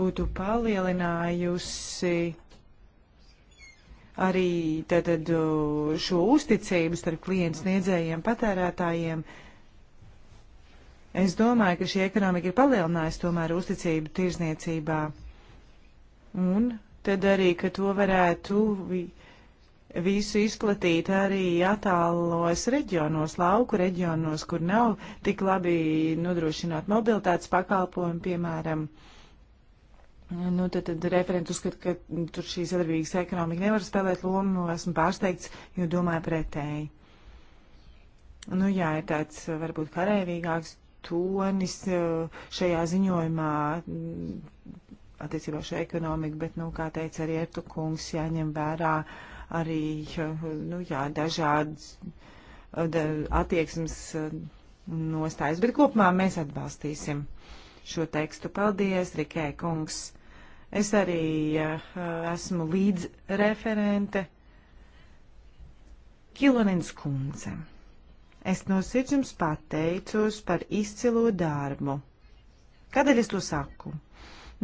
būtu palielinājusi arī tātad šo uzticību starp klients niedzējiem, patērētājiem. Uh, Es domāju, ka šī ekonomika ir palielinājusi tomēr uzticību tirzniecībā. Un tad arī, ka to varētu visu izplatīt arī attālos reģionos, lauku reģionos, kur nav tik labi nodrošināt mobilitātes pakalpojumu, piemēram. Nu, tad, tad referents uzskata, ka tur šī sadarbības ekonomika nevar spēlēt lomu, nu, esmu pārsteigts, jo domāju pretēji. Nu, jā, ir tāds varbūt karēvīgāks tonis eh, šajā ziņojumā mm, attiecībā uz šo ekonomiku, bet, nu, kā teica arī Ertu kungs, jāņem vērā arī, eh, nu, jā, dažādas eh, da, attieksmes nostājas, bet kopumā mēs atbalstīsim šo tekstu. Paldies, Rikē kungs! Es arī uh, esmu līdzreferente Kilonens kundzem. Es no sirds jums pateicos par izcilo darbu. Kādēļ es to saku?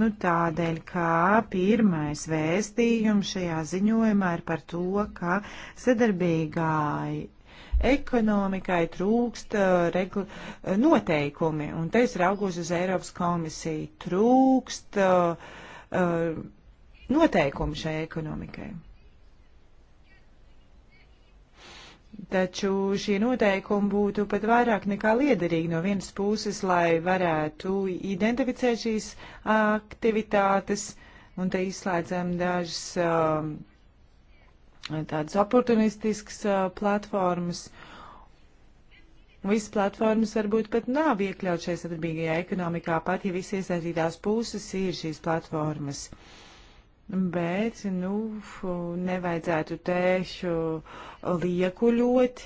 Nu, tādēļ, kā pirmais vēstījums šajā ziņojumā ir par to, ka sadarbīgai ekonomikai trūkst uh, regl... Uh, noteikumi, un te es raugos uz Eiropas komisiju, trūkst uh, uh noteikumi šai ekonomikai. Taču šie noteikumi būtu pat vairāk nekā liederīgi no vienas puses, lai varētu identificēt šīs aktivitātes, un te izslēdzam dažas um, tādas oportunistiskas uh, platformas. Visas platformas varbūt pat nav iekļaut šajā sadarbīgajā ekonomikā, pat ja visas iesaistītās puses ir šīs platformas. Uh, Bet, nu, nevajadzētu tēšu liekuļot.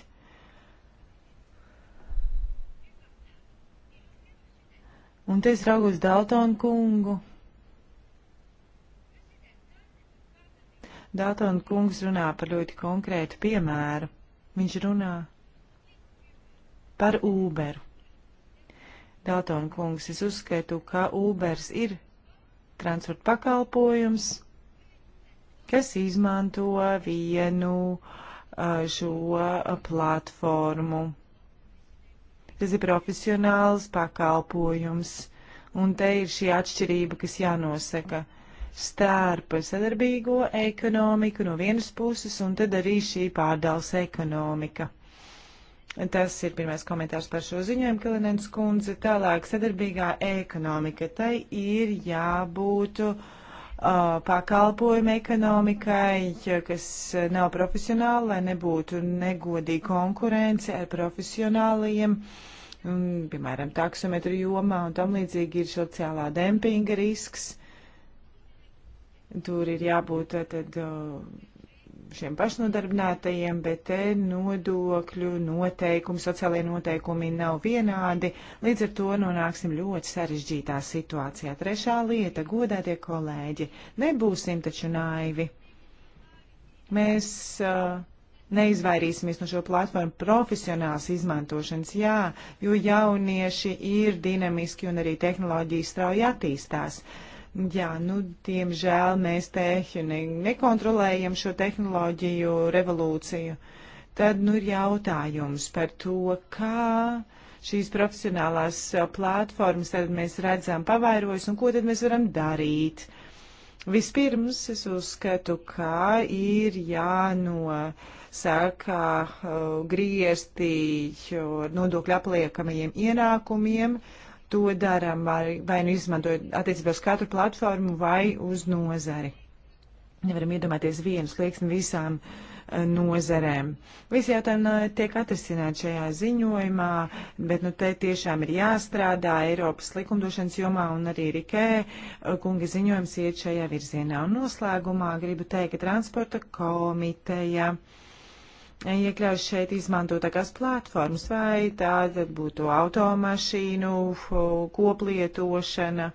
Un te es raugos Daltonu kungu. Daltonu kungs runā par ļoti konkrētu piemēru. Viņš runā par Uberu. Daltonu kungs, es uzskatu, ka Ubers ir transporta pakalpojums kas izmanto vienu šo platformu. Tas ir profesionāls pakalpojums, un te ir šī atšķirība, kas jānosaka starp sadarbīgo ekonomiku no vienas puses un tad arī šī pārdals ekonomika. Tas ir pirmais komentārs par šo ziņojumu, Kalinens kundze. Tālāk sadarbīgā ekonomika. Tai ir jābūt uh, pakalpojumu ekonomikai, kas nav profesionāli, lai nebūtu negodīga konkurence ar profesionāliem, piemēram, taksometru jomā un tam līdzīgi ir sociālā dempinga risks. Tur ir jābūt tad šiem pašnodarbinātajiem, bet te nodokļu noteikumi, sociālajie noteikumi nav vienādi, līdz ar to nonāksim ļoti sarežģītā situācijā. Trešā lieta - godētie kolēģi, nebūsim taču naivi. Mēs uh, neizvairīsimies no šo platformu profesionāls izmantošanas, jā, jo jaunieši ir dinamiski un arī tehnoloģijas strauji attīstās. Uh, Jā, nu, diemžēl mēs te ne, nekontrolējam šo tehnoloģiju revolūciju. Tad, nu, ir jautājums par to, kā šīs profesionālās platformas tad mēs redzam pavairojas un ko tad mēs varam darīt. Vispirms es uzskatu, ka ir jānosaka grieztī nodokļu apliekamajiem ienākumiem. Uh, to darām, vai, vai nu izmantojot attiecībā uz katru platformu vai uz nozari. Nevaram iedomāties vienu slieksni visām uh, nozerēm. Visi jautājumi eh, tiek atrisināti šajā ziņojumā, bet nu, te tiešām ir jāstrādā Eiropas likumdošanas jomā un arī Rikē eh, kunga ziņojums iet šajā virzienā. Un noslēgumā gribu teikt, ka transporta komiteja uh, iekļauj šeit izmantotākās platformas, vai tāda būtu automašīnu koplietošana.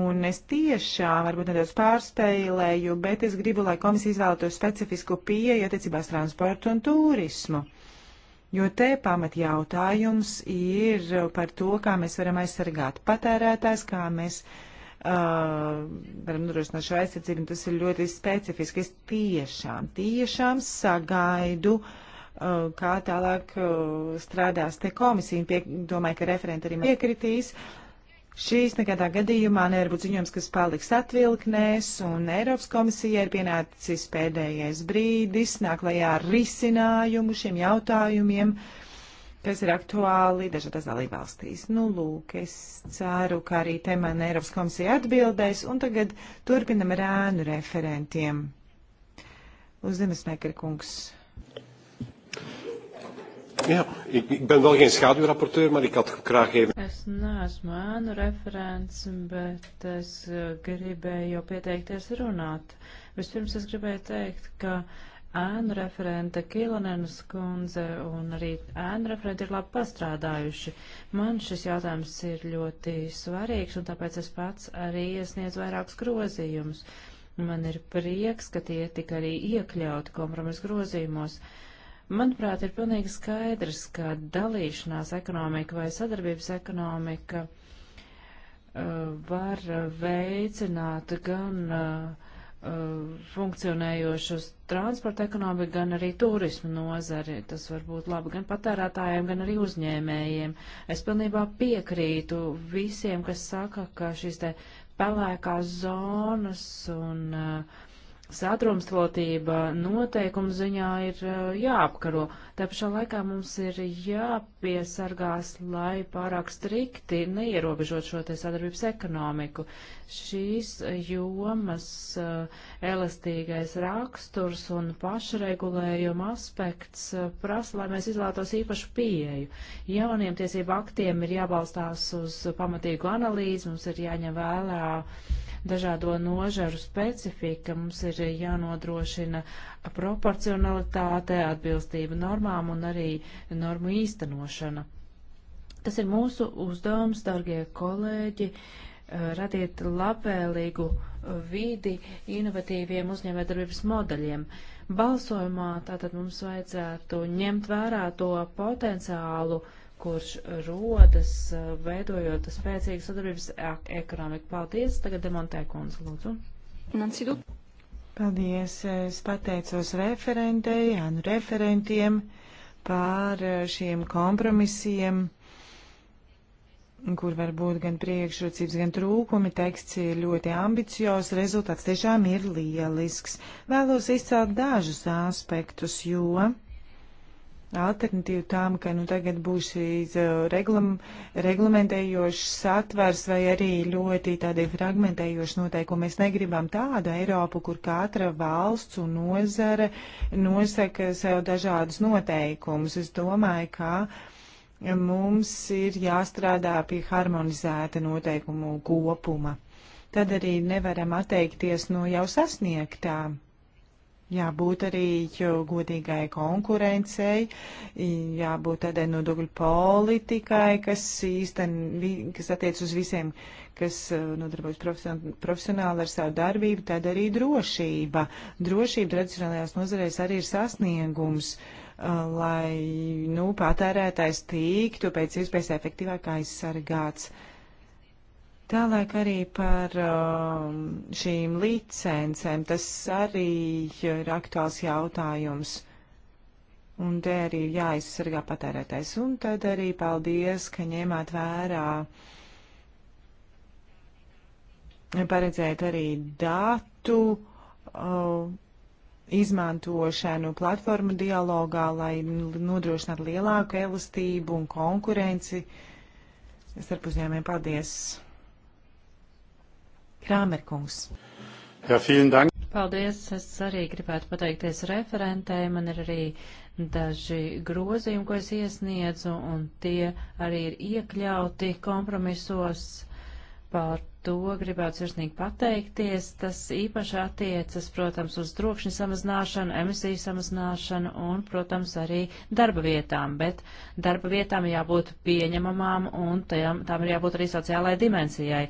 Un es tiešām varbūt nedaudz pārspēlēju, bet es gribu, lai komisija izvēlētos specifisku pieeju attiecībās transportu un turismu. Jo te pamat jautājums ir par to, kā mēs varam aizsargāt patērētājs, kā mēs uh, Uh, varam nodrošināt šo aizsardzību, un tas ir ļoti specifiski. Es tiešām, tiešām sagaidu, uh, kā tālāk uh, strādās te komisija, un pie, domāju, ka referenti arī piekritīs. Šīs nekādā gadījumā nevar būt ziņojums, kas paliks atvilknēs, un Eiropas komisija ir pienācis pēdējais brīdis, nāk lajā ar risinājumu šiem jautājumiem. Uh, kas ir aktuāli dažādās dalībvalstīs. Nu, lūk, es ceru, ka arī te man Eiropas komisija atbildēs, un tagad turpinam ar ēnu referentiem. Uz Zemesmēkara kungs. Jā, ik, ik ben vēl viens schaduwrapporteur, man ik had graag even... Es neesmu ēnu referents, bet es eh, gribēju jau pieteikties runāt. Vispirms es gribēju teikt, ka uh, ēnu referente Kilonenas kundze un arī ēnu referente ir labi pastrādājuši. Man šis jautājums ir ļoti svarīgs, un tāpēc es pats arī iesniedzu vairākus grozījumus. Man ir prieks, ka tie tika arī iekļauti kompromisu grozījumos. Manuprāt, ir pilnīgi skaidrs, ka dalīšanās ekonomika vai sadarbības ekonomika uh, var veicināt gan uh, Uh, funkcionējošus transporta ekonomiku, gan arī turismu nozari. Tas var būt labi gan patērētājiem, gan arī uzņēmējiem. Es pilnībā piekrītu visiem, kas saka, ka šīs te pelēkās zonas un uh, Sadrumstvotība noteikumu ziņā ir eh, jāapkaro. Tā pašā laikā mums ir jāpiesargās, lai pārāk strikti neierobežot šo te sadarbības ekonomiku. Šīs jomas eh, elastīgais raksturs un pašregulējuma aspekts eh, prasa, lai mēs izvēlētos īpašu pieeju. Jauniem tiesību aktiem ir jābalstās uz pamatīgu analīzi, mums ir jāņem vēlā dažādo nožaru specifika. Mums ir jānodrošina proporcionalitāte, atbilstība normām un arī normu īstenošana. Tas ir mūsu uzdevums, dargie kolēģi, eh, radiet labvēlīgu vidi inovatīviem uzņēmējdarbības modeļiem. Balsojumā tātad mums vajadzētu ņemt vērā to potenciālu, uh, kurš rodas, eh, veidojot spēcīgu sadarbības ekonomiku. Paldies! Tagad demontē kundze, lūdzu. Nansidu. Paldies! Es pateicos referentei, Anu referentiem par eh, šiem kompromisiem kur var būt gan priekšrocības, gan trūkumi. Teksts ir ļoti ambiciozs, rezultāts tiešām ir lielisks. Vēlos izcelt dažus aspektus, jo alternatīvu tām, ka nu, tagad būs šīs uh, reglam, reglamentējošas satvers vai arī ļoti tādi fragmentējoši noteikumi. Mēs negribam tādu Eiropu, kur katra valsts un nozare nosaka sev dažādus noteikumus. Es domāju, ka mums ir jāstrādā pie harmonizēta noteikumu kopuma. Tad arī nevaram atteikties no jau sasniegtām jābūt arī godīgai konkurencei, jābūt tādai nodokļu politikai, kas īsten, kas attiec uz visiem, kas uh, nodarbojas profesionāli, profesionāli ar savu darbību, tad arī drošība. Drošība tradicionālajās nozarēs arī ir sasniegums uh, lai nu, patērētājs tiktu pēc iespējas efektīvāk aizsargāts. Uh, Tālāk arī par um, šīm licencēm. Tas arī ir aktuāls jautājums. Un te arī jāizsargā patērētais. Un tad arī paldies, ka ņēmāt vērā paredzēt arī datu uh, izmantošanu platformu dialogā, lai nodrošinātu lielāku elastību un konkurenci starp uzņēmējiem. Paldies! Krāmerkungs. Jā, ja, Paldies! Es arī gribētu pateikties referentei. Man ir arī daži grozījumi, ko es iesniedzu, un tie arī ir iekļauti kompromisos. Par to gribētu sirsnīgi pateikties. Tas īpaši attiecas, protams, uz trokšņa samazināšanu, emisiju samazināšanu un, protams, arī darba vietām. Bet darba vietām jābūt pieņemamām un tajām, tām ir jābūt arī sociālai dimensijai.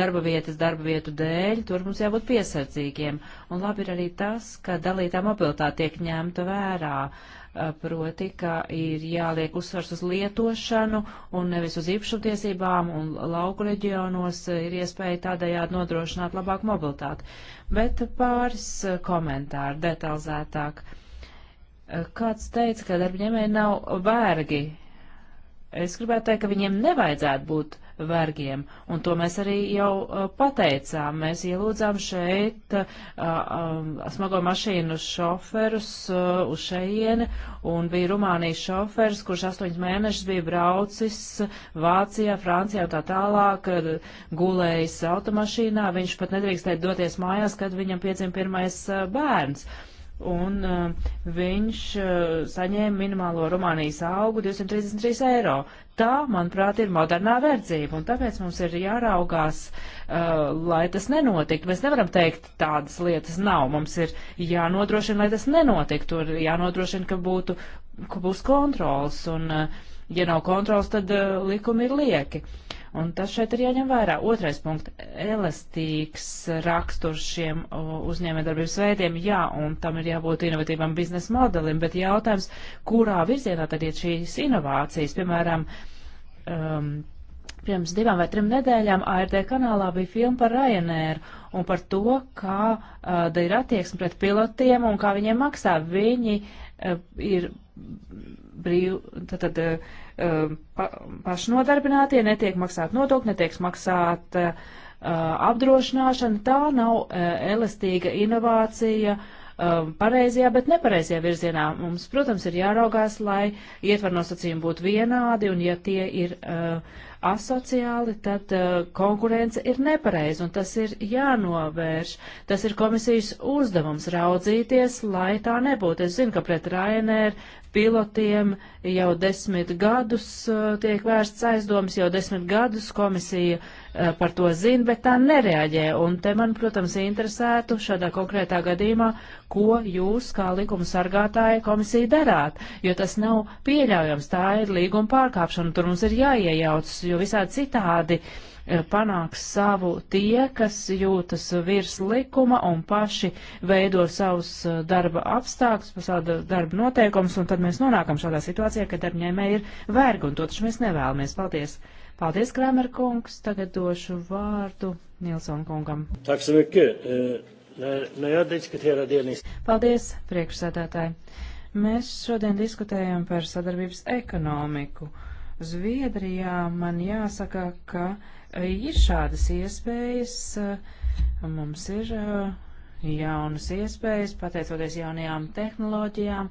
Darba vietas darba vietu dēļ tur mums jābūt piesardzīgiem. Un labi ir arī tas, ka dalītā mobilitāte tiek ņemta vērā. Uh, Eh, proti, ka ir jāliek uzsvars uz lietošanu un nevis uz īpašumtiesībām, un lauku reģionos ir iespēja tādējādi nodrošināt labāku mobilitāti. Bet pāris eh, komentāri detalizētāk. Eh, kāds teica, ka darbņēmēji nav vērgi. Es gribētu teikt, ka viņiem nevajadzētu būt vergiem. Un to mēs arī jau uh, pateicām. Mēs ielūdzām šeit a, uh, a, um, smago mašīnu šoferus a, uh, uz šeieni, un bija Rumānijas šoferis, kurš astoņus mēnešus bija braucis Vācijā, Francijā un tā tālāk, gulējis automašīnā. Viņš pat nedrīkstēja doties mājās, kad viņam piedzim pirmais bērns. Uh, un uh, viņš uh, saņēma minimālo Rumānijas augu 233 eiro. Tā, manuprāt, ir modernā verdzība, un tāpēc mums ir jāraugās, uh, lai tas nenotiktu. Mēs nevaram teikt, tādas lietas nav. Mums ir jānodrošina, lai tas nenotiktu, ir jānodrošina, ka, būtu, ka būs kontrols, un, uh, ja nav kontrols, tad uh, likumi ir lieki. Uh, Un tas šeit ir jāņem vērā. Otrais punkts - elastīgs raksturs šiem uzņēmējdarbības veidiem. Jā, un tam ir jābūt inovatīvam biznesa modelim, bet jautājums, kurā virzienā tad iet šīs inovācijas, piemēram, um, pirms divām vai trim nedēļām ARD kanālā bija filma par Ryanair un par to, kā uh, ir attieksme pret pilotiem un kā viņiem maksā. Viņi uh, ir brīv, tad, tad uh, eh, pa, pašnodarbinātie, netiek maksāt nodokļi, netiek maksāt uh, apdrošināšana. Tā nav uh, elastīga inovācija pareizajā, bet nepareizajā virzienā. Mums, protams, ir jāraugās, lai ietvarnosacījumi būtu vienādi, un ja tie ir uh, asociāli, tad uh, konkurence ir nepareiza, un tas ir jānovērš. Tas ir komisijas uzdevums raudzīties, lai tā nebūtu. Es zinu, ka pret Ryanair pilotiem jau desmit gadus uh, tiek vērsts aizdomas, jau desmit gadus komisija uh, par to zina, bet tā nereaģē. Un te man, protams, interesētu šādā konkrētā gadījumā, ko jūs, kā likuma sargātāja komisija, darāt, jo tas nav pieļaujams, tā ir līguma pārkāpšana, tur mums ir jāiejaucas, jo visādi citādi eh, panāks savu tie, kas jūtas virs likuma un paši veido savus eh, darba apstākļus, pasāda darba noteikums, un tad mēs nonākam šādā situācijā, ka darbņēmē ir vērgi, un to taču mēs nevēlamies. Paldies! Paldies, Krēmer kungs! Tagad došu vārdu Nilsona kungam. Eh, Paldies, priekšsēdētāji! Mēs šodien diskutējam par sadarbības ekonomiku. Uh, Zviedrijā man jāsaka, ka e, ir šādas iespējas, e, mums ir e, jaunas iespējas, pateicoties jaunajām tehnoloģijām,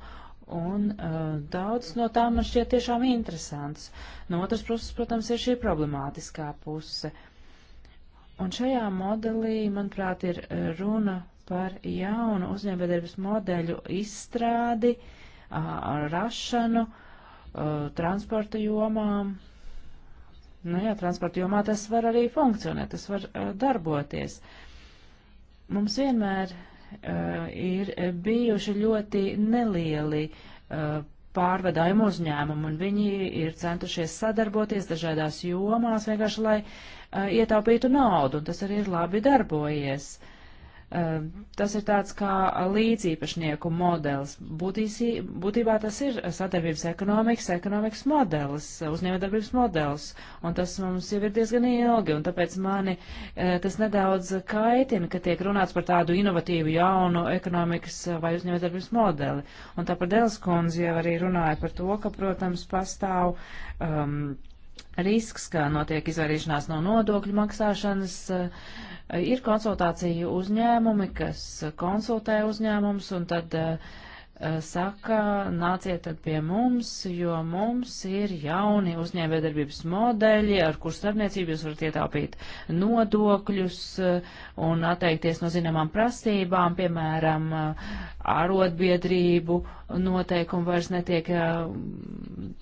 un uh, daudz no tām man šķiet tiešām interesants. No otras puses, protams, ir šī problemātiskā puse. Un šajā modelī, manuprāt, ir runa par jaunu uzņēmējdarbības modeļu izstrādi, uh, rašanu, uh, uh, transporta jomā. Nu jā, transporta jomā tas var arī funkcionēt, tas var uh, darboties. Mums vienmēr uh, ir bijuši ļoti nelieli uh, pārvadājumu uzņēmumu, un viņi ir centušies sadarboties dažādās jomās, vienkārši lai uh, ietaupītu naudu, un tas arī ir labi darbojies. Uh, Ehm, tas ir tāds kā līdziepašnieku modelis. Būtīsī, būtībā tas ir sadarbības ekonomikas, ekonomikas modelis, uzņēmējdarbības modelis, un tas mums jau ir diezgan ilgi, un tāpēc mani e, tas nedaudz kaitina, ka tiek runāts par tādu inovatīvu jaunu ekonomikas e, vai uzņēmējdarbības modeli. Un tāpēc Delskundze jau arī runāja par to, ka, protams, pastāv. Um, risks, ka notiek izvairīšanās no nodokļu maksāšanas, e, Ir konsultāciju uzņēmumi, kas konsultē uzņēmums un tad uh, saka, nāciet tad pie mums, jo mums ir jauni uzņēmējdarbības modeļi, ar kur starpniecību jūs varat ietaupīt nodokļus uh, un atteikties no zināmām prasībām, piemēram, uh, arotbiedrību noteikumu vairs netiek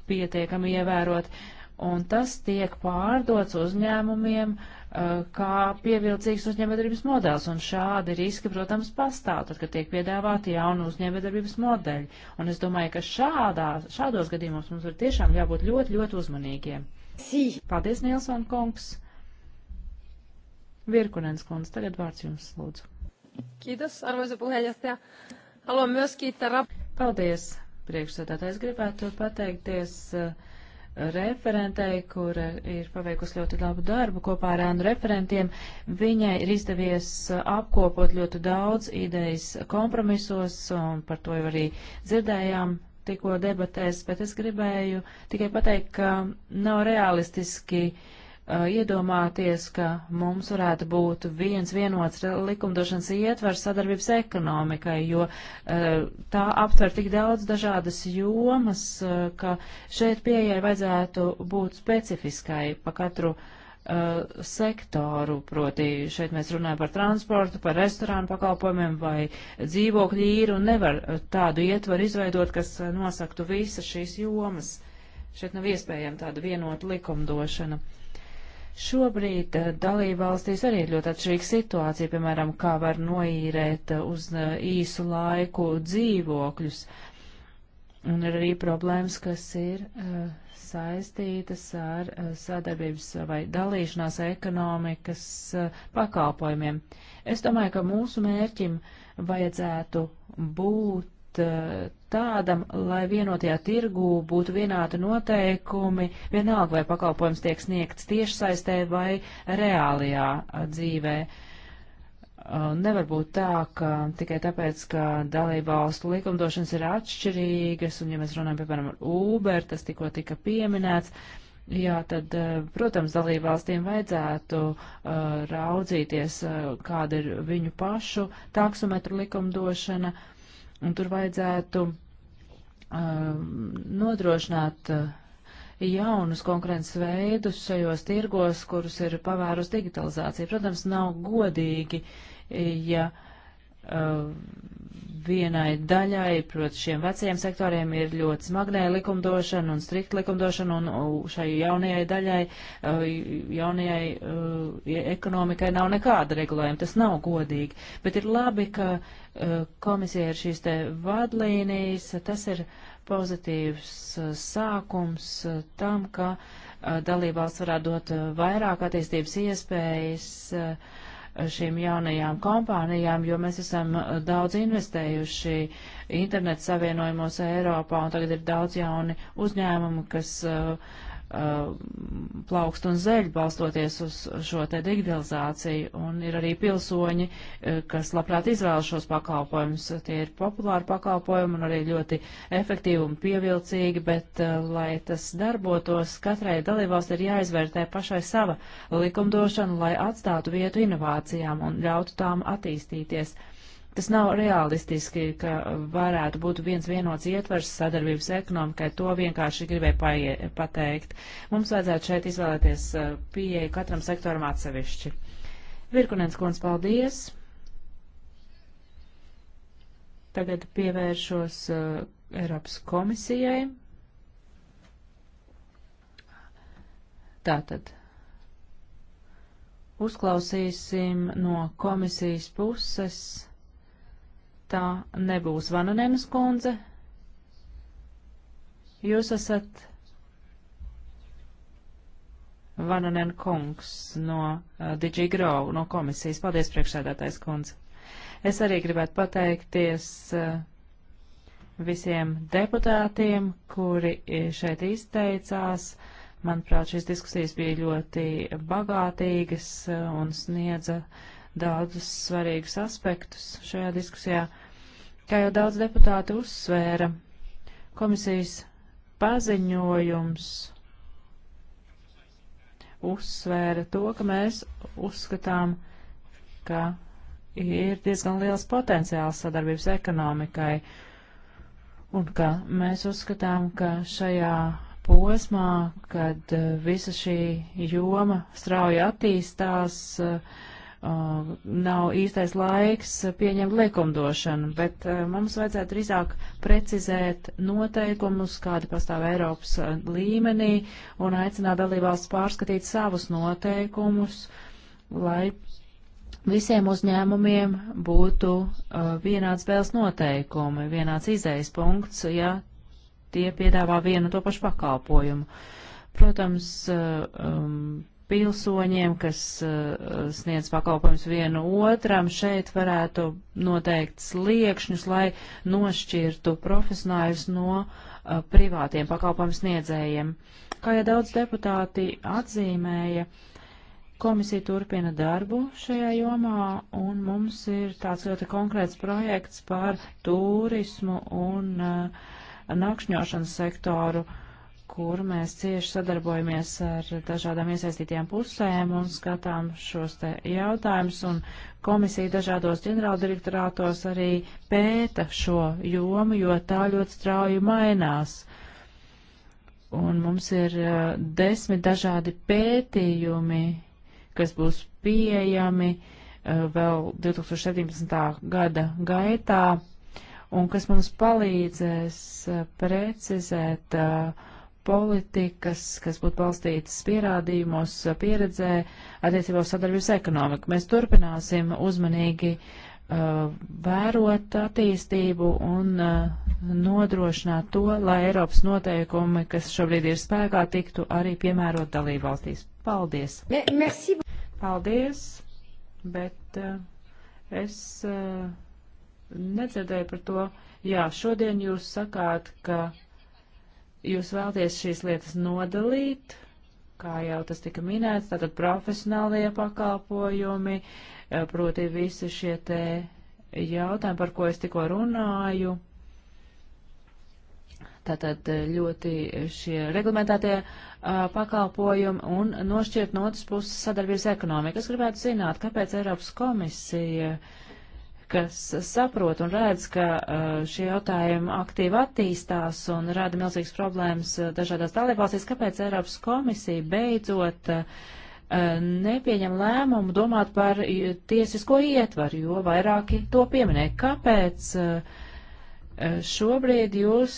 pietiekami ievērot. Un tas tiek pārdots uzņēmumiem uh, Uh, kā pievilcīgs uzņēmējdarbības modelis, un šādi riski, protams, pastāv, tad, kad tiek piedāvāti jauni uzņēmējdarbības modeļi. Un es domāju, ka šādā, šādos gadījumos mums ir tiešām jābūt ļoti, ļoti uzmanīgiem. Sī. Paldies, Nilsson kungs! Virkunens kundze, tagad vārds jums, lūdzu. Kiitos, arvoisa puheenjohtaja. Haluan myös kiittää rap... Paldies, priekšsēdētājs. Gribētu pateikties uh, referentei, kura ir paveikusi ļoti labu darbu kopā ar ēnu referentiem. Viņai ir izdevies apkopot ļoti daudz idejas kompromisos, un par to jau arī dzirdējām tikko debatēs, bet es gribēju tikai pateikt, ka nav realistiski uh, Uh, iedomāties, ka mums varētu būt viens vienots likumdošanas ietvers sadarbības ekonomikai, jo uh, tā aptver tik daudz dažādas jomas, uh, ka šeit pieejai vajadzētu būt specifiskai pa katru uh, sektoru, proti šeit mēs runājam par transportu, par restorānu pakalpojumiem vai dzīvokļu īru, un nevar tādu ietvaru izveidot, kas nosaktu visas šīs jomas. Šeit nav iespējama tāda vienota likumdošana. Uh, Šobrīd eh, dalībvalstīs arī ir ļoti atšķirīga situācija, piemēram, kā var noīrēt eh, uz eh, īsu laiku dzīvokļus. Un ir arī problēmas, kas ir uh, saistītas ar uh, sadarbības vai dalīšanās ekonomikas uh, pakalpojumiem. Es domāju, ka mūsu mērķim vajadzētu būt Eh, tādam, lai vienotajā tirgū būtu vienādi noteikumi, vienalga vai pakalpojums tiek sniegts tiešsaistē vai reālajā eh, dzīvē. Eh, nevar būt tā, ka tikai tāpēc, ka dalībvalstu likumdošanas ir atšķirīgas, un ja mēs runājam, piemēram, ar Uber, tas tikko tika pieminēts, Jā, tad, protams, dalībvalstīm vajadzētu uh, raudzīties, uh, kāda ir viņu pašu taksometru likumdošana. Uh, Un tur vajadzētu um, nodrošināt uh, jaunus konkurences veidus šajos tirgos, kurus ir pavērus digitalizācija. Protams, nav godīgi, ja uh, vienai daļai, proti šiem vecajiem sektoriem, ir ļoti smagnēja likumdošana un strikta likumdošana, un šai jaunajai daļai, jaunajai e, ekonomikai nav nekāda regulējuma. Tas nav godīgi. Bet ir labi, ka komisija ir šīs te vadlīnijas. Tas ir pozitīvs sākums tam, ka dalībvalsts varētu dot vairāk attīstības iespējas šīm jaunajām kompānijām, jo mēs esam uh, daudz investējuši internetu savienojumos Eiropā, un tagad ir daudz jauni uzņēmumi, kas uh, Uh, plaukst un zeļ, balstoties uz šo te digitalizāciju. Un ir arī pilsoņi, uh, kas labprāt izvēlas šos pakalpojumus. Tie ir populāri pakalpojumi un arī ļoti efektīvi un pievilcīgi, bet, uh, lai tas darbotos, katrai dalībvalsts ir jāizvērtē pašai sava likumdošana, lai atstātu vietu inovācijām un ļautu tām attīstīties tas nav realistiski, ka varētu būt viens vienots ietvers sadarbības ekonomikai. To vienkārši gribēju paie, pateikt. Mums vajadzētu šeit izvēlēties eh, pieeju katram sektoram atsevišķi. Virkunens kundz, paldies! Tagad pievēršos uh, Eiropas komisijai. Tātad uzklausīsim no komisijas puses tā nebūs Vananenes kundze. Jūs esat Vananen kungs no uh, eh, DigiGrow, no komisijas. Paldies, priekšsēdētājs kundze. Es arī gribētu pateikties uh, visiem deputātiem, kuri šeit izteicās. Manuprāt, šīs diskusijas bija ļoti bagātīgas eh, un sniedza uh, daudzus svarīgus aspektus šajā diskusijā. Kā jau daudz deputāti uzsvēra, komisijas paziņojums uzsvēra to, ka mēs uzskatām, ka ir diezgan liels potenciāls sadarbības ekonomikai un ka mēs uzskatām, ka šajā posmā, kad visa šī joma strauji attīstās, uh, uh, nav īstais laiks pieņemt likumdošanu, bet uh, mums vajadzētu drīzāk precizēt noteikumus, kādi pastāv Eiropas uh, līmenī, un aicināt dalībvalsts pārskatīt savus noteikumus, lai visiem uzņēmumiem būtu uh, vienāds spēles noteikumi, vienāds izējas punkts, ja tie piedāvā vienu to pašu pakalpojumu. Protams, uh, um, pilsoņiem, kas uh, sniedz pakalpojums vienu otram, šeit varētu noteikt sliekšņus, lai nošķirtu profesionāļus no uh, privātiem pakalpojumu sniedzējiem. Kā jau daudz deputāti atzīmēja, komisija turpina darbu šajā jomā, un mums ir tāds ļoti konkrēts projekts par turismu un uh, nakšņošanas sektoru. Uh, kur mēs cieši sadarbojamies ar dažādām iesaistītajām pusēm un skatām šos te jautājumus, un komisija dažādos ģenerāldirektorātos arī pēta šo jomu, jo tā ļoti strauji mainās. Un mums ir uh, desmit dažādi pētījumi, kas būs pieejami uh, vēl 2017. gada gaitā, un kas mums palīdzēs uh, precizēt uh, politikas, kas būtu balstītas pierādījumos, pieredzē, attiecībā uz sadarbības ekonomiku. Mēs turpināsim uzmanīgi uh, vērot attīstību un uh, nodrošināt to, lai Eiropas noteikumi, kas šobrīd ir spēkā, tiktu arī piemērot dalību valstīs. Paldies! Merci. Paldies! Bet uh, es uh, nedzirdēju par to. Jā, šodien jūs sakāt, ka jūs vēlties šīs lietas nodalīt, kā jau tas tika minēts, tātad profesionālie pakalpojumi, eh, proti visi šie te jautājumi, par ko es tikko runāju. Tātad eh, ļoti šie reglamentētie uh, pakalpojumi un nošķirt no otras puses sadarbības ekonomika. Es gribētu zināt, kāpēc Eiropas komisija uh, kas saprot un redz, ka uh, šie jautājumi aktīvi attīstās un rada milzīgas problēmas uh, dažādās dalībvalstīs, kāpēc Eiropas komisija beidzot uh, nepieņem lēmumu domāt par tiesisko ietvaru, jo vairāki to pieminēja. Kāpēc šobrīd jūs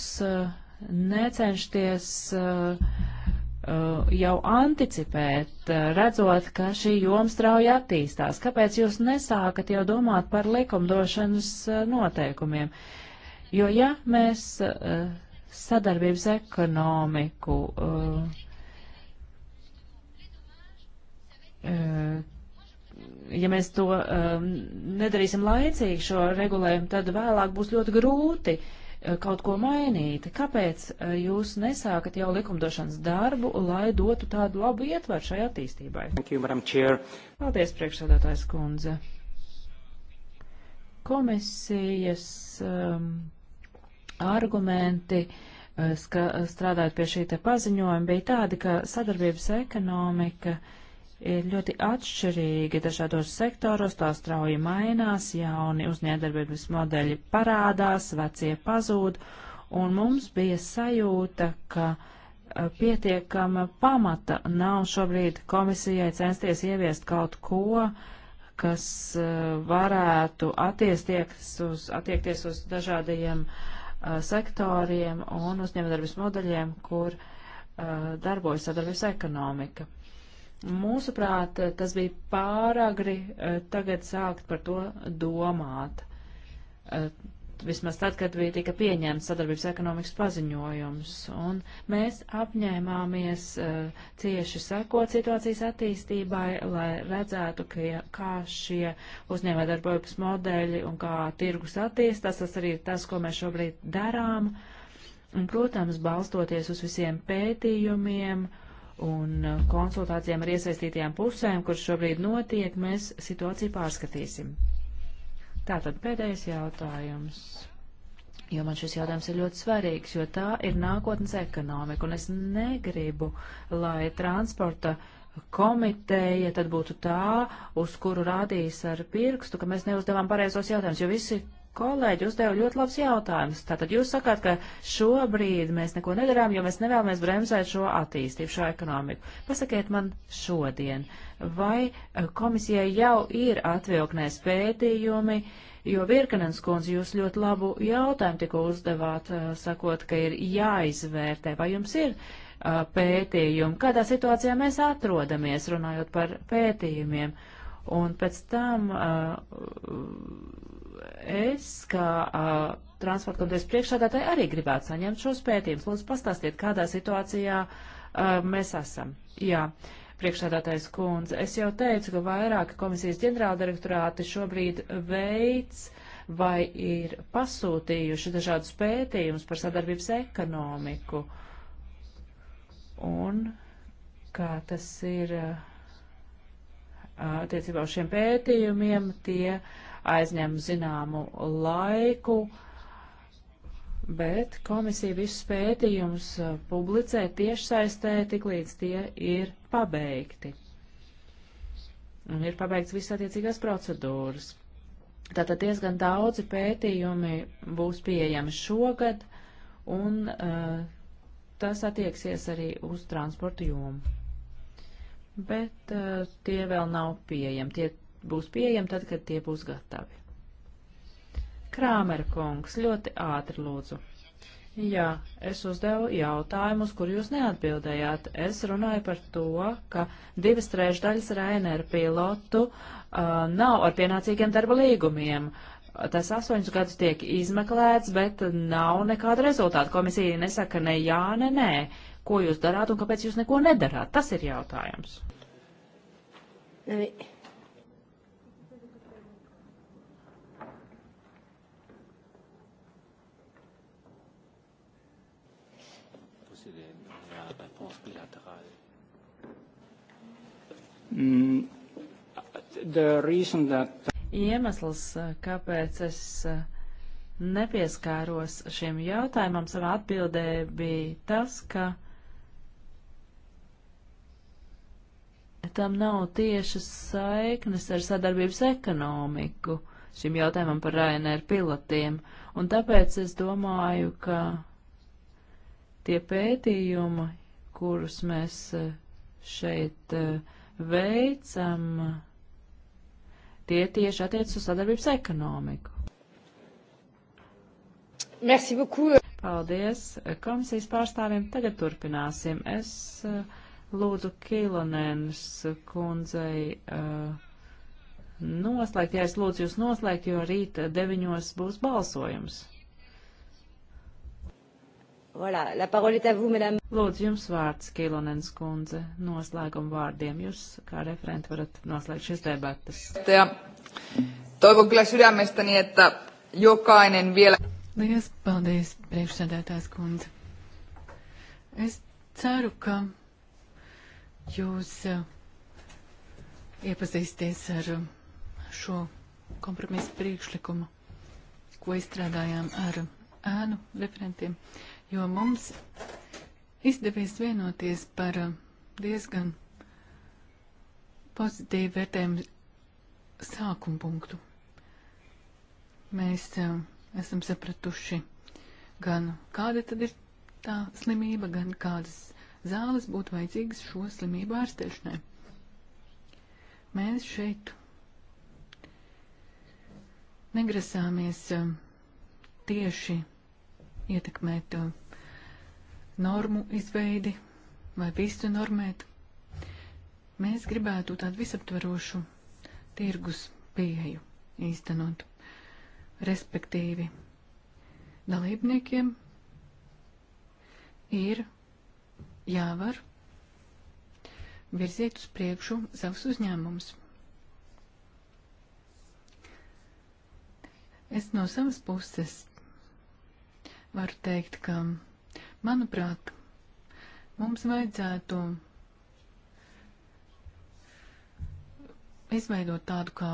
necenšties uh, Uh, jau anticipēt, uh, redzot, ka šī joma strauji attīstās? Kāpēc jūs nesākat jau domāt par likumdošanas uh, noteikumiem? Jo ja mēs sadarbības ekonomiku ja mēs to um, nedarīsim laicīgi šo regulējumu, tad vēlāk būs ļoti grūti uh, Eh, kaut ko mainīt. Kāpēc eh, jūs nesākat jau likumdošanas darbu, lai dotu tādu labu ietvaru šai attīstībai? You, Paldies, priekšsādātājs kundze. Komisijas um, argumenti uh, strādājot pie šī te paziņojuma bija tādi, ka sadarbības ekonomika uh, ir ļoti atšķirīgi dažādos sektoros, tā strauji mainās, jauni uzņēdarbības modeļi parādās, vecie pazūd, un mums bija sajūta, ka eh, pietiekama pamata nav šobrīd komisijai censties ieviest kaut ko, kas eh, varētu attiekties uz, attiekties uz dažādajiem uh, eh, sektoriem un uzņēmdarbības modeļiem, kur uh, darbojas sadarbības ekonomika. Mūsuprāt, tas bija pāragri eh, tagad sākt par to domāt. Eh, vismaz tad, kad bija tika pieņemts sadarbības ekonomikas paziņojums. Un mēs apņēmāmies eh, cieši sekot situācijas attīstībai, lai redzētu, ka, kā šie uzņēmē darbojas modeļi un kā tirgus attīstās. Tas arī ir tas, ko mēs šobrīd darām. Un, protams, balstoties uz visiem pētījumiem, uh, un uh, konsultācijām ar iesaistītajām pusēm, kur šobrīd notiek, mēs situāciju pārskatīsim. Tātad pēdējais jautājums, jo man šis jautājums ir ļoti svarīgs, jo tā ir nākotnes ekonomika, un es negribu, lai transporta komiteja tad būtu tā, uz kuru rādīs ar pirkstu, ka mēs neuzdevām pareizos jautājumus, jo visi kolēģi uzdeva ļoti labs jautājums. Tātad jūs sakāt, ka šobrīd mēs neko nedarām, jo mēs nevēlamies bremzēt šo attīstību, šo ekonomiku. Pasakiet man šodien, vai eh, komisijai jau ir atvilknēs pētījumi, jo Virkanens kundze jūs ļoti labu jautājumu tikko uzdevāt, eh, sakot, ka ir jāizvērtē, vai jums ir eh, pētījumi, kādā situācijā mēs atrodamies, runājot par pētījumiem. Un pēc tam uh, es, kā uh, transporta komitejas priekšādātāji, arī gribētu saņemt šos pētījumus. Lūdzu, pastāstiet, kādā situācijā uh, mēs esam. Jā. Priekšsēdātais kundze, es jau teicu, ka vairāki komisijas ģenerāldirektorāti šobrīd veids vai ir pasūtījuši dažādus pētījumus par sadarbības ekonomiku. Un kā tas ir attiecībā uz šiem pētījumiem, tie uh, aizņem zināmu laiku, bet komisija visus pētījumus uh, publicē tiešsaistē, tik līdz tie ir pabeigti. Un ir pabeigts viss attiecīgās procedūras. Tātad diezgan daudzi pētījumi būs pieejami šogad, un uh, tas attieksies arī uz transportu jomu. Bet uh, tie vēl nav pieejami, tie būs pieejami tad, kad tie būs gatavi. Krāmera kungs, ļoti ātri lūdzu. Jā, es uzdevu jautājumu, uz kuru jūs neatbildējāt. Es runāju par to, ka divas trešdaļas Rainer pilotu uh, nav ar pienācīgiem darba līgumiem. Tas astoņus gadus tiek izmeklēts, bet nav nekāda rezultāta. Komisija nesaka ne jā, ne nē. Ko jūs darāt un kāpēc jūs neko nedarāt? Tas ir jautājums. Ne. Mm, that... Iemesls, uh, kāpēc es uh, nepieskāros šiem jautājumam savā atbildē, bija tas, ka tam nav tiešas saiknes ar sadarbības ekonomiku šim jautājumam par Ryanair pilotiem. Un tāpēc es domāju, ka tie pētījumi, kurus mēs uh, šeit uh, veicam, tie tieši attiecas uz sadarbības ekonomiku. Merci beaucoup. Paldies komisijas pārstāvjiem. Tagad turpināsim. Es eh, lūdzu Kilonēnas kundzei uh, noslēgt, ja es lūdzu jūs noslēgt, jo rīt deviņos būs balsojums. Voilà, la parole est à vous, madame. Lūdzu, jums vārds, Kīlonens kundze, noslēguma vārdiem. Jūs kā referenti varat noslēgt šis debatas. Toivon kyllä sydämestäni, että jokainen vielä... Lielas paldies, priekšsēdētājs kundze. Es ceru, ka jūs eh, iepazīsties ar eh, šo kompromisu priekšlikumu, ko izstrādājām ar eh, ēnu referentiem. Uh, jo mums izdevies vienoties par eh, diezgan pozitīvu vērtējumu sākumu punktu. Mēs uh, esam sapratuši gan kāda tad ir tā slimība, gan kādas zāles būtu vajadzīgas šo slimību ārstēšanai. Mēs šeit negrasāmies eh, tieši ietekmēt uh, normu izveidi vai visu normēt. Mēs gribētu tādu visaptverošu tirgus pieeju īstenot, respektīvi dalībniekiem ir jāvar virziet uz priekšu savus uzņēmumus. Es no savas puses varu teikt, ka, manuprāt, mums vajadzētu izveidot tādu kā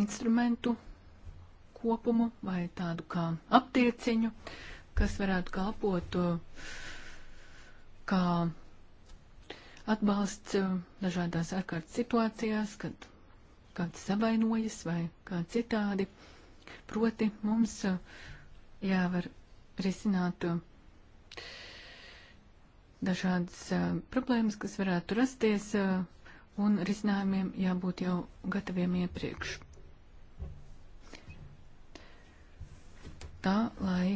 instrumentu kopumu vai tādu kā aptieciņu, kas varētu kalpot kā atbalsts dažādās ārkārtas situācijās, kad kāds savainojas vai kā citādi. Uh, Proti mums uh, jāvar risināt uh, dažādas uh, problēmas, kas varētu rasties, un risinājumiem jābūt jau gataviem iepriekš. Tā, lai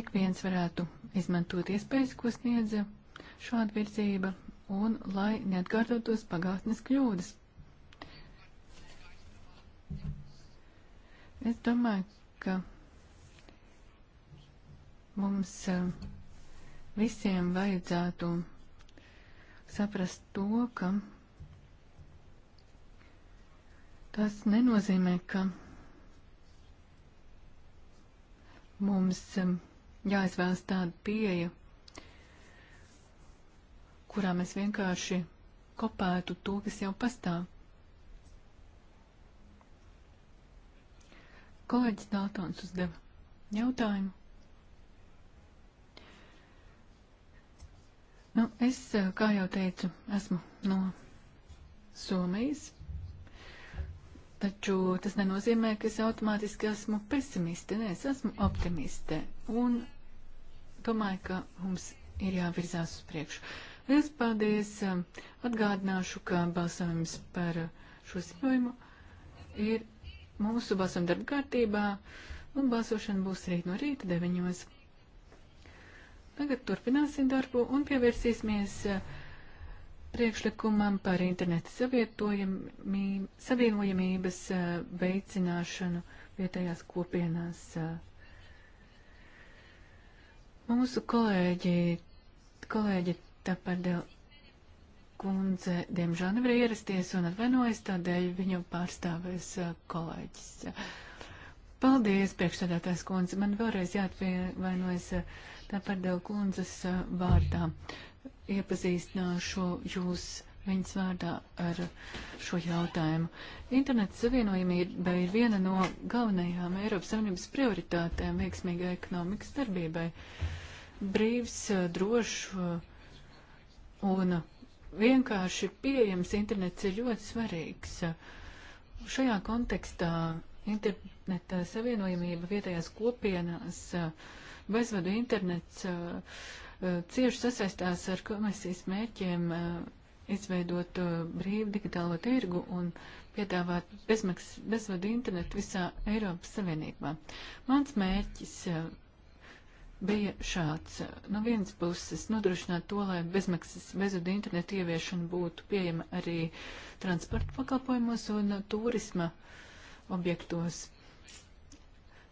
ik viens varētu izmantot iespējas, ko sniedza šāda virzība, un lai neatkārtotos pagātnes kļūdas. Es domāju, ka mums eh, visiem vajadzētu saprast to, ka tas nenozīmē, ka mums eh, jāizvēlas tāda pieeja, kurā mēs vienkārši kopētu to, kas jau pastāv. Kolēģis Dātons uzdeva jautājumu. Nu, es, eh, kā jau teicu, esmu no Somijas, taču tas nenozīmē, ka es automātiski esmu pesimiste. Nē, es esmu optimiste un domāju, ka mums ir jāvirzās uz priekšu. Liels paldies! Eh, atgādināšu, ka balsojums par eh, šo ziņojumu ir mūsu balsojuma darba kārtībā, un balsošana būs rīt no rīta deviņos. Tagad turpināsim darbu un pievērsīsimies eh, priekšlikumam par interneta savienojamības eh, veicināšanu vietējās kopienās. Eh. Mūsu kolēģi, kolēģi Tapardēl kundze diemžēl nevar ierasties un atvainojas, tādēļ viņu pārstāvēs kolēģis. Paldies, priekšstādātājs kundze. Man vēlreiz jāatvainojas tāpardēl kundzes vārdā. Iepazīstināšu jūs viņas vārdā ar šo jautājumu. Internets savienojamība ir viena no galvenajām Eiropas Savienības prioritātēm veiksmīgai ekonomikas darbībai. Brīvs, drošs un vienkārši pieejams internets ir ļoti svarīgs. Šajā kontekstā interneta savienojamība vietējās kopienās, bezvadu internets cieši sasaistās ar komisijas mērķiem izveidot uh, brīvu digitālo tirgu un piedāvāt bezmaks, bezvadu internetu visā Eiropas Savienībā. Mans mērķis uh, bija šāds. No nu, vienas puses nodrošināt to, lai bezmaksas bezvadu internetu ieviešana būtu pieejama arī transporta pakalpojumos un turisma objektos.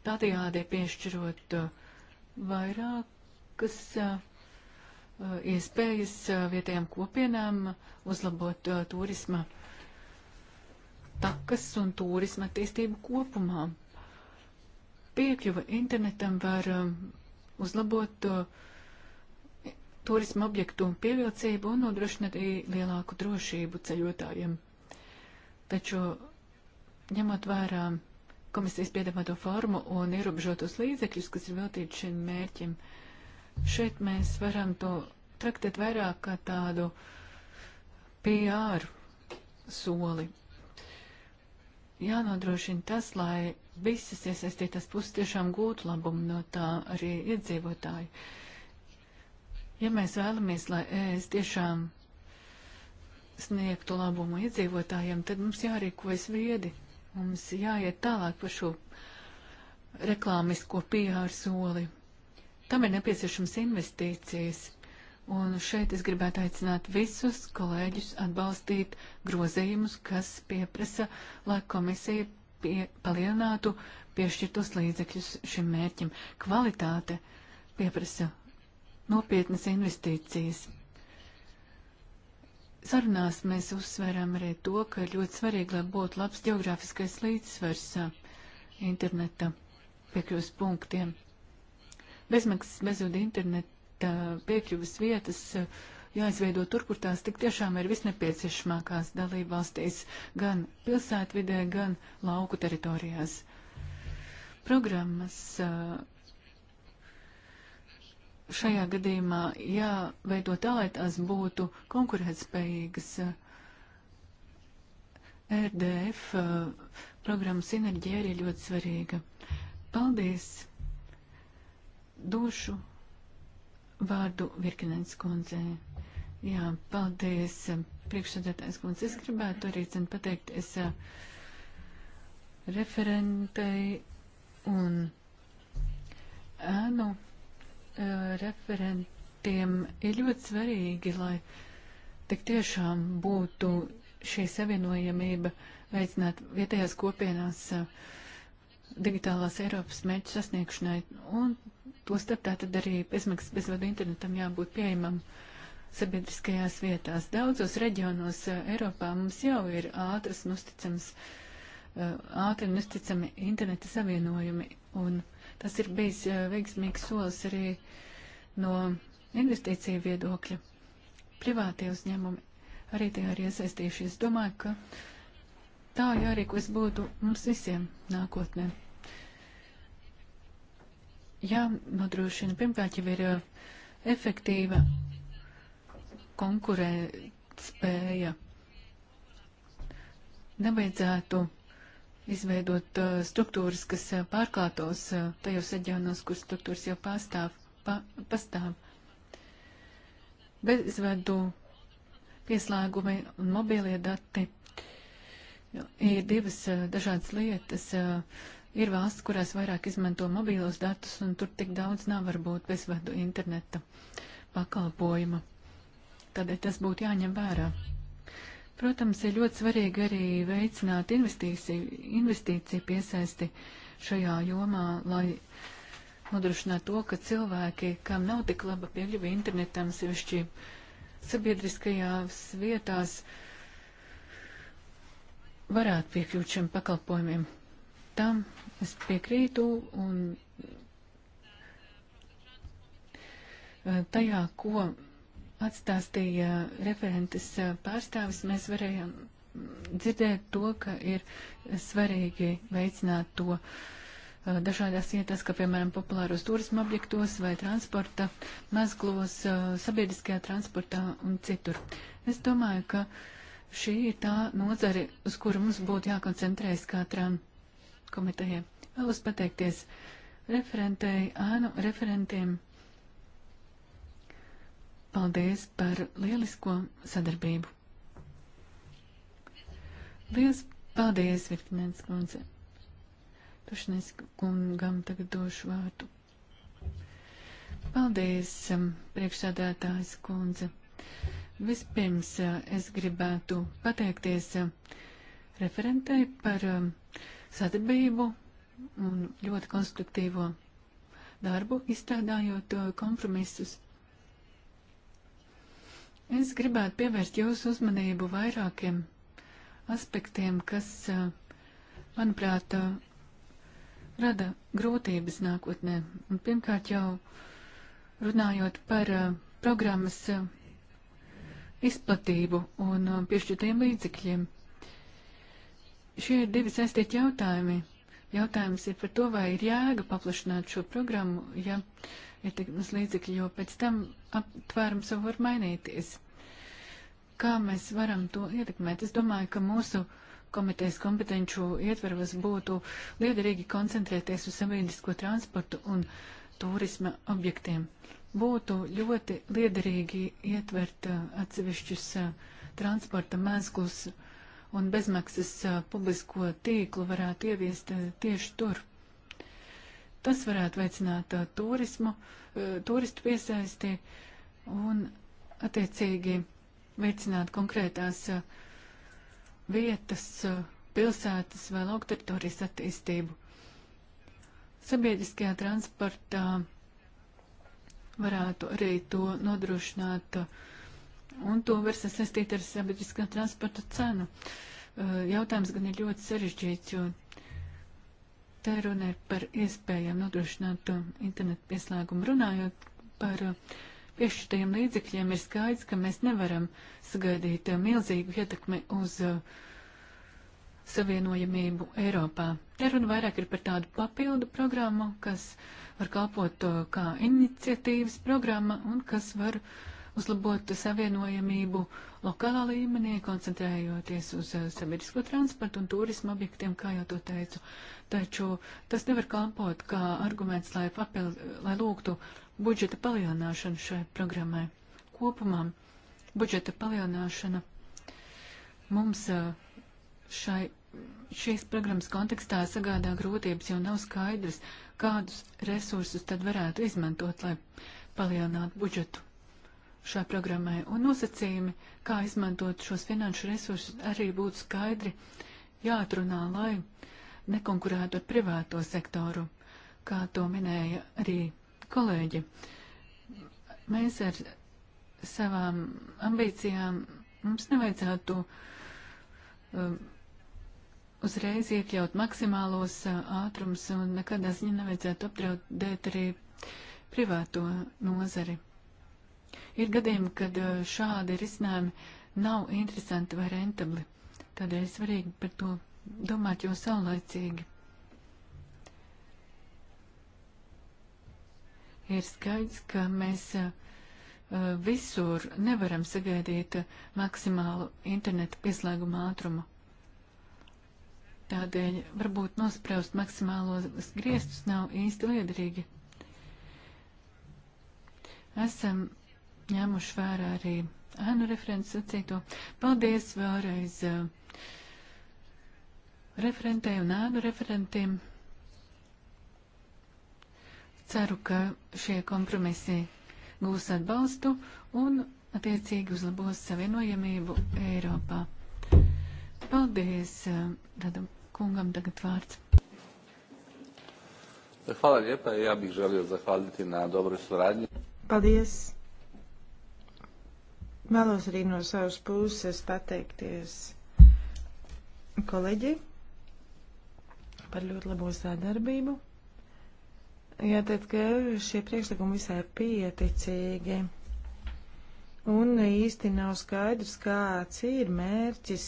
Tādējādi piešķirot uh, vairākas uh, uh, iespējas vietējām kopienām uzlabot turisma takas un turisma attīstību kopumā. Piekļuva internetam var um, uzlabot uh, turisma objektu pievilcību un nodrošināt arī lielāku drošību ceļotājiem. Taču, ņemot vērā komisijas piedāvāto formu un ierobežotos līdzekļus, kas ir veltīti šiem mērķim, šeit mēs varam to traktēt vairāk kā tādu PR soli jānodrošina tas, lai visas iesaistītās puses tiešām gūtu labumu no tā arī iedzīvotāji. Ja mēs vēlamies, lai ES tiešām sniegtu labumu iedzīvotājiem, tad mums jārīkojas viedi. Mums jāiet tālāk par šo reklāmisko pīhāru soli. Tam ir nepieciešams investīcijas. Un šeit es gribētu aicināt visus kolēģus atbalstīt grozījumus, kas pieprasa, lai komisija pie, palielinātu piešķirtos līdzekļus šim mērķim. Kvalitāte pieprasa nopietnas investīcijas. Sarunās mēs uzsverām arī to, ka ir ļoti svarīgi, lai būtu labs geogrāfiskais līdzsvers interneta piekļuvas punktiem. Bezmaksas bezvadu internetu piekļuvas vietas eh, jāizveido tur, kur tās tik tiešām ir visnepieciešamākās dalība valstīs, gan pilsētvidē, gan lauku teritorijās. Programmas eh, šajā gadījumā jāveido tā, lai tās būtu konkurētspējīgas. RDF eh, programma sinerģija arī ļoti svarīga. Paldies! Došu vārdu Virkinens kundzei. Jā, paldies, priekšsēdētājs kundze. Es gribētu arī cen pateikt, es referentei un ēnu referentiem ir ļoti svarīgi, lai tik tiešām būtu šī savienojamība veicināt vietējās kopienās digitālās Eiropas mērķu sasniegšanai. Un Tostarp tātad arī bezmaksas bezvadu internetam jābūt pieejamam sabiedriskajās vietās. Daudzos reģionos eh, Eiropā mums jau ir ātras un uzticams, eh, ātri un uzticami interneta savienojumi, un tas ir bijis eh, veiksmīgs solis arī no investīciju viedokļa. Privātie uzņēmumi arī tajā ir iesaistījušies. Domāju, ka tā jārīkos būtu mums visiem nākotnē jānodrošina pirmkārt jau ir uh, efektīva konkurētspēja. Nevajadzētu izveidot uh, struktūras, kas uh, pārklātos tajos reģionos, kur struktūras jau pastāv. Pa, pastāv. Bezvadu pieslēgumi un mobilie dati ir divas dažādas lietas. Uh, Ir valsts, kurās vairāk izmanto mobīlos datus, un tur tik daudz nav varbūt bezvadu interneta pakalpojuma. Tādēļ tas būtu jāņem vērā. Protams, ir ļoti svarīgi arī veicināt investīciju, investīciju piesaisti šajā jomā, lai nodrošināt to, ka cilvēki, kam nav tik laba piekļuva internetam, sevišķi sabiedriskajās vietās, varētu piekļūt šiem pakalpojumiem. Tam Es piekrītu un eh, tajā, ko atstāstīja referentes eh, pārstāvis, mēs varējām dzirdēt to, ka ir svarīgi veicināt to eh, dažādās vietās, kā piemēram populāros turismu objektos vai transporta mezglos, sabiedriskajā transportā un citur. Es domāju, ka šī ir tā nozare, uz kuru mums būtu jākoncentrējas katram komitejai. Vēlos pateikties referentei, ānu referentiem. Paldies par lielisko sadarbību. Liels paldies, Viktinēns kundze. Tušnies kungam tagad došu vārdu. Paldies, um, priekšsādātājs kundze. Vispirms uh, es gribētu pateikties uh, referentei par uh, sadarbību un ļoti konstruktīvo darbu, izstrādājot uh, kompromisus. Es gribētu pievērst jūsu uzmanību vairākiem aspektiem, kas, uh, manuprāt, uh, rada grūtības nākotnē. Un pirmkārt jau runājot par programmas izplatību un piešķirtiem līdzekļiem. Šie ir divi saistīti jautājumi. Jautājums ir par to, vai ir jēga paplašināt šo programmu, ja ir tik maz līdzekļu, jo pēc tam aptvērums jau var mainīties. Kā mēs varam to ietekmēt? Es domāju, ka mūsu komitejas kompetenču ietveros būtu liederīgi koncentrēties uz sabiedrisko transportu un turisma objektiem. Būtu ļoti liederīgi ietvert uh, atsevišķus uh, transporta mēslus un bezmaksas publisko tīklu varētu ieviest tieši tur. Tas varētu veicināt turismu, turistu piesaisti un attiecīgi veicināt konkrētās vietas, pilsētas vai laukteritorijas attīstību. Sabiedriskajā transportā varētu arī to nodrošināt uh, un to var sasaistīt ar sabiedriskā transporta cenu. Uh, jautājums gan ir ļoti sarežģīts, jo te runa ir par iespējām nodrošināt uh, internetu pieslēgumu. Runājot par uh, piešķirtajiem līdzekļiem, ir skaidrs, ka mēs nevaram sagaidīt milzīgu ietekmi uz savienojamību Eiropā. Te runa vairāk ir par tādu papildu programmu, kas var kalpot kā iniciatīvas programma un kas var uh, uzlabot savienojamību lokālā līmenī, koncentrējoties uz eh, sabiedrisko transportu un turismu objektiem, kā jau to teicu. Taču tas nevar kalpot kā arguments, lai, papil, lai lūgtu budžeta palielināšanu šai programmai. Kopumā budžeta palielināšana mums eh, šai, šīs programmas kontekstā sagādā grūtības, jo nav skaidrs, kādus resursus tad varētu izmantot, lai palielinātu budžetu šai programmai, un nosacījumi, kā izmantot šos finanšu resursus, arī būtu skaidri jāatrunā, lai nekonkurētu ar privāto sektoru, kā to minēja arī kolēģi. Mēs ar savām ambīcijām mums nevajadzētu um, uzreiz iekļaut maksimālos uh, ātrums un nekādā ziņā nevajadzētu apdraudēt arī privāto nozari. Ir gadījumi, kad uh, šādi risinājumi nav interesanti vai rentabli. Tādēļ ir svarīgi par to domāt jau saulaicīgi. Ir skaidrs, ka mēs uh, uh, visur nevaram sagaidīt maksimālu interneta pieslēguma ātrumu. Tādēļ varbūt nospraust maksimālos griestus nav īsti liederīgi. Esam ņēmuši vērā arī ēnu referents sacīto. Paldies vēlreiz uh, eh, referentē un ēnu referentiem. Ceru, ka šie kompromisi gūs atbalstu un attiecīgi uzlabos savienojamību Eiropā. Paldies, tad eh, kungam tagad vārds. Hvala lijepa, ja bih želio zahvaliti na dobroj suradnji. Paldies. Vēlos arī no savas puses pateikties kolēģi par ļoti labo sadarbību. Jāteic, ka šie priekšlikumi visai pieticīgi. Un īsti nav skaidrs, kāds ir mērķis,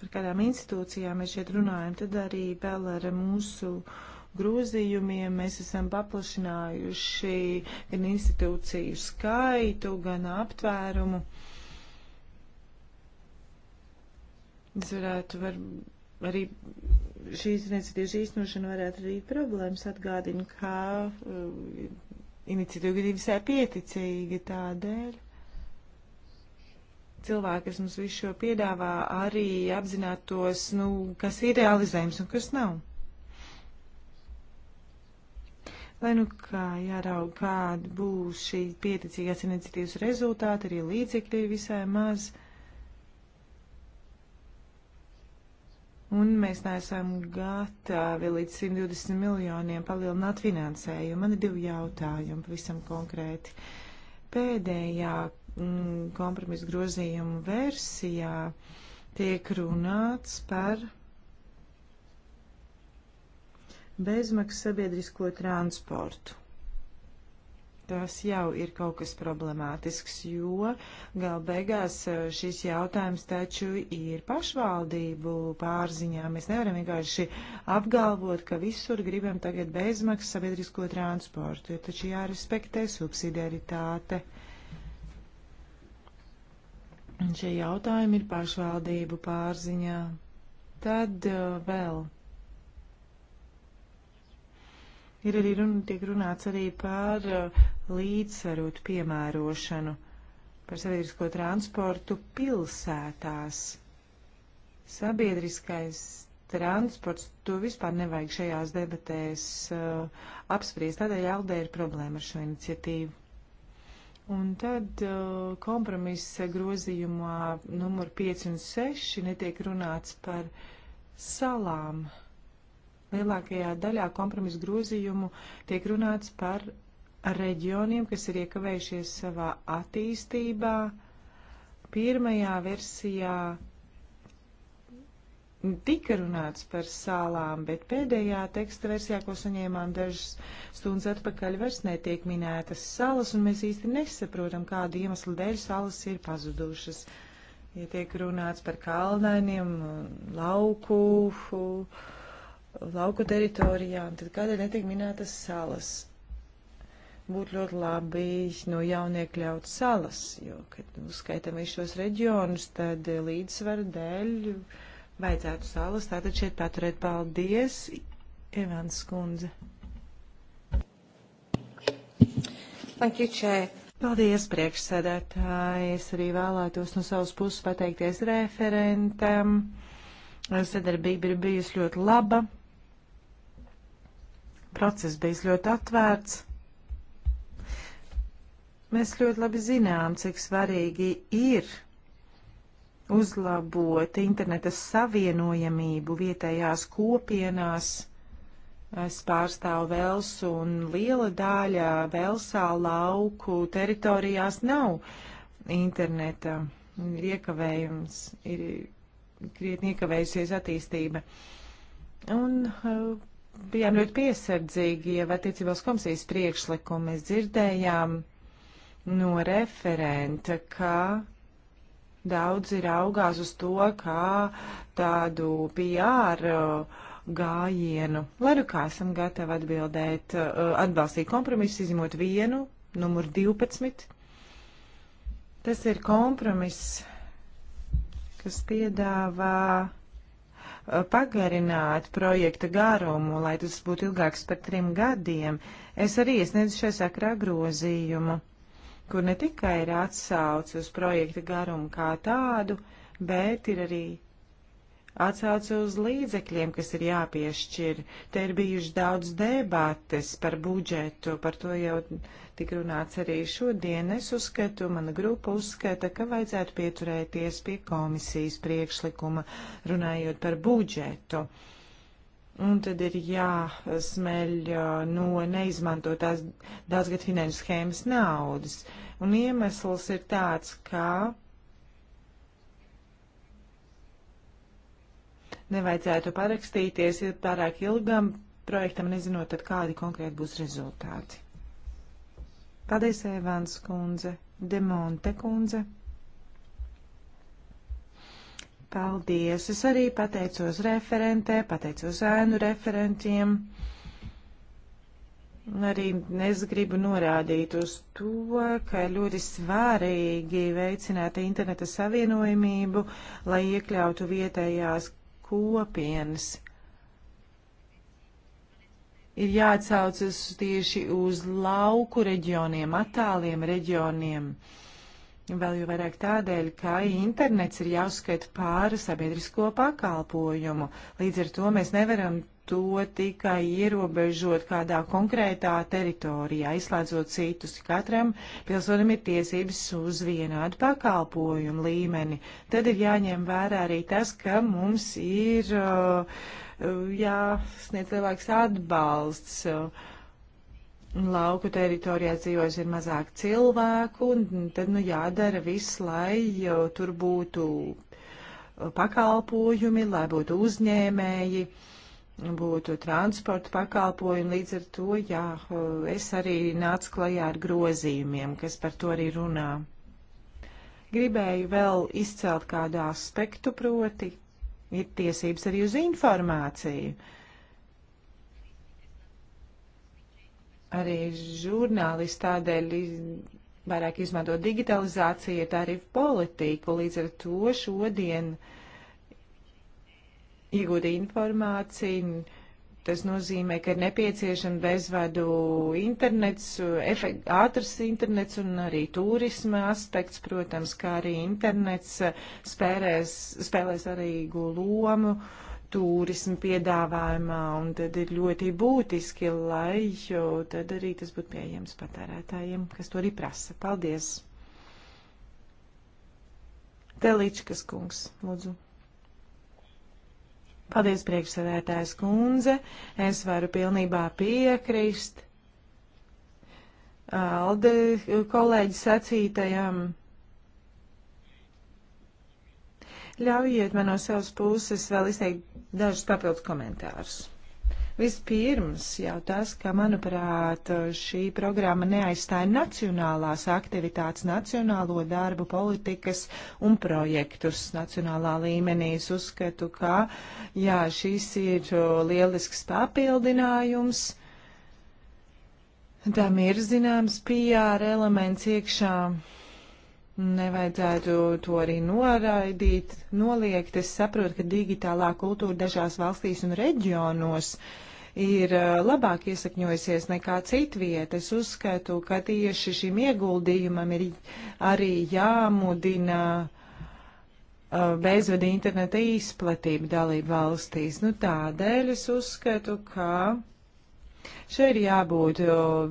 par kādām institūcijām mēs šeit runājam. Tad arī vēl ar mūsu uh, grozījumiem mēs esam paplašinājuši gan institūciju skaitu, gan aptvērumu. Es varētu var, arī šīs iniciatīvas īstenošana varētu arī problēmas atgādina, kā uh, iniciatīva bija visai pieticīga tādēļ cilvēki, kas mums visu šo piedāvā, arī apzinātos, nu, kas ir realizējums un kas nav. Lai nu kā jāraug, kāda būs šī pieticīgās iniciatīvas rezultāti, arī līdzekļi ir visai maz. Un mēs neesam gatavi līdz 120 miljoniem palielināt finansējumu. Man ir divi jautājumi pavisam konkrēti. Pēdējā mm, kompromisa grozījuma versijā tiek runāts par bezmaksas sabiedrisko transportu. Tas jau ir kaut kas problemātisks, jo gal beigās e, šis jautājums taču ir pašvaldību pārziņā. Mēs nevaram vienkārši apgalvot, ka visur gribam tagad bezmaksas sabiedrisko transportu, jo taču jārespektē subsidiaritāte. Un šie jautājumi ir pašvaldību pārziņā. Tad e, vēl Ir arī runa, tiek runāts arī par uh, līdzsvarotu piemērošanu, par sabiedrisko transportu pilsētās. Sabiedriskais transports, to vispār nevajag šajās debatēs uh, apspriest, tādēļ Aldē ir problēma ar šo iniciatīvu. Un tad uh, kompromisa grozījumā numur 5 un 6 netiek runāts par salām. Uh, Lielākajā daļā kompromisu grozījumu tiek runāts par reģioniem, kas ir iekavējušies savā attīstībā. Pirmajā versijā tika runāts par sālām, bet pēdējā teksta versijā, ko saņēmām dažas stundas atpakaļ, vairs netiek minētas salas, un mēs īsti nesaprotam, kādu iemeslu dēļ salas ir pazudušas. Ja tiek runāts par kalnainiem, lauku, lauku teritorijām, tad kādēļ netiek minētas salas? Būtu ļoti labi no jauna iekļaut salas, jo, kad uzskaitam visus šos reģionus, tad līdzsvaru dēļ vajadzētu salas. Tātad šeit paturēt paldies, Evans Kundze. Thank you, Chair. Paldies, priekšsēdētāji. Es arī vēlētos no savas puses pateikties referentam. Sadarbība ir bijusi ļoti laba. Process bijis ļoti atvērts. Mēs ļoti labi zinām, cik svarīgi ir uzlabot interneta savienojamību vietējās kopienās. Es pārstāvu Velsu un liela daļa Velsā lauku teritorijās nav interneta. Ir iekavējums, ir krietni iekavējusies attīstība. Un uh, bijām ļoti piesardzīgi, ja attiecībās komisijas priekšlikumu mēs dzirdējām no referenta, ka daudz ir augās uz to, kā tādu PR uh, gājienu. Lai nu kā esam gatavi atbildēt, uh, atbalstīt kompromisu, izņemot vienu, numur 12. Tas ir kompromiss, kas piedāvā pagarināt projekta garumu, lai tas būtu ilgāks par trim gadiem, es arī iesniedzu šai sakrā grozījumu, kur ne tikai ir atsauce uz projekta garumu kā tādu, bet ir arī atsauce uz līdzekļiem, kas ir jāpiešķir. Te ir bijuši daudz debates par budžetu, par to jau tik runāts arī šodien. Es uzskatu, mana grupa uzskata, ka vajadzētu pieturēties pie komisijas priekšlikuma runājot par budžetu. Un tad ir jāsmeļ uh, no neizmantotās daudzgad finanšu schēmas naudas. Un iemesls ir tāds, ka nevajadzētu parakstīties pārāk ilgam projektam, nezinot, tad kādi konkrēti būs rezultāti. Paldies, Evans kundze, Demonte kundze. Paldies! Es arī pateicos referentē, pateicos ēnu referentiem. Arī es gribu norādīt uz to, ka ļoti svarīgi veicināt interneta savienojumību, lai iekļautu vietējās kopienas ir jāatsaucas tieši uz lauku reģioniem, attāliem reģioniem. Uh, Vēl jau vairāk tādēļ, ka internets ir jāuzskata pāri sabiedrisko pakalpojumu. Līdz ar to mēs nevaram to tikai ierobežot kādā konkrētā teritorijā, izslēdzot citus. Katram pilsonim ir tiesības uz vienādu pakalpojumu līmeni. Tad ir jāņem vērā arī tas, ka mums ir uh, uh, jāsniedz lielāks atbalsts. Uh, lauku teritorijās dzīvojas ir mazāk cilvēku, un tad nu jādara viss, lai tur būtu uh, pakalpojumi, lai būtu uzņēmēji, būtu transporta pakalpojumi. Līdz ar to, jā, uh, es arī nācu klajā ar grozījumiem, kas par to arī runā. Gribēju vēl izcelt kādu aspektu, proti, ir tiesības arī uz informāciju. Uh, Arī žurnālisti tādēļ vairāk izmanto digitalizāciju, tā arī politiku. Līdz ar to šodien iegūt informāciju. Tas nozīmē, ka ir nepieciešama bezvadu internets, efekt, ātrs internets un arī turisma aspekts, protams, kā arī internets spēlēs, spēlēs arī lomu. Uh, turismu piedāvājumā, un tad ir ļoti būtiski, lai jo, tad arī tas būtu pieejams patērētājiem, kas to arī prasa. Paldies! Telīčkas kungs, lūdzu. Paldies, priekšsēdētājs kundze. Es varu pilnībā piekrist Alde kolēģi sacītajam. Ļaujiet man no savas puses vēl izteikt dažus papildus komentārus. Vispirms jau tas, ka, manuprāt, šī programma neaizstāja nacionālās aktivitātes, nacionālo darbu, politikas un projektus nacionālā līmenī. Es uzskatu, ka, jā, šis ir lielisks papildinājums. Tam ir zināms PR elements iekšā. Nevajadzētu to arī noraidīt, noliegt. Es saprotu, ka digitālā kultūra dažās valstīs un reģionos ir eh, labāk iesakņojusies nekā citvieta. Es uzskatu, ka tieši šim ieguldījumam ir arī jāmudina eh, bezvada interneta izplatība dalību valstīs. Nu, tādēļ es uzskatu, ka Šeit ir jābūt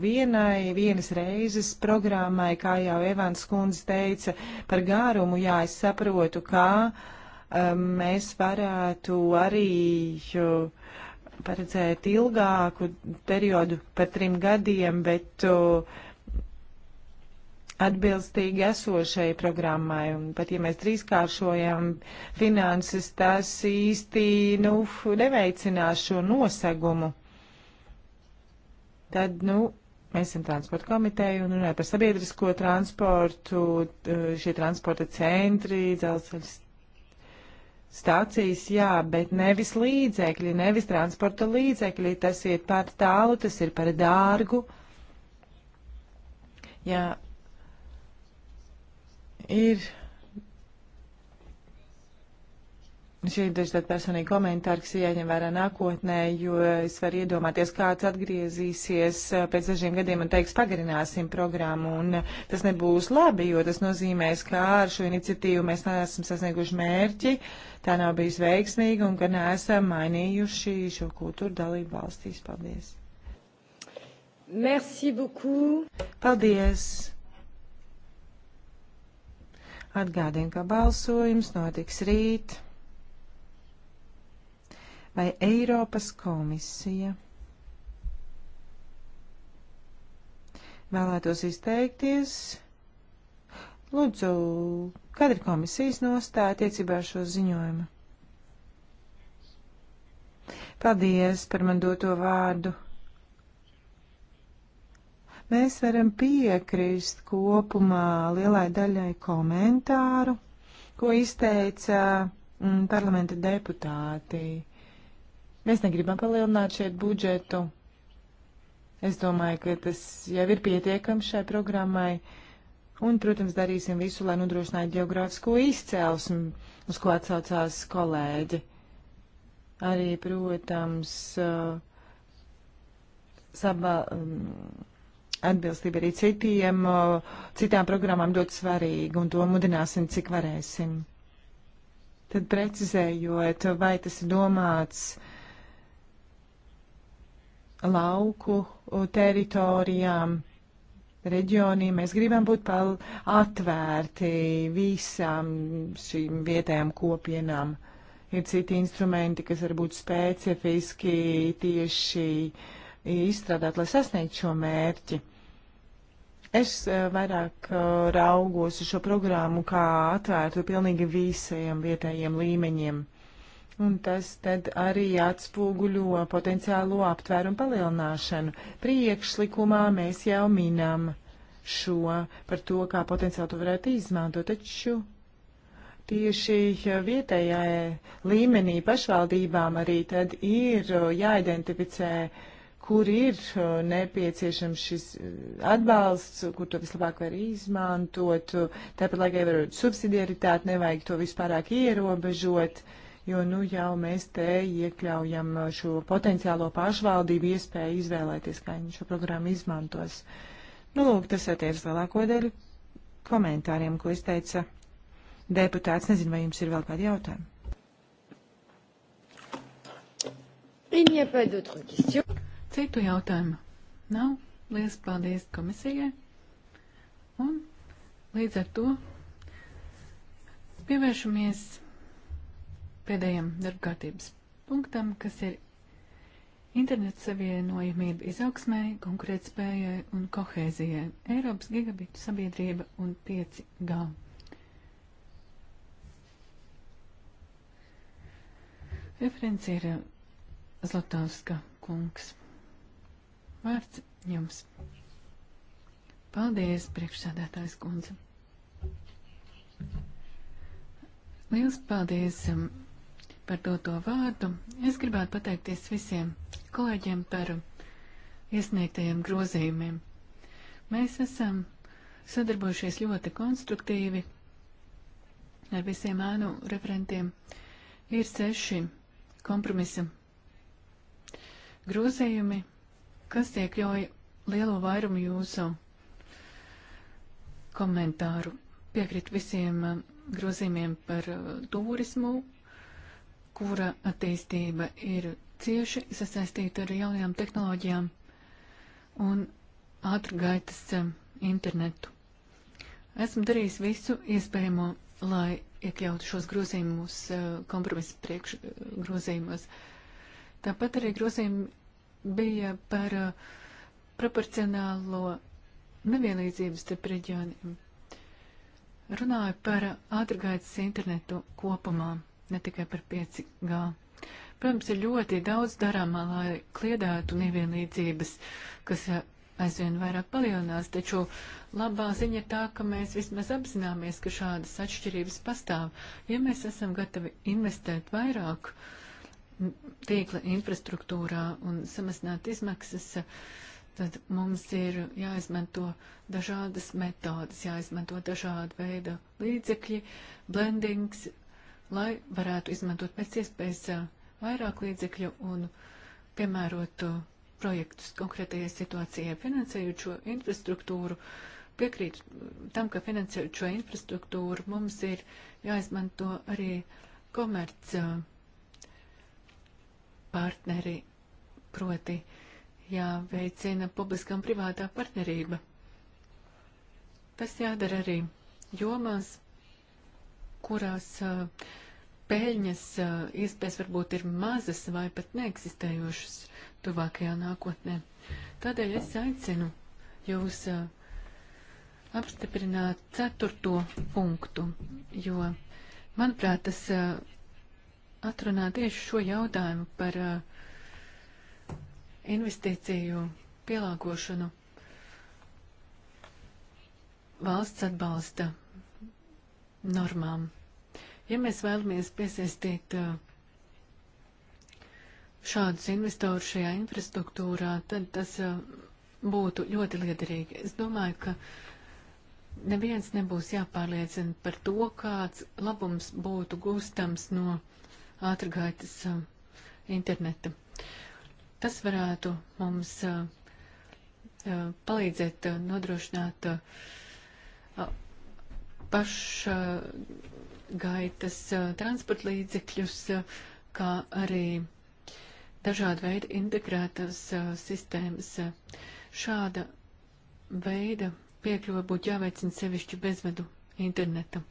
vienai, vienas reizes programmai, kā jau Evans kundze teica, par gārumu. Jā, es saprotu, kā um, mēs varētu arī. Jo, paredzēt ilgāku periodu par trim gadiem, bet uh, atbilstīgi esošai programmai. Un pat ja mēs trīskāršojam finanses, tas īsti nu, neveicinās šo nosegumu. Tad, nu, mēs esam transporta komiteja un runājam par sabiedrisko transportu, šie transporta centri, dzelzceļa stācijas, jā, bet nevis līdzekļi, nevis transporta līdzekļi. Tas ir par tālu, tas ir par dārgu. Jā, ir Šie ir dažādi personīgi komentāri, kas jāņem vērā nākotnē, jo es varu iedomāties, kāds atgriezīsies eh, pēc dažiem gadiem un teiks, pagarināsim programmu, un eh, tas nebūs labi, jo tas nozīmēs, ka ar šo iniciatīvu mēs neesam sasnieguši mērķi, tā nav bijusi veiksmīga un ka neesam mainījuši šo kultūru dalību valstīs. Paldies! Merci beaucoup! Paldies! Atgādinu, ka balsojums notiks rīt vai Eiropas komisija vēlētos izteikties. Lūdzu, kad ir komisijas nostāja attiecībā ar šo ziņojumu? Paldies par man doto vārdu. Mēs varam piekrist kopumā lielai daļai komentāru, ko izteica mm, parlamenta deputātī. Mēs negribam palielināt šeit budžetu. Es domāju, ka tas jau ir pietiekams šai programmai. Un, protams, darīsim visu, lai nodrošinātu geogrāfisko izcēlesmi, uz ko atsaucās kolēģi. Arī, protams, uh, sabā, um, atbilstība arī citiem, uh, citām programmām ļoti svarīga, un to mudināsim, cik varēsim. Tad precizējot, vai tas ir domāts uh, lauku teritorijām, reģioniem. Mēs gribam būt atvērti visām šīm vietējām kopienām. Ir citi instrumenti, kas varbūt specifiski tieši izstrādāt, lai sasniegtu šo mērķi. Es e, vairāk e, raugos uz šo programmu kā atvērtu pilnīgi visiem vietējiem līmeņiem. Un tas tad arī atspoguļo potenciālo aptvērumu palielināšanu. Priekšlikumā mēs jau minam šo par to, kā potenciāli to varētu izmantot, taču tieši vietējā līmenī pašvaldībām arī tad ir jāidentificē, kur ir nepieciešams šis atbalsts, kur to vislabāk var izmantot. Tāpat laikā ievarot subsidiaritāti, nevajag to vispārāk ierobežot. Uh, jo nu jau mēs te iekļaujam šo potenciālo pašvaldību iespēju izvēlēties, kā viņi šo programmu izmantos. Nu, lūk, tas attiecas lielāko daļu komentāriem, ko izteica deputāts. Nezinu, vai jums ir vēl kādi jautājumi. Citu jautājumu nav. Lielas paldies komisijai. Un līdz ar to pievēršamies pēdējiem darbkārtības punktam, kas ir internets savienojamība izaugsmēji, konkurētspējai un kohēzijai, Eiropas gigabitu sabiedrība un 5G. Referents ir eh, Zlatovska kungs. Vārds jums. Paldies, priekšsādātājs kundze. Liels paldies um, par doto vārdu. Es gribētu pateikties visiem kolēģiem par iesniegtajiem grozījumiem. Mēs esam sadarbojušies ļoti konstruktīvi ar visiem ēnu referentiem. Ir seši kompromisa grozījumi, kas iekļauj lielo vairumu jūsu komentāru. Piekrīt visiem grozījumiem par turismu, kura attīstība ir cieši sasaistīta ar jaunajām tehnoloģijām un ātrgaitas um, internetu. Esmu darījis visu iespējamo, lai iekļautu šos grozījumus uh, kompromisa priekšgrozījumos. Uh, Tāpat arī grozījumi bija par uh, proporcionālo nevienlīdzību starp reģioniem. Runāju par ātrgaitas internetu kopumā ne tikai par 5G. Protams, ir ļoti daudz darāmā, lai kliedētu nevienlīdzības, kas eh, aizvien vairāk palielinās, taču labā ziņa ir tā, ka mēs vismaz apzināmies, ka šādas atšķirības pastāv. Ja mēs esam gatavi investēt vairāk tīkla infrastruktūrā un samazināt izmaksas, tad mums ir jāizmanto dažādas metodas, jāizmanto dažāda veida līdzekļi, blendings, lai varētu izmantot pēc iespējas uh, vairāk līdzekļu un piemērot uh, projektus konkrētajai situācijai, finansējot šo infrastruktūru. Piekrītu uh, tam, ka finansējot šo infrastruktūru mums ir jāizmanto arī komerc partneri, proti jāveicina publiskā un privātā partnerība. Tas jādara arī jomās, kurās peļņas iespējas varbūt ir mazas vai pat neeksistējošas tuvākajā nākotnē. Tādēļ es aicinu jūs apstiprināt ceturto punktu, jo, manuprāt, tas atrunā tieši šo jautājumu par investīciju pielāgošanu valsts atbalsta normām. Ja mēs vēlamies piesaistīt uh, šādus investorus šajā infrastruktūrā, tad tas uh, būtu ļoti liederīgi. Es domāju, ka neviens nebūs jāpārliecina par to, kāds labums būtu gūstams no ātrgaitas uh, interneta. Tas varētu mums palīdzēt nodrošināt uh, paša gaitas eh, transporta līdzekļus, eh, kā arī dažāda veida integrētas eh, sistēmas. Šāda veida piekļuva būtu jāveicina sevišķi bezvedu interneta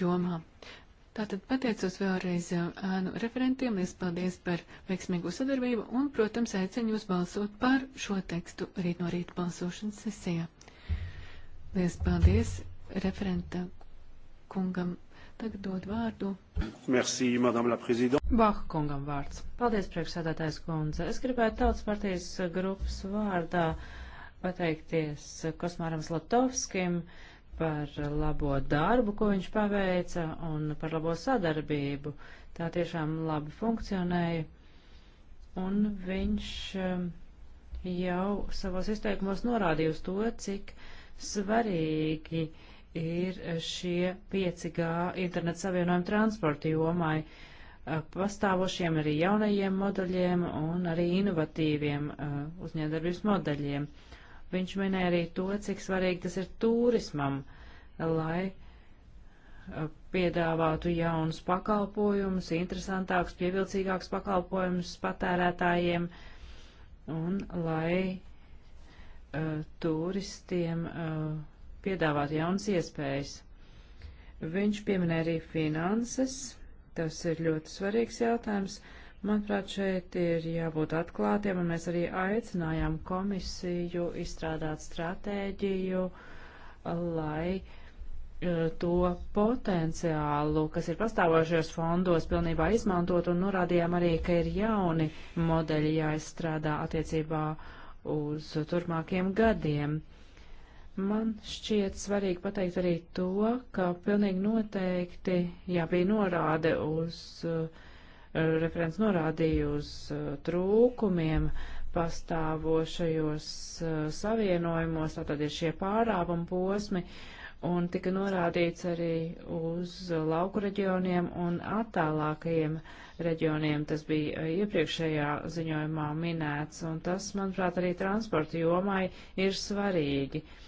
jomā. Tātad pateicos vēlreiz ēnu referentiem, liels paldies par veiksmīgo sadarbību un, protams, aicinu jūs balsot par šo tekstu rīt no rīta balsošanas sesijā. Liels paldies! referenta kungam. Tagad dod vārdu. Merci, madame la prezident. Baha kungam vārds. Paldies, priekšsēdētājs kundze. Es gribētu tautas partijas grupas vārdā pateikties Kosmāram Zlatovskim par labo darbu, ko viņš paveica, un par labo sadarbību. Tā tiešām labi funkcionēja. Un viņš um, jau savos izteikumos norādīja uz to, cik svarīgi uh, ir šie 5G internetu savienojumi transporta jomai pastāvošiem arī jaunajiem modeļiem un arī inovatīviem uzņēdarbības modeļiem. Viņš minēja arī to, cik svarīgi tas ir turismam, lai piedāvātu jaunus pakalpojumus, interesantākus, pievilcīgākus pakalpojumus patērētājiem un lai uh, turistiem uh, piedāvāt jaunas iespējas. Viņš pieminēja arī finanses, tas ir ļoti svarīgs jautājums. Manuprāt, šeit ir jābūt atklātiem, un mēs arī aicinājām komisiju izstrādāt stratēģiju, lai e, to potenciālu, kas ir pastāvošajos fondos, pilnībā izmantot, un norādījām arī, ka ir jauni modeļi jāizstrādā attiecībā uz turpmākiem gadiem. Uh, Man šķiet svarīgi pateikt arī to, ka pilnīgi noteikti, jā, bija norāde uz, eh, referents norādīja uz eh, trūkumiem pastāvošajos eh, savienojumos, tātad ir šie pārāvuma posmi, un tika norādīts arī uz lauku reģioniem un attālākajiem reģioniem. Tas bija iepriekšējā ziņojumā minēts, un tas, manuprāt, arī transporta jomai ir svarīgi. Uh,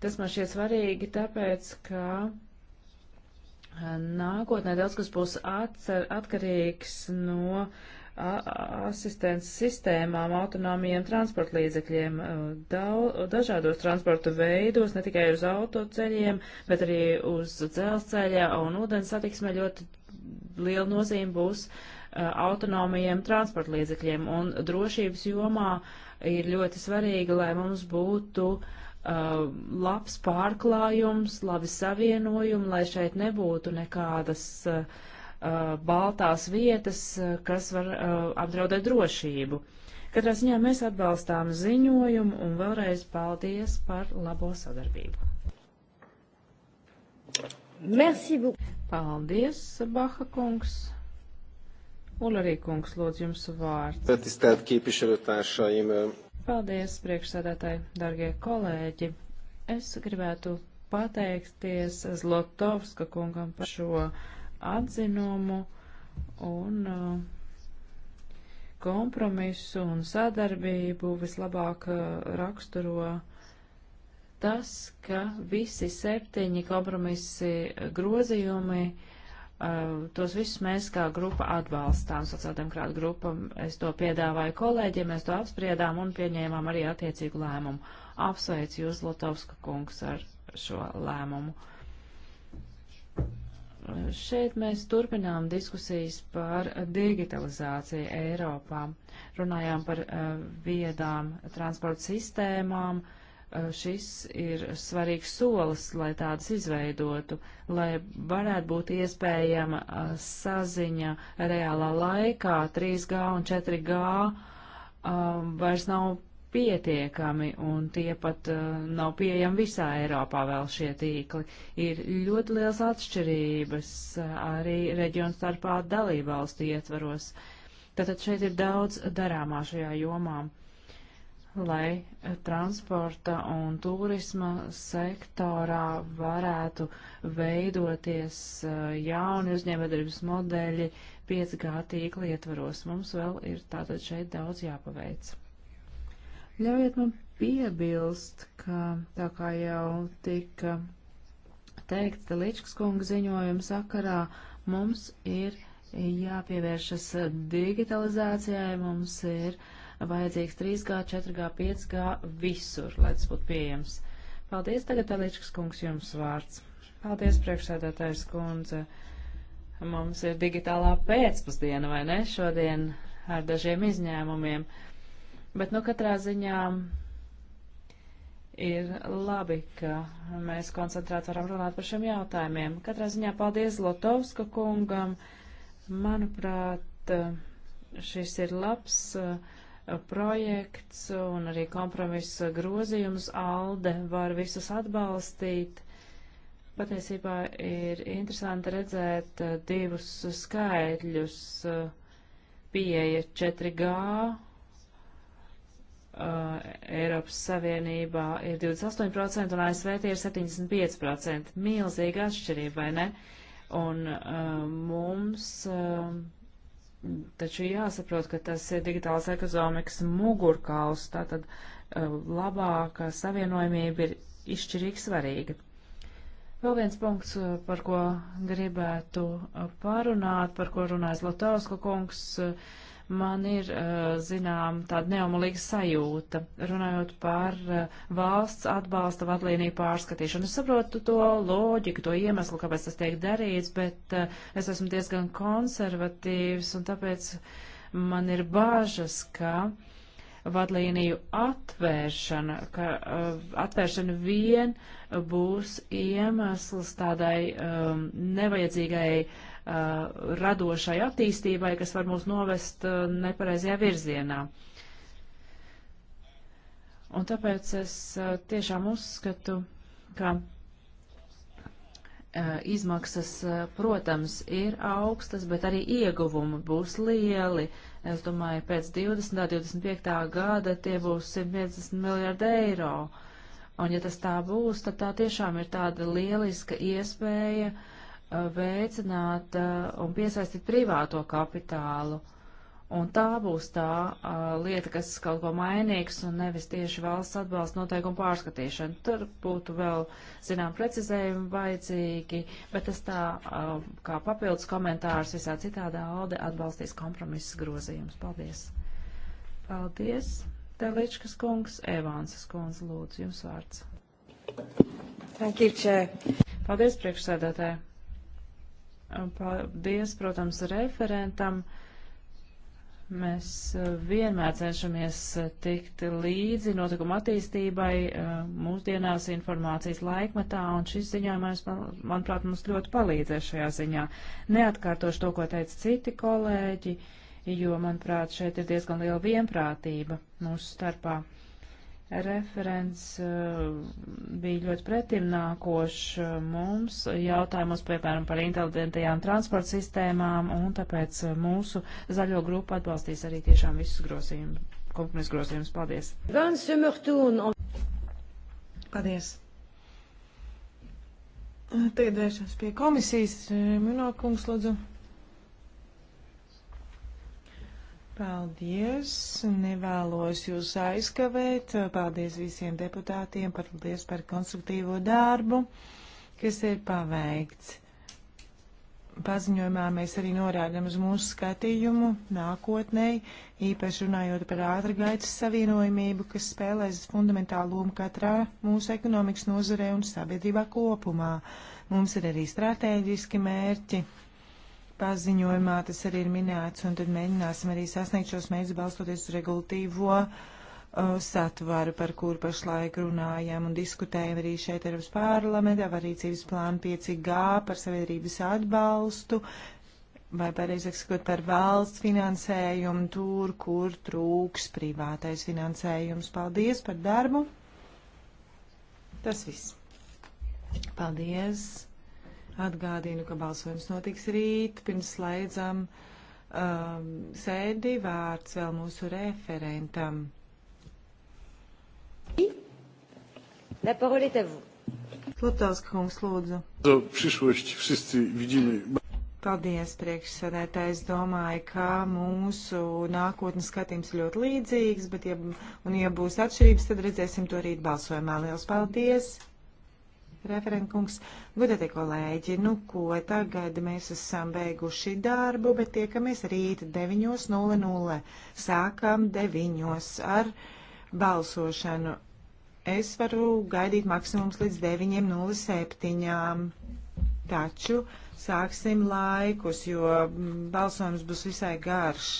Tas man šķiet svarīgi, tāpēc, ka eh, nākotnē daudz kas būs atcer, atkarīgs no asistences sistēmām, autonomiem transporta līdzekļiem, eh, dažādos transporta veidos, ne tikai uz autoceļiem, bet arī uz dzelzceļa un ūdens satiksmē ļoti liela nozīme būs eh, autonomiem transporta līdzekļiem. Un drošības jomā ir ļoti svarīgi, lai mums būtu uh, uh, labs pārklājums, labi savienojumi, lai šeit nebūtu nekādas uh, uh baltās vietas, uh, kas var uh, apdraudēt drošību. Katrā ziņā mēs atbalstām ziņojumu un vēlreiz paldies par labo sadarbību. Merci beaucoup. Paldies, Baha kungs. Ularī kungs, lūdzu jums vārds. Tisztelt képviselőtársaim, Paldies, priekšsēdētāji, dargie kolēģi. Es gribētu pateikties Zlotovska kungam par šo atzinumu un uh, kompromisu un sadarbību vislabāk uh, raksturo tas, ka visi septiņi kompromisi grozījumi uh, Eh, tos visus mēs kā grupa atbalstām, sociāldemokrāta grupa. Es to piedāvāju kolēģiem, mēs to apspriedām un pieņēmām arī attiecīgu lēmumu. Apsveicu jūs, Lotovska kungs, ar šo lēmumu. Eh, šeit mēs turpinām diskusijas par digitalizāciju Eiropā. Runājām par uh, viedām transporta sistēmām, uh, Eh, šis ir svarīgs solis, lai tādas izveidotu, lai varētu būt iespējama eh, saziņa reālā laikā 3G un 4G eh, vairs nav pietiekami un tie pat nav pieejami visā Eiropā vēl šie tīkli. Ir ļoti liels atšķirības arī reģionu starpā dalībvalstu ietvaros. Tātad šeit ir daudz darāmā šajā jomām lai eh, transporta un turisma sektorā varētu veidoties eh, jauni uzņēmēdarbības modeļi 5G tīkla ietvaros. Mums vēl ir tātad šeit daudz jāpaveic. Ļaujiet man piebilst, ka tā kā jau tika teikts Ličkas kunga ziņojuma sakarā, mums ir jāpievēršas digitalizācijai, mums ir uh, vajadzīgs 3G, 4G, 5G visur, lai tas būtu pieejams. Paldies, tagad Alīčkas kungs jums vārds. Paldies, priekšsēdētājs kundze. Mums ir digitālā pēcpusdiena, vai ne, šodien ar dažiem izņēmumiem. Bet, nu, katrā ziņā ir labi, ka mēs koncentrēt varam runāt par šiem jautājumiem. Katrā ziņā paldies Lotovska kungam. Manuprāt, šis ir labs uh, projekts un arī kompromisa grozījums ALDE var visus atbalstīt. Patiesībā ir interesanti redzēt eh, divus skaitļus - pieeja 4G. Uh, eh, Eiropas Savienībā ir 28% un ASV tie ir 75%. Milzīga atšķirība, vai ne? Un uh, mums uh, Taču jāsaprot, ka tas ir digitālas ekonomikas mugurkauls, tātad eh, labāka savienojumība ir izšķirīgi svarīga. Vēl viens punkts, eh, par ko gribētu eh, parunāt, par ko runājas Latauska kungs, uh, man ir, eh, zinām, tāda neumolīga sajūta, runājot par eh, valsts atbalsta vadlīniju pārskatīšanu. Es saprotu to loģiku, to iemeslu, kāpēc tas tiek darīts, bet eh, es esmu diezgan konservatīvs, un tāpēc man ir bāžas, ka vadlīniju atvēršana, ka uh, atvēršana vien būs iemesls tādai um, nevajadzīgai Uh, radošai attīstībai, kas var mūs novest uh, nepareizajā virzienā. Un tāpēc es uh, tiešām uzskatu, ka izmaksas, protams, ir augstas, bet arī ieguvumi būs lieli. Es domāju, pēc 20. 25. gada tie būs 150 miljārdi eiro. Un ja tas tā būs, tad tā tiešām ir tāda lieliska iespēja uh, Uh, veicināt uh, un piesaistīt privāto kapitālu. Un tā būs tā uh, lieta, kas kaut ko mainīgs un nevis tieši valsts atbalsta noteikumu pārskatīšana. Tur būtu vēl, zinām, precizējumi vajadzīgi, bet tas tā kā papildus komentārs visā citādā alde atbalstīs kompromiss grozījumus. Paldies! Paldies! Teličkas kungs, Evānsas kungs, lūdzu, jums vārds. Thank you, Chair. Paldies, priekšsēdētāji! Paldies, protams, referentam. Mēs eh, vienmēr cenšamies eh, tikt līdzi notikuma attīstībai eh, mūsdienās informācijas laikmetā, un šis ziņojums, manuprāt, mums ļoti palīdzēs šajā ziņā. Neatkārtošu to, ko teica citi kolēģi, jo, manuprāt, šeit ir diezgan liela vienprātība mūsu starpā. Referents eh, bija ļoti pretim nākošs eh, mums jautājumos, piemēram, par inteligentajām transporta sistēmām, un tāpēc eh, mūsu zaļo grupu atbalstīs arī tiešām visus grozījumus, kompromisu grozījumus. Paldies! Paldies! Tiedēšanas pie komisijas, Minokungs, lūdzu. Paldies! Nevēlos jūs aizkavēt. Paldies visiem deputātiem, paldies par konstruktīvo darbu, kas ir paveikts. Paziņojumā mēs arī norādām uz mūsu skatījumu nākotnē, īpaši runājot par ātrgaitas savienojumību, kas spēlēs fundamentālu lomu katrā mūsu ekonomikas nozarē un sabiedrībā kopumā. Mums ir arī strateģiski mērķi paziņojumā tas arī ir minēts, un tad mēģināsim arī sasniegt šos mērķus balstoties uz regulatīvo uh, satvaru, par kuru pašlaik runājam un diskutējam arī šeit Eiropas parlamentā, var rīcības plānu 5G par sabiedrības atbalstu, vai pareizāk sakot par valsts finansējumu tur, kur trūks privātais finansējums. Paldies par darbu! Tas viss. Paldies! Atgādinu, ka balsojums notiks rīt, pirms slēdzam um, sēdi vārds vēl mūsu referentam. La parole est à vous. Slotavska kungs, lūdzu. Paldies, priekšsēdētāji. Es domāju, ka mūsu nākotnes skatījums ļoti līdzīgs, bet, ja, un ja būs atšķirības, tad redzēsim to rīt balsojumā. Liels paldies! referentkungs, godētie kolēģi, nu ko, tagad mēs esam beiguši darbu, bet tiekamies rīt 9.00. Sākam 9.00 ar balsošanu. Es varu gaidīt maksimums līdz 9.07. Taču sāksim laikus, jo balsojums būs visai garš.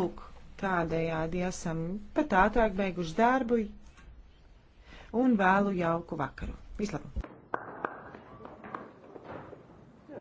Lūk, tādējādi esam pat ātrāk beiguši darbu un vēlu jauku vakaru. Vislabāk!